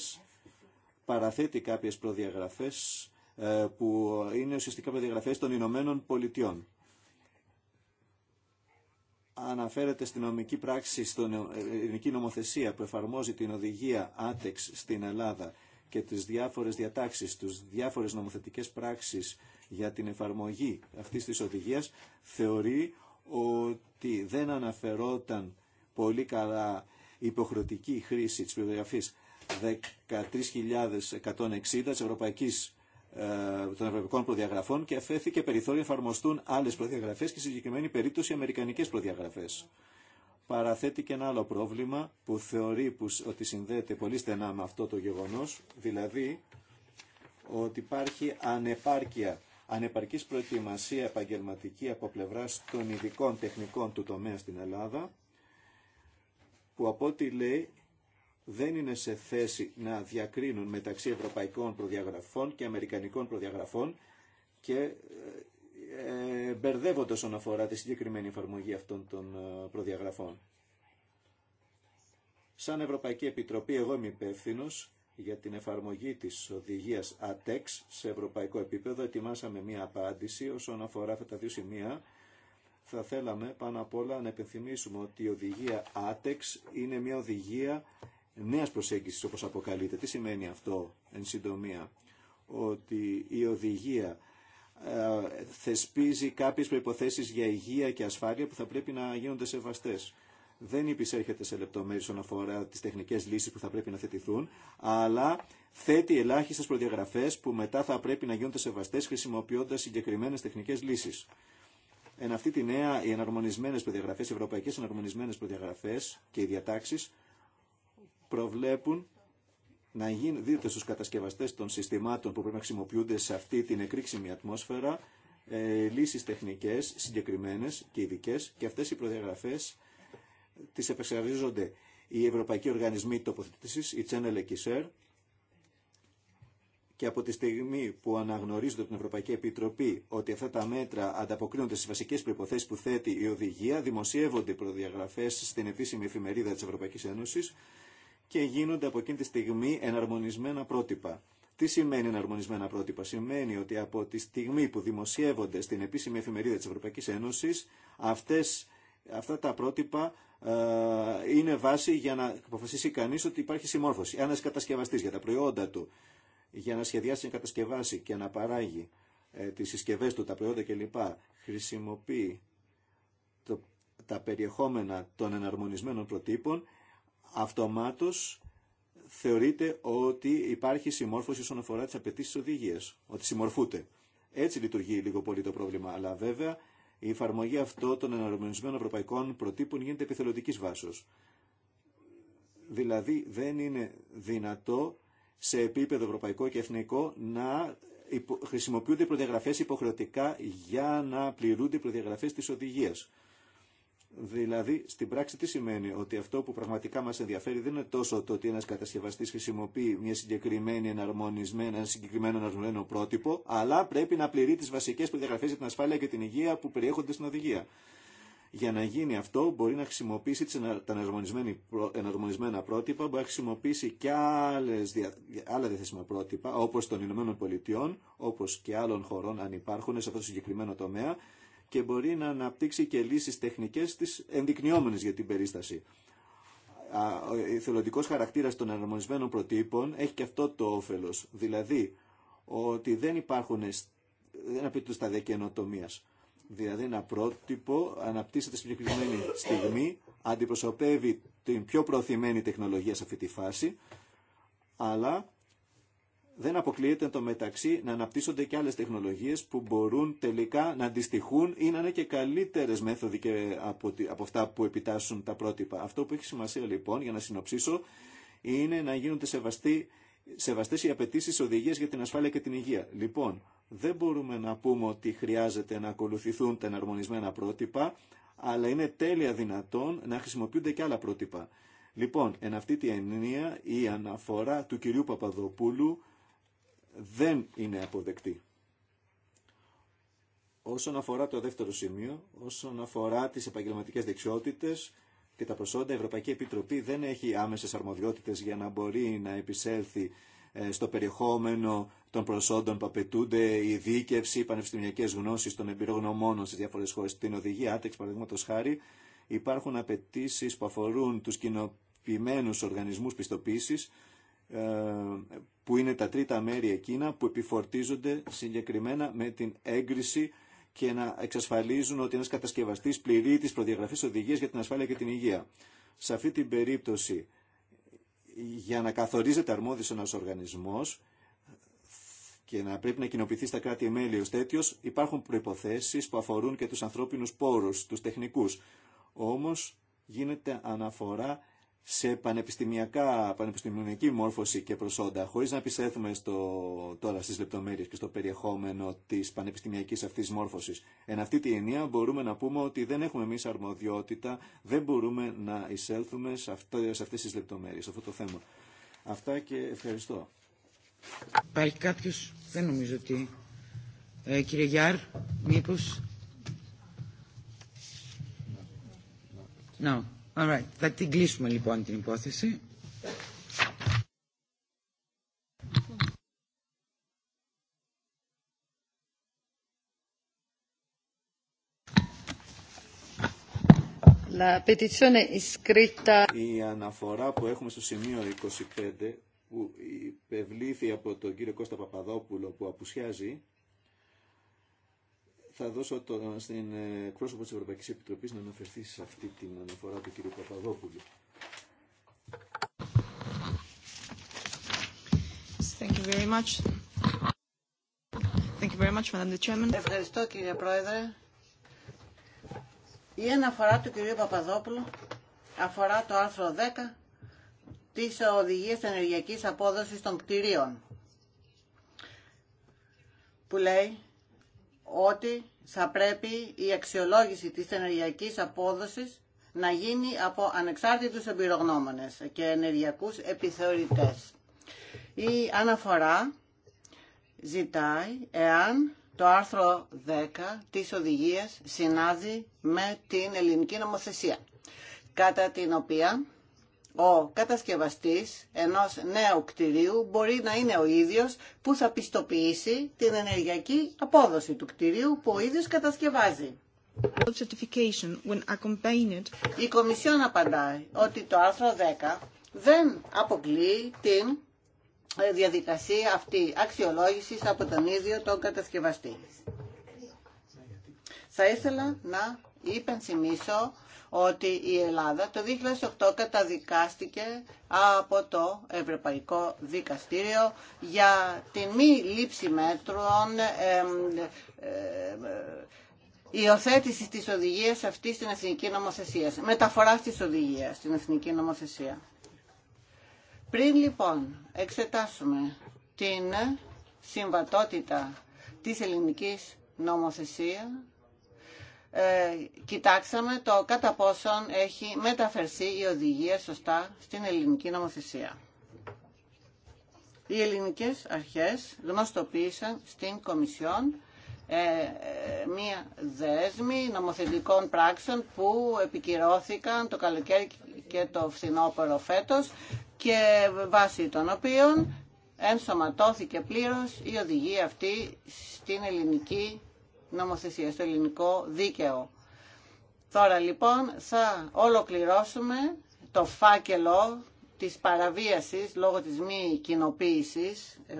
Παραθέτει κάποιες προδιαγραφές ε, που είναι ουσιαστικά προδιαγραφέ των Ηνωμένων Πολιτειών. Αναφέρεται στην νομική πράξη, στην ελληνική ε, νομοθεσία που εφαρμόζει την οδηγία ATEX στην Ελλάδα και τις διάφορες διατάξεις, τις διάφορες νομοθετικές πράξεις για την εφαρμογή αυτής της οδηγίας, θεωρεί ότι δεν αναφερόταν πολύ καλά η υποχρεωτική χρήση της πληροδιαγραφής 13.160 της Ευρωπαϊκής ε, των ευρωπαϊκών προδιαγραφών και αφέθηκε περιθώριο εφαρμοστούν άλλε προδιαγραφέ και σε συγκεκριμένη περίπτωση αμερικανικέ προδιαγραφέ παραθέτει και ένα άλλο πρόβλημα που θεωρεί ότι συνδέεται πολύ στενά με αυτό το γεγονός, δηλαδή ότι υπάρχει ανεπάρκεια, ανεπαρκής προετοιμασία επαγγελματική από πλευράς των ειδικών τεχνικών του τομέα στην Ελλάδα, που από ό,τι λέει δεν είναι σε θέση να διακρίνουν μεταξύ ευρωπαϊκών προδιαγραφών και αμερικανικών προδιαγραφών και ε, ε, μπερδεύονται όσον αφορά τη συγκεκριμένη εφαρμογή αυτών των ε, προδιαγραφών. Σαν Ευρωπαϊκή Επιτροπή εγώ είμαι υπεύθυνο για την εφαρμογή της οδηγίας ATEX σε ευρωπαϊκό επίπεδο. Ετοιμάσαμε μία απάντηση όσον αφορά αυτά τα δύο σημεία. Θα θέλαμε πάνω απ' όλα να επενθυμίσουμε ότι η οδηγία ATEX είναι μια οδηγία νέας προσέγγισης όπως αποκαλείται. Τι σημαίνει αυτό εν συντομία. Ότι η οδηγία ε, θεσπίζει κάποιες προϋποθέσεις για υγεία και ασφάλεια που θα πρέπει να γίνονται σεβαστές. Δεν υπησέρχεται σε λεπτομέρειες όσον αφορά τις τεχνικές λύσεις που θα πρέπει να θετηθούν, αλλά θέτει ελάχιστες προδιαγραφές που μετά θα πρέπει να γίνονται σεβαστές χρησιμοποιώντας συγκεκριμένες τεχνικές λύσεις. Εν αυτή τη νέα, οι εναρμονισμένες προδιαγραφές, οι ευρωπαϊκές εναρμονισμένες προδιαγραφές και οι διατάξεις προβλέπουν να γίνουν, δίδεται στους κατασκευαστές των συστημάτων που πρέπει να χρησιμοποιούνται σε αυτή την εκρήξιμη ατμόσφαιρα ε, λύσεις τεχνικές συγκεκριμένες και ειδικέ και αυτές οι προδιαγραφές τις επεξεργαζόνται οι Ευρωπαϊκοί Οργανισμοί Τοποθέτησης, η Channel Equisair, και από τη στιγμή που αναγνωρίζονται από την Ευρωπαϊκή Επιτροπή ότι αυτά τα μέτρα ανταποκρίνονται στι βασικέ προποθέσει που θέτει η οδηγία, δημοσιεύονται οι προδιαγραφέ στην επίσημη εφημερίδα τη Ευρωπαϊκή Ένωση και γίνονται από εκείνη τη στιγμή εναρμονισμένα πρότυπα. Τι σημαίνει εναρμονισμένα πρότυπα. Σημαίνει ότι από τη στιγμή που δημοσιεύονται στην επίσημη εφημερίδα τη Ευρωπαϊκή Ένωση, αυτά τα πρότυπα ε, είναι βάση για να αποφασίσει κανεί ότι υπάρχει συμμόρφωση. Ένα κατασκευαστή κατασκευαστής για τα προϊόντα του, για να σχεδιάσει, να κατασκευάσει και να παράγει ε, τις συσκευές του, τα προϊόντα κλπ, χρησιμοποιεί το, τα περιεχόμενα των εναρμονισμένων προτύπων, αυτομάτως θεωρείται ότι υπάρχει συμμόρφωση όσον αφορά τις απαιτήσει οδηγίε, ότι συμμορφούνται. Έτσι λειτουργεί λίγο πολύ το πρόβλημα, αλλά βέβαια η εφαρμογή αυτών των εναρμονισμένων ευρωπαϊκών προτύπων γίνεται επιθελοντικής βάσο. Δηλαδή δεν είναι δυνατό σε επίπεδο ευρωπαϊκό και εθνικό να χρησιμοποιούνται προδιαγραφές υποχρεωτικά για να πληρούνται προδιαγραφές της οδηγίας. Δηλαδή, στην πράξη τι σημαίνει, ότι αυτό που πραγματικά μας ενδιαφέρει δεν είναι τόσο το ότι ένας κατασκευαστής χρησιμοποιεί μια συγκεκριμένη εναρμονισμένη, ένα συγκεκριμένο εναρμονισμένο πρότυπο, αλλά πρέπει να πληρεί τις βασικές προδιαγραφές για την ασφάλεια και την υγεία που περιέχονται στην οδηγία. Για να γίνει αυτό μπορεί να χρησιμοποιήσει τα εναρμονισμένα πρότυπα, μπορεί να χρησιμοποιήσει και άλλες, άλλα διαθέσιμα πρότυπα, όπως των Ηνωμένων Πολιτειών, όπως και άλλων χωρών αν υπάρχουν σε αυτό το συγκεκριμένο τομέα, και μπορεί να αναπτύξει και λύσεις τεχνικές της ενδεικνυόμενες για την περίσταση. Ο εθελοντικός χαρακτήρας των εναρμονισμένων προτύπων έχει και αυτό το όφελος, δηλαδή ότι δεν υπάρχουν, δεν απαιτούν στα καινοτομία. Δηλαδή ένα πρότυπο αναπτύσσεται στην συγκεκριμένη στιγμή, αντιπροσωπεύει την πιο προωθημένη τεχνολογία σε αυτή τη φάση, αλλά δεν αποκλείεται το μεταξύ να αναπτύσσονται και άλλες τεχνολογίες που μπορούν τελικά να αντιστοιχούν ή να είναι και καλύτερες μέθοδοι από, αυτά που επιτάσσουν τα πρότυπα. Αυτό που έχει σημασία λοιπόν, για να συνοψίσω, είναι να γίνονται σεβαστοί, σεβαστές οι απαιτήσει οδηγίες για την ασφάλεια και την υγεία. Λοιπόν, δεν μπορούμε να πούμε ότι χρειάζεται να ακολουθηθούν τα εναρμονισμένα πρότυπα, αλλά είναι τέλεια δυνατόν να χρησιμοποιούνται και άλλα πρότυπα. Λοιπόν, εν αυτή τη ενία η αναφορά του κυρίου Παπαδοπούλου δεν είναι αποδεκτή. Όσον αφορά το δεύτερο σημείο, όσον αφορά τις επαγγελματικές δεξιότητες και τα προσόντα, η Ευρωπαϊκή Επιτροπή δεν έχει άμεσες αρμοδιότητες για να μπορεί να επισέλθει ε, στο περιεχόμενο των προσόντων που απαιτούνται, η δίκευση οι πανεπιστημιακέ γνώσει των εμπειρογνωμόνων στι διάφορε χώρε. Στην οδηγία άτεξ, παραδείγματο χάρη, υπάρχουν απαιτήσει που αφορούν του κοινοποιημένου οργανισμού πιστοποίηση ε, που είναι τα τρίτα μέρη εκείνα που επιφορτίζονται συγκεκριμένα με την έγκριση και να εξασφαλίζουν ότι ένας κατασκευαστής πληρεί τις προδιαγραφές οδηγίες για την ασφάλεια και την υγεία. Σε αυτή την περίπτωση, για να καθορίζεται αρμόδιος ένας οργανισμός και να πρέπει να κοινοποιηθεί στα κράτη-μέλη ως τέτοιος, υπάρχουν προϋποθέσεις που αφορούν και τους ανθρώπινους πόρους, τους τεχνικούς. Όμως γίνεται αναφορά σε πανεπιστημιακά, πανεπιστημιακή μόρφωση και προσόντα, χωρίς να επισέλθουμε στο, τώρα στις λεπτομέρειες και στο περιεχόμενο της πανεπιστημιακής αυτής μόρφωσης. Εν αυτή τη ενία μπορούμε να πούμε ότι δεν έχουμε εμείς αρμοδιότητα, δεν μπορούμε να εισέλθουμε σε, αυτό, σε αυτές τις λεπτομέρειες, σε αυτό το θέμα. Αυτά και ευχαριστώ. Υπάρχει δεν νομίζω ότι... Ε, κύριε Γιάρ, μήπως... No. Alright. Θα την κλείσουμε λοιπόν την υπόθεση. Η αναφορά που έχουμε στο σημείο 25 που υπευλήθη από τον κύριο Κώστα Παπαδόπουλο που απουσιάζει θα δώσω το, στην ε, εκπρόσωπο της Ευρωπαϊκής Επιτροπής να αναφερθεί σε αυτή την αναφορά του κ. Παπαδόπουλου. Thank you very much. Thank you very much, Madam Chairman. Ευχαριστώ κύριε Πρόεδρε. Η αναφορά του κυρίου Παπαδόπουλου αφορά το άρθρο 10 της Οδηγίας Ενεργειακής Απόδοσης των Κτηρίων που λέει ότι θα πρέπει η αξιολόγηση της ενεργειακής απόδοσης να γίνει από ανεξάρτητους εμπειρογνώμονες και ενεργειακούς επιθεωρητές. Η αναφορά ζητάει εάν το άρθρο 10 της οδηγίας συνάδει με την ελληνική νομοθεσία, κατά την οποία ο κατασκευαστής ενός νέου κτηρίου μπορεί να είναι ο ίδιος που θα πιστοποιήσει την ενεργειακή απόδοση του κτηρίου που ο ίδιος κατασκευάζει. Η Κομισιόν απαντάει ότι το άρθρο 10 δεν αποκλείει την ε, διαδικασία αυτή αξιολόγησης από τον ίδιο τον κατασκευαστή. Θα ήθελα να υπενθυμίσω ότι η Ελλάδα το 2008 καταδικάστηκε από το Ευρωπαϊκό Δικαστήριο για τη μη λήψη μέτρων ε, ε, ε, υιοθέτηση της οδηγίας αυτή στην εθνική νομοθεσία. Μεταφορά της οδηγίας στην εθνική νομοθεσία. Πριν λοιπόν εξετάσουμε την συμβατότητα της ελληνικής νομοθεσίας ε, κοιτάξαμε το κατά πόσον έχει μεταφερθεί η οδηγία σωστά στην ελληνική νομοθεσία. Οι ελληνικές αρχές γνωστοποίησαν στην Κομισιόν ε, ε, μία δέσμη νομοθετικών πράξεων που επικυρώθηκαν το καλοκαίρι και το φθινόπωρο φέτος και βάσει των οποίων ενσωματώθηκε πλήρως η οδηγία αυτή στην ελληνική νομοθεσία, στο ελληνικό δίκαιο. Τώρα λοιπόν θα ολοκληρώσουμε το φάκελο της παραβίασης λόγω της μη κοινοποίησης ε,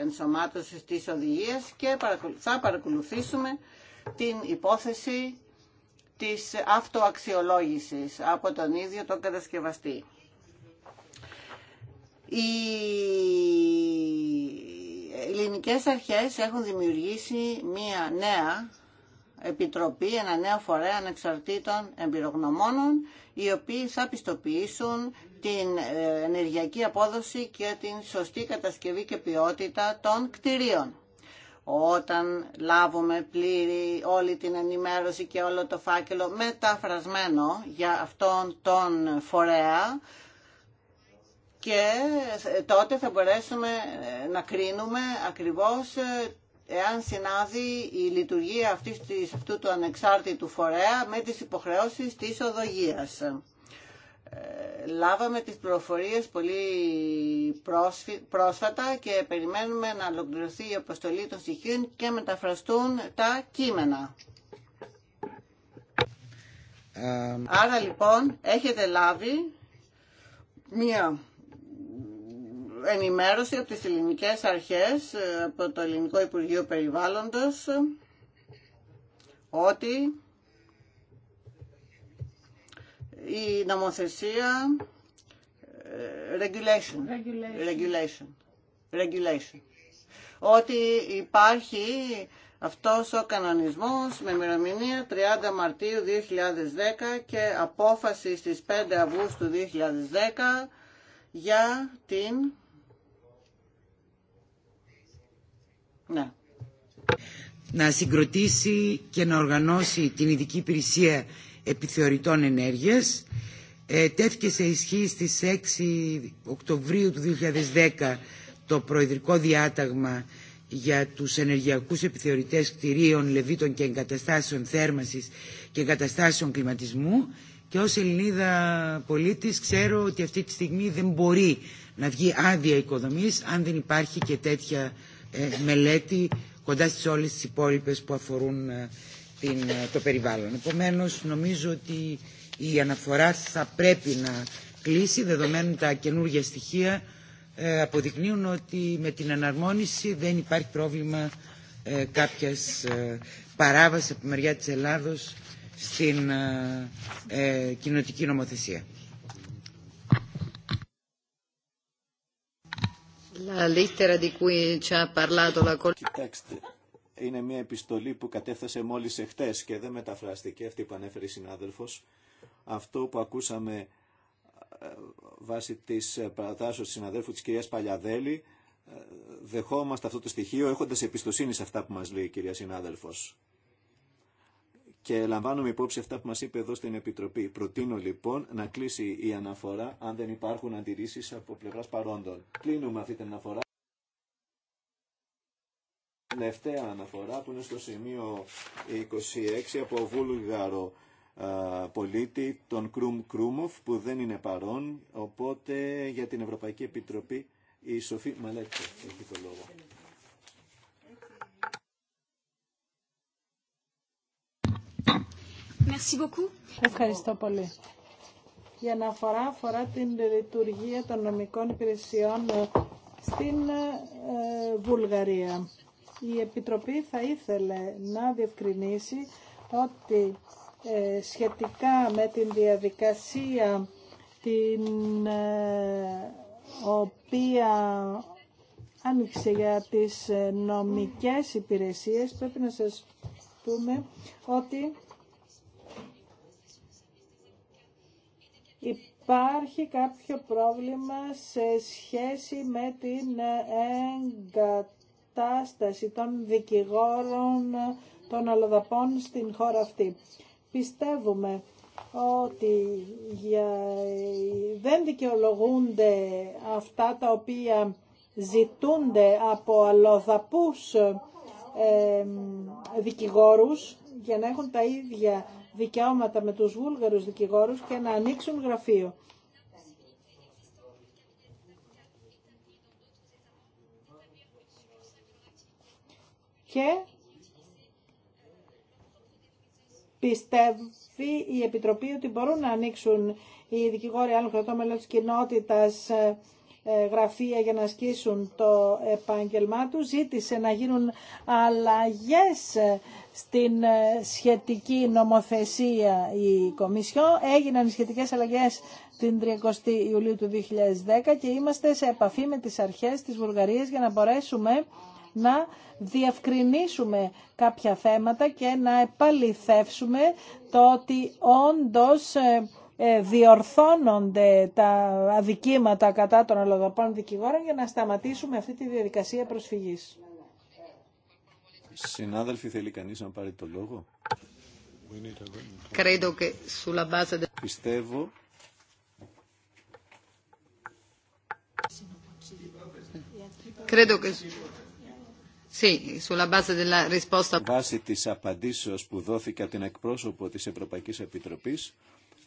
ενσωμάτωσης της οδηγίας και θα παρακολουθήσουμε την υπόθεση της αυτοαξιολόγησης από τον ίδιο τον κατασκευαστή. Η ελληνικές αρχές έχουν δημιουργήσει μία νέα επιτροπή, ένα νέο φορέα ανεξαρτήτων εμπειρογνωμόνων, οι οποίοι θα πιστοποιήσουν την ε, ενεργειακή απόδοση και την σωστή κατασκευή και ποιότητα των κτηρίων. Όταν λάβουμε πλήρη όλη την ενημέρωση και όλο το φάκελο μεταφρασμένο για αυτόν τον φορέα, και τότε θα μπορέσουμε ε, να κρίνουμε ακριβώς ε, εάν συνάδει η λειτουργία αυτής, αυτού του ανεξάρτητου φορέα με τις υποχρεώσεις της οδογίας. Ε, λάβαμε τις πληροφορίες πολύ πρόσφατα και περιμένουμε να ολοκληρωθεί η αποστολή των στοιχείων και μεταφραστούν τα κείμενα. Άρα λοιπόν έχετε λάβει μία ενημέρωση από τις ελληνικές αρχές, από το Ελληνικό Υπουργείο Περιβάλλοντος, ότι η νομοθεσία ε, regulation, regulation, regulation, ότι υπάρχει αυτός ο κανονισμός με ημερομηνία 30 Μαρτίου 2010 και απόφαση στις 5 Αυγούστου 2010 για την Ναι. Να συγκροτήσει και να οργανώσει την ειδική υπηρεσία επιθεωρητών ενέργειας. Ε, τέθηκε σε ισχύ στις 6 Οκτωβρίου του 2010 το προεδρικό διάταγμα για τους ενεργειακούς επιθεωρητές κτηρίων, λεβίτων και εγκαταστάσεων θέρμασης και εγκαταστάσεων κλιματισμού και ως Ελληνίδα πολίτης ξέρω ότι αυτή τη στιγμή δεν μπορεί να βγει άδεια οικοδομής αν δεν υπάρχει και τέτοια ε, μελέτη κοντά στις όλες τις υπόλοιπες που αφορούν ε, την, ε, το περιβάλλον. Επομένω, νομίζω ότι η αναφορά θα πρέπει να κλείσει, δεδομένου τα καινούργια στοιχεία αποδεικνύουν ότι με την αναρμόνιση δεν υπάρχει πρόβλημα κάποιας παράβαση από μεριά της Ελλάδος στην κοινοτική νομοθεσία. Κοιτάξτε, είναι μια επιστολή που κατέφθασε μόλις εχθές και δεν μεταφράστηκε αυτή που ανέφερε η συνάδελφος. Αυτό που ακούσαμε ε, βάσει της ε, παρατάσεως της συναδέλφου της κυρίας Παλιαδέλη ε, δεχόμαστε αυτό το στοιχείο έχοντας εμπιστοσύνη σε αυτά που μας λέει η κυρία συνάδελφος και λαμβάνουμε υπόψη αυτά που μας είπε εδώ στην Επιτροπή. Προτείνω λοιπόν να κλείσει η αναφορά αν δεν υπάρχουν αντιρρήσεις από πλευράς παρόντων. Κλείνουμε αυτή την αναφορά. Τελευταία αναφορά που είναι στο σημείο 26 από βούλγαρο πολίτη, τον Κρουμ Κρούμοφ, που δεν είναι παρόν, οπότε για την Ευρωπαϊκή Επιτροπή η Σοφή Μαλέτσο έχει το λόγο. Ευχαριστώ πολύ. Η αναφορά αφορά την λειτουργία των νομικών υπηρεσιών ε, στην ε, Βουλγαρία. Η Επιτροπή θα ήθελε να διευκρινίσει ότι ε, σχετικά με την διαδικασία την οποία άνοιξε για τις νομικές υπηρεσίες πρέπει να σας πούμε ότι Υπάρχει κάποιο πρόβλημα σε σχέση με την εγκατάσταση των δικηγόρων των αλλοδαπών στην χώρα αυτή. Πιστεύουμε ότι δεν δικαιολογούνται αυτά τα οποία ζητούνται από αλλοδαπούς δικηγόρους για να έχουν τα ίδια δικαιώματα με τους βούλγαρους δικηγόρους και να ανοίξουν γραφείο. Και πιστεύει η Επιτροπή ότι μπορούν να ανοίξουν οι δικηγόροι άλλων κρατών μελών της κοινότητας ε, ε, γραφεία για να ασκήσουν το επάγγελμά του. Ζήτησε να γίνουν αλλαγές ε, στην ε, σχετική νομοθεσία η Κομισιό. Έγιναν σχετικές αλλαγές την 30η Ιουλίου του 2010 και είμαστε σε επαφή με τις αρχές της Βουλγαρίας για να μπορέσουμε να διευκρινίσουμε κάποια θέματα και να επαληθεύσουμε το ότι όντως ε, ε, διορθώνονται τα αδικήματα κατά των αλλοδαπών δικηγόρων για να σταματήσουμε αυτή τη διαδικασία προσφυγής. Συνάδελφοι, θέλει κανείς να πάρει το λόγο. Πιστεύω Βάσει της απαντήσεως που δόθηκε από την εκπρόσωπο της Ευρωπαϊκής Επιτροπής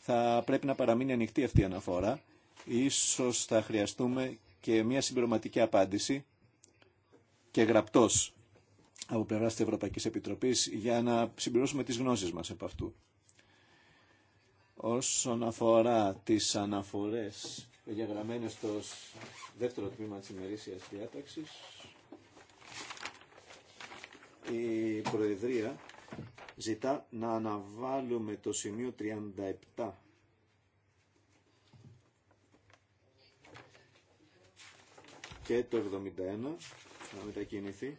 θα πρέπει να παραμείνει ανοιχτή αυτή η αναφορά. Ίσως θα χρειαστούμε και μια συμπληρωματική απάντηση και γραπτός από πλευρά τη Ευρωπαϊκή Επιτροπή για να συμπληρώσουμε τις γνώσεις μας επ' αυτού. Όσον αφορά τις αναφορέ διαγραμμένες στο δεύτερο τμήμα της ημερησία διάταξης, η Προεδρία ζητά να αναβάλουμε το σημείο 37 και το 71 να μετακινηθεί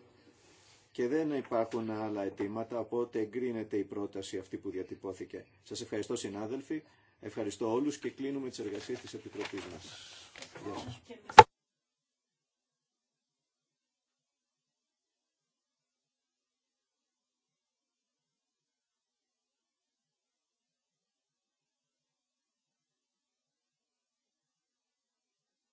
και δεν υπάρχουν άλλα αιτήματα, οπότε εγκρίνεται η πρόταση αυτή που διατυπώθηκε. Σας ευχαριστώ συνάδελφοι, ευχαριστώ όλους και κλείνουμε τις εργασίες της Επιτροπής μας.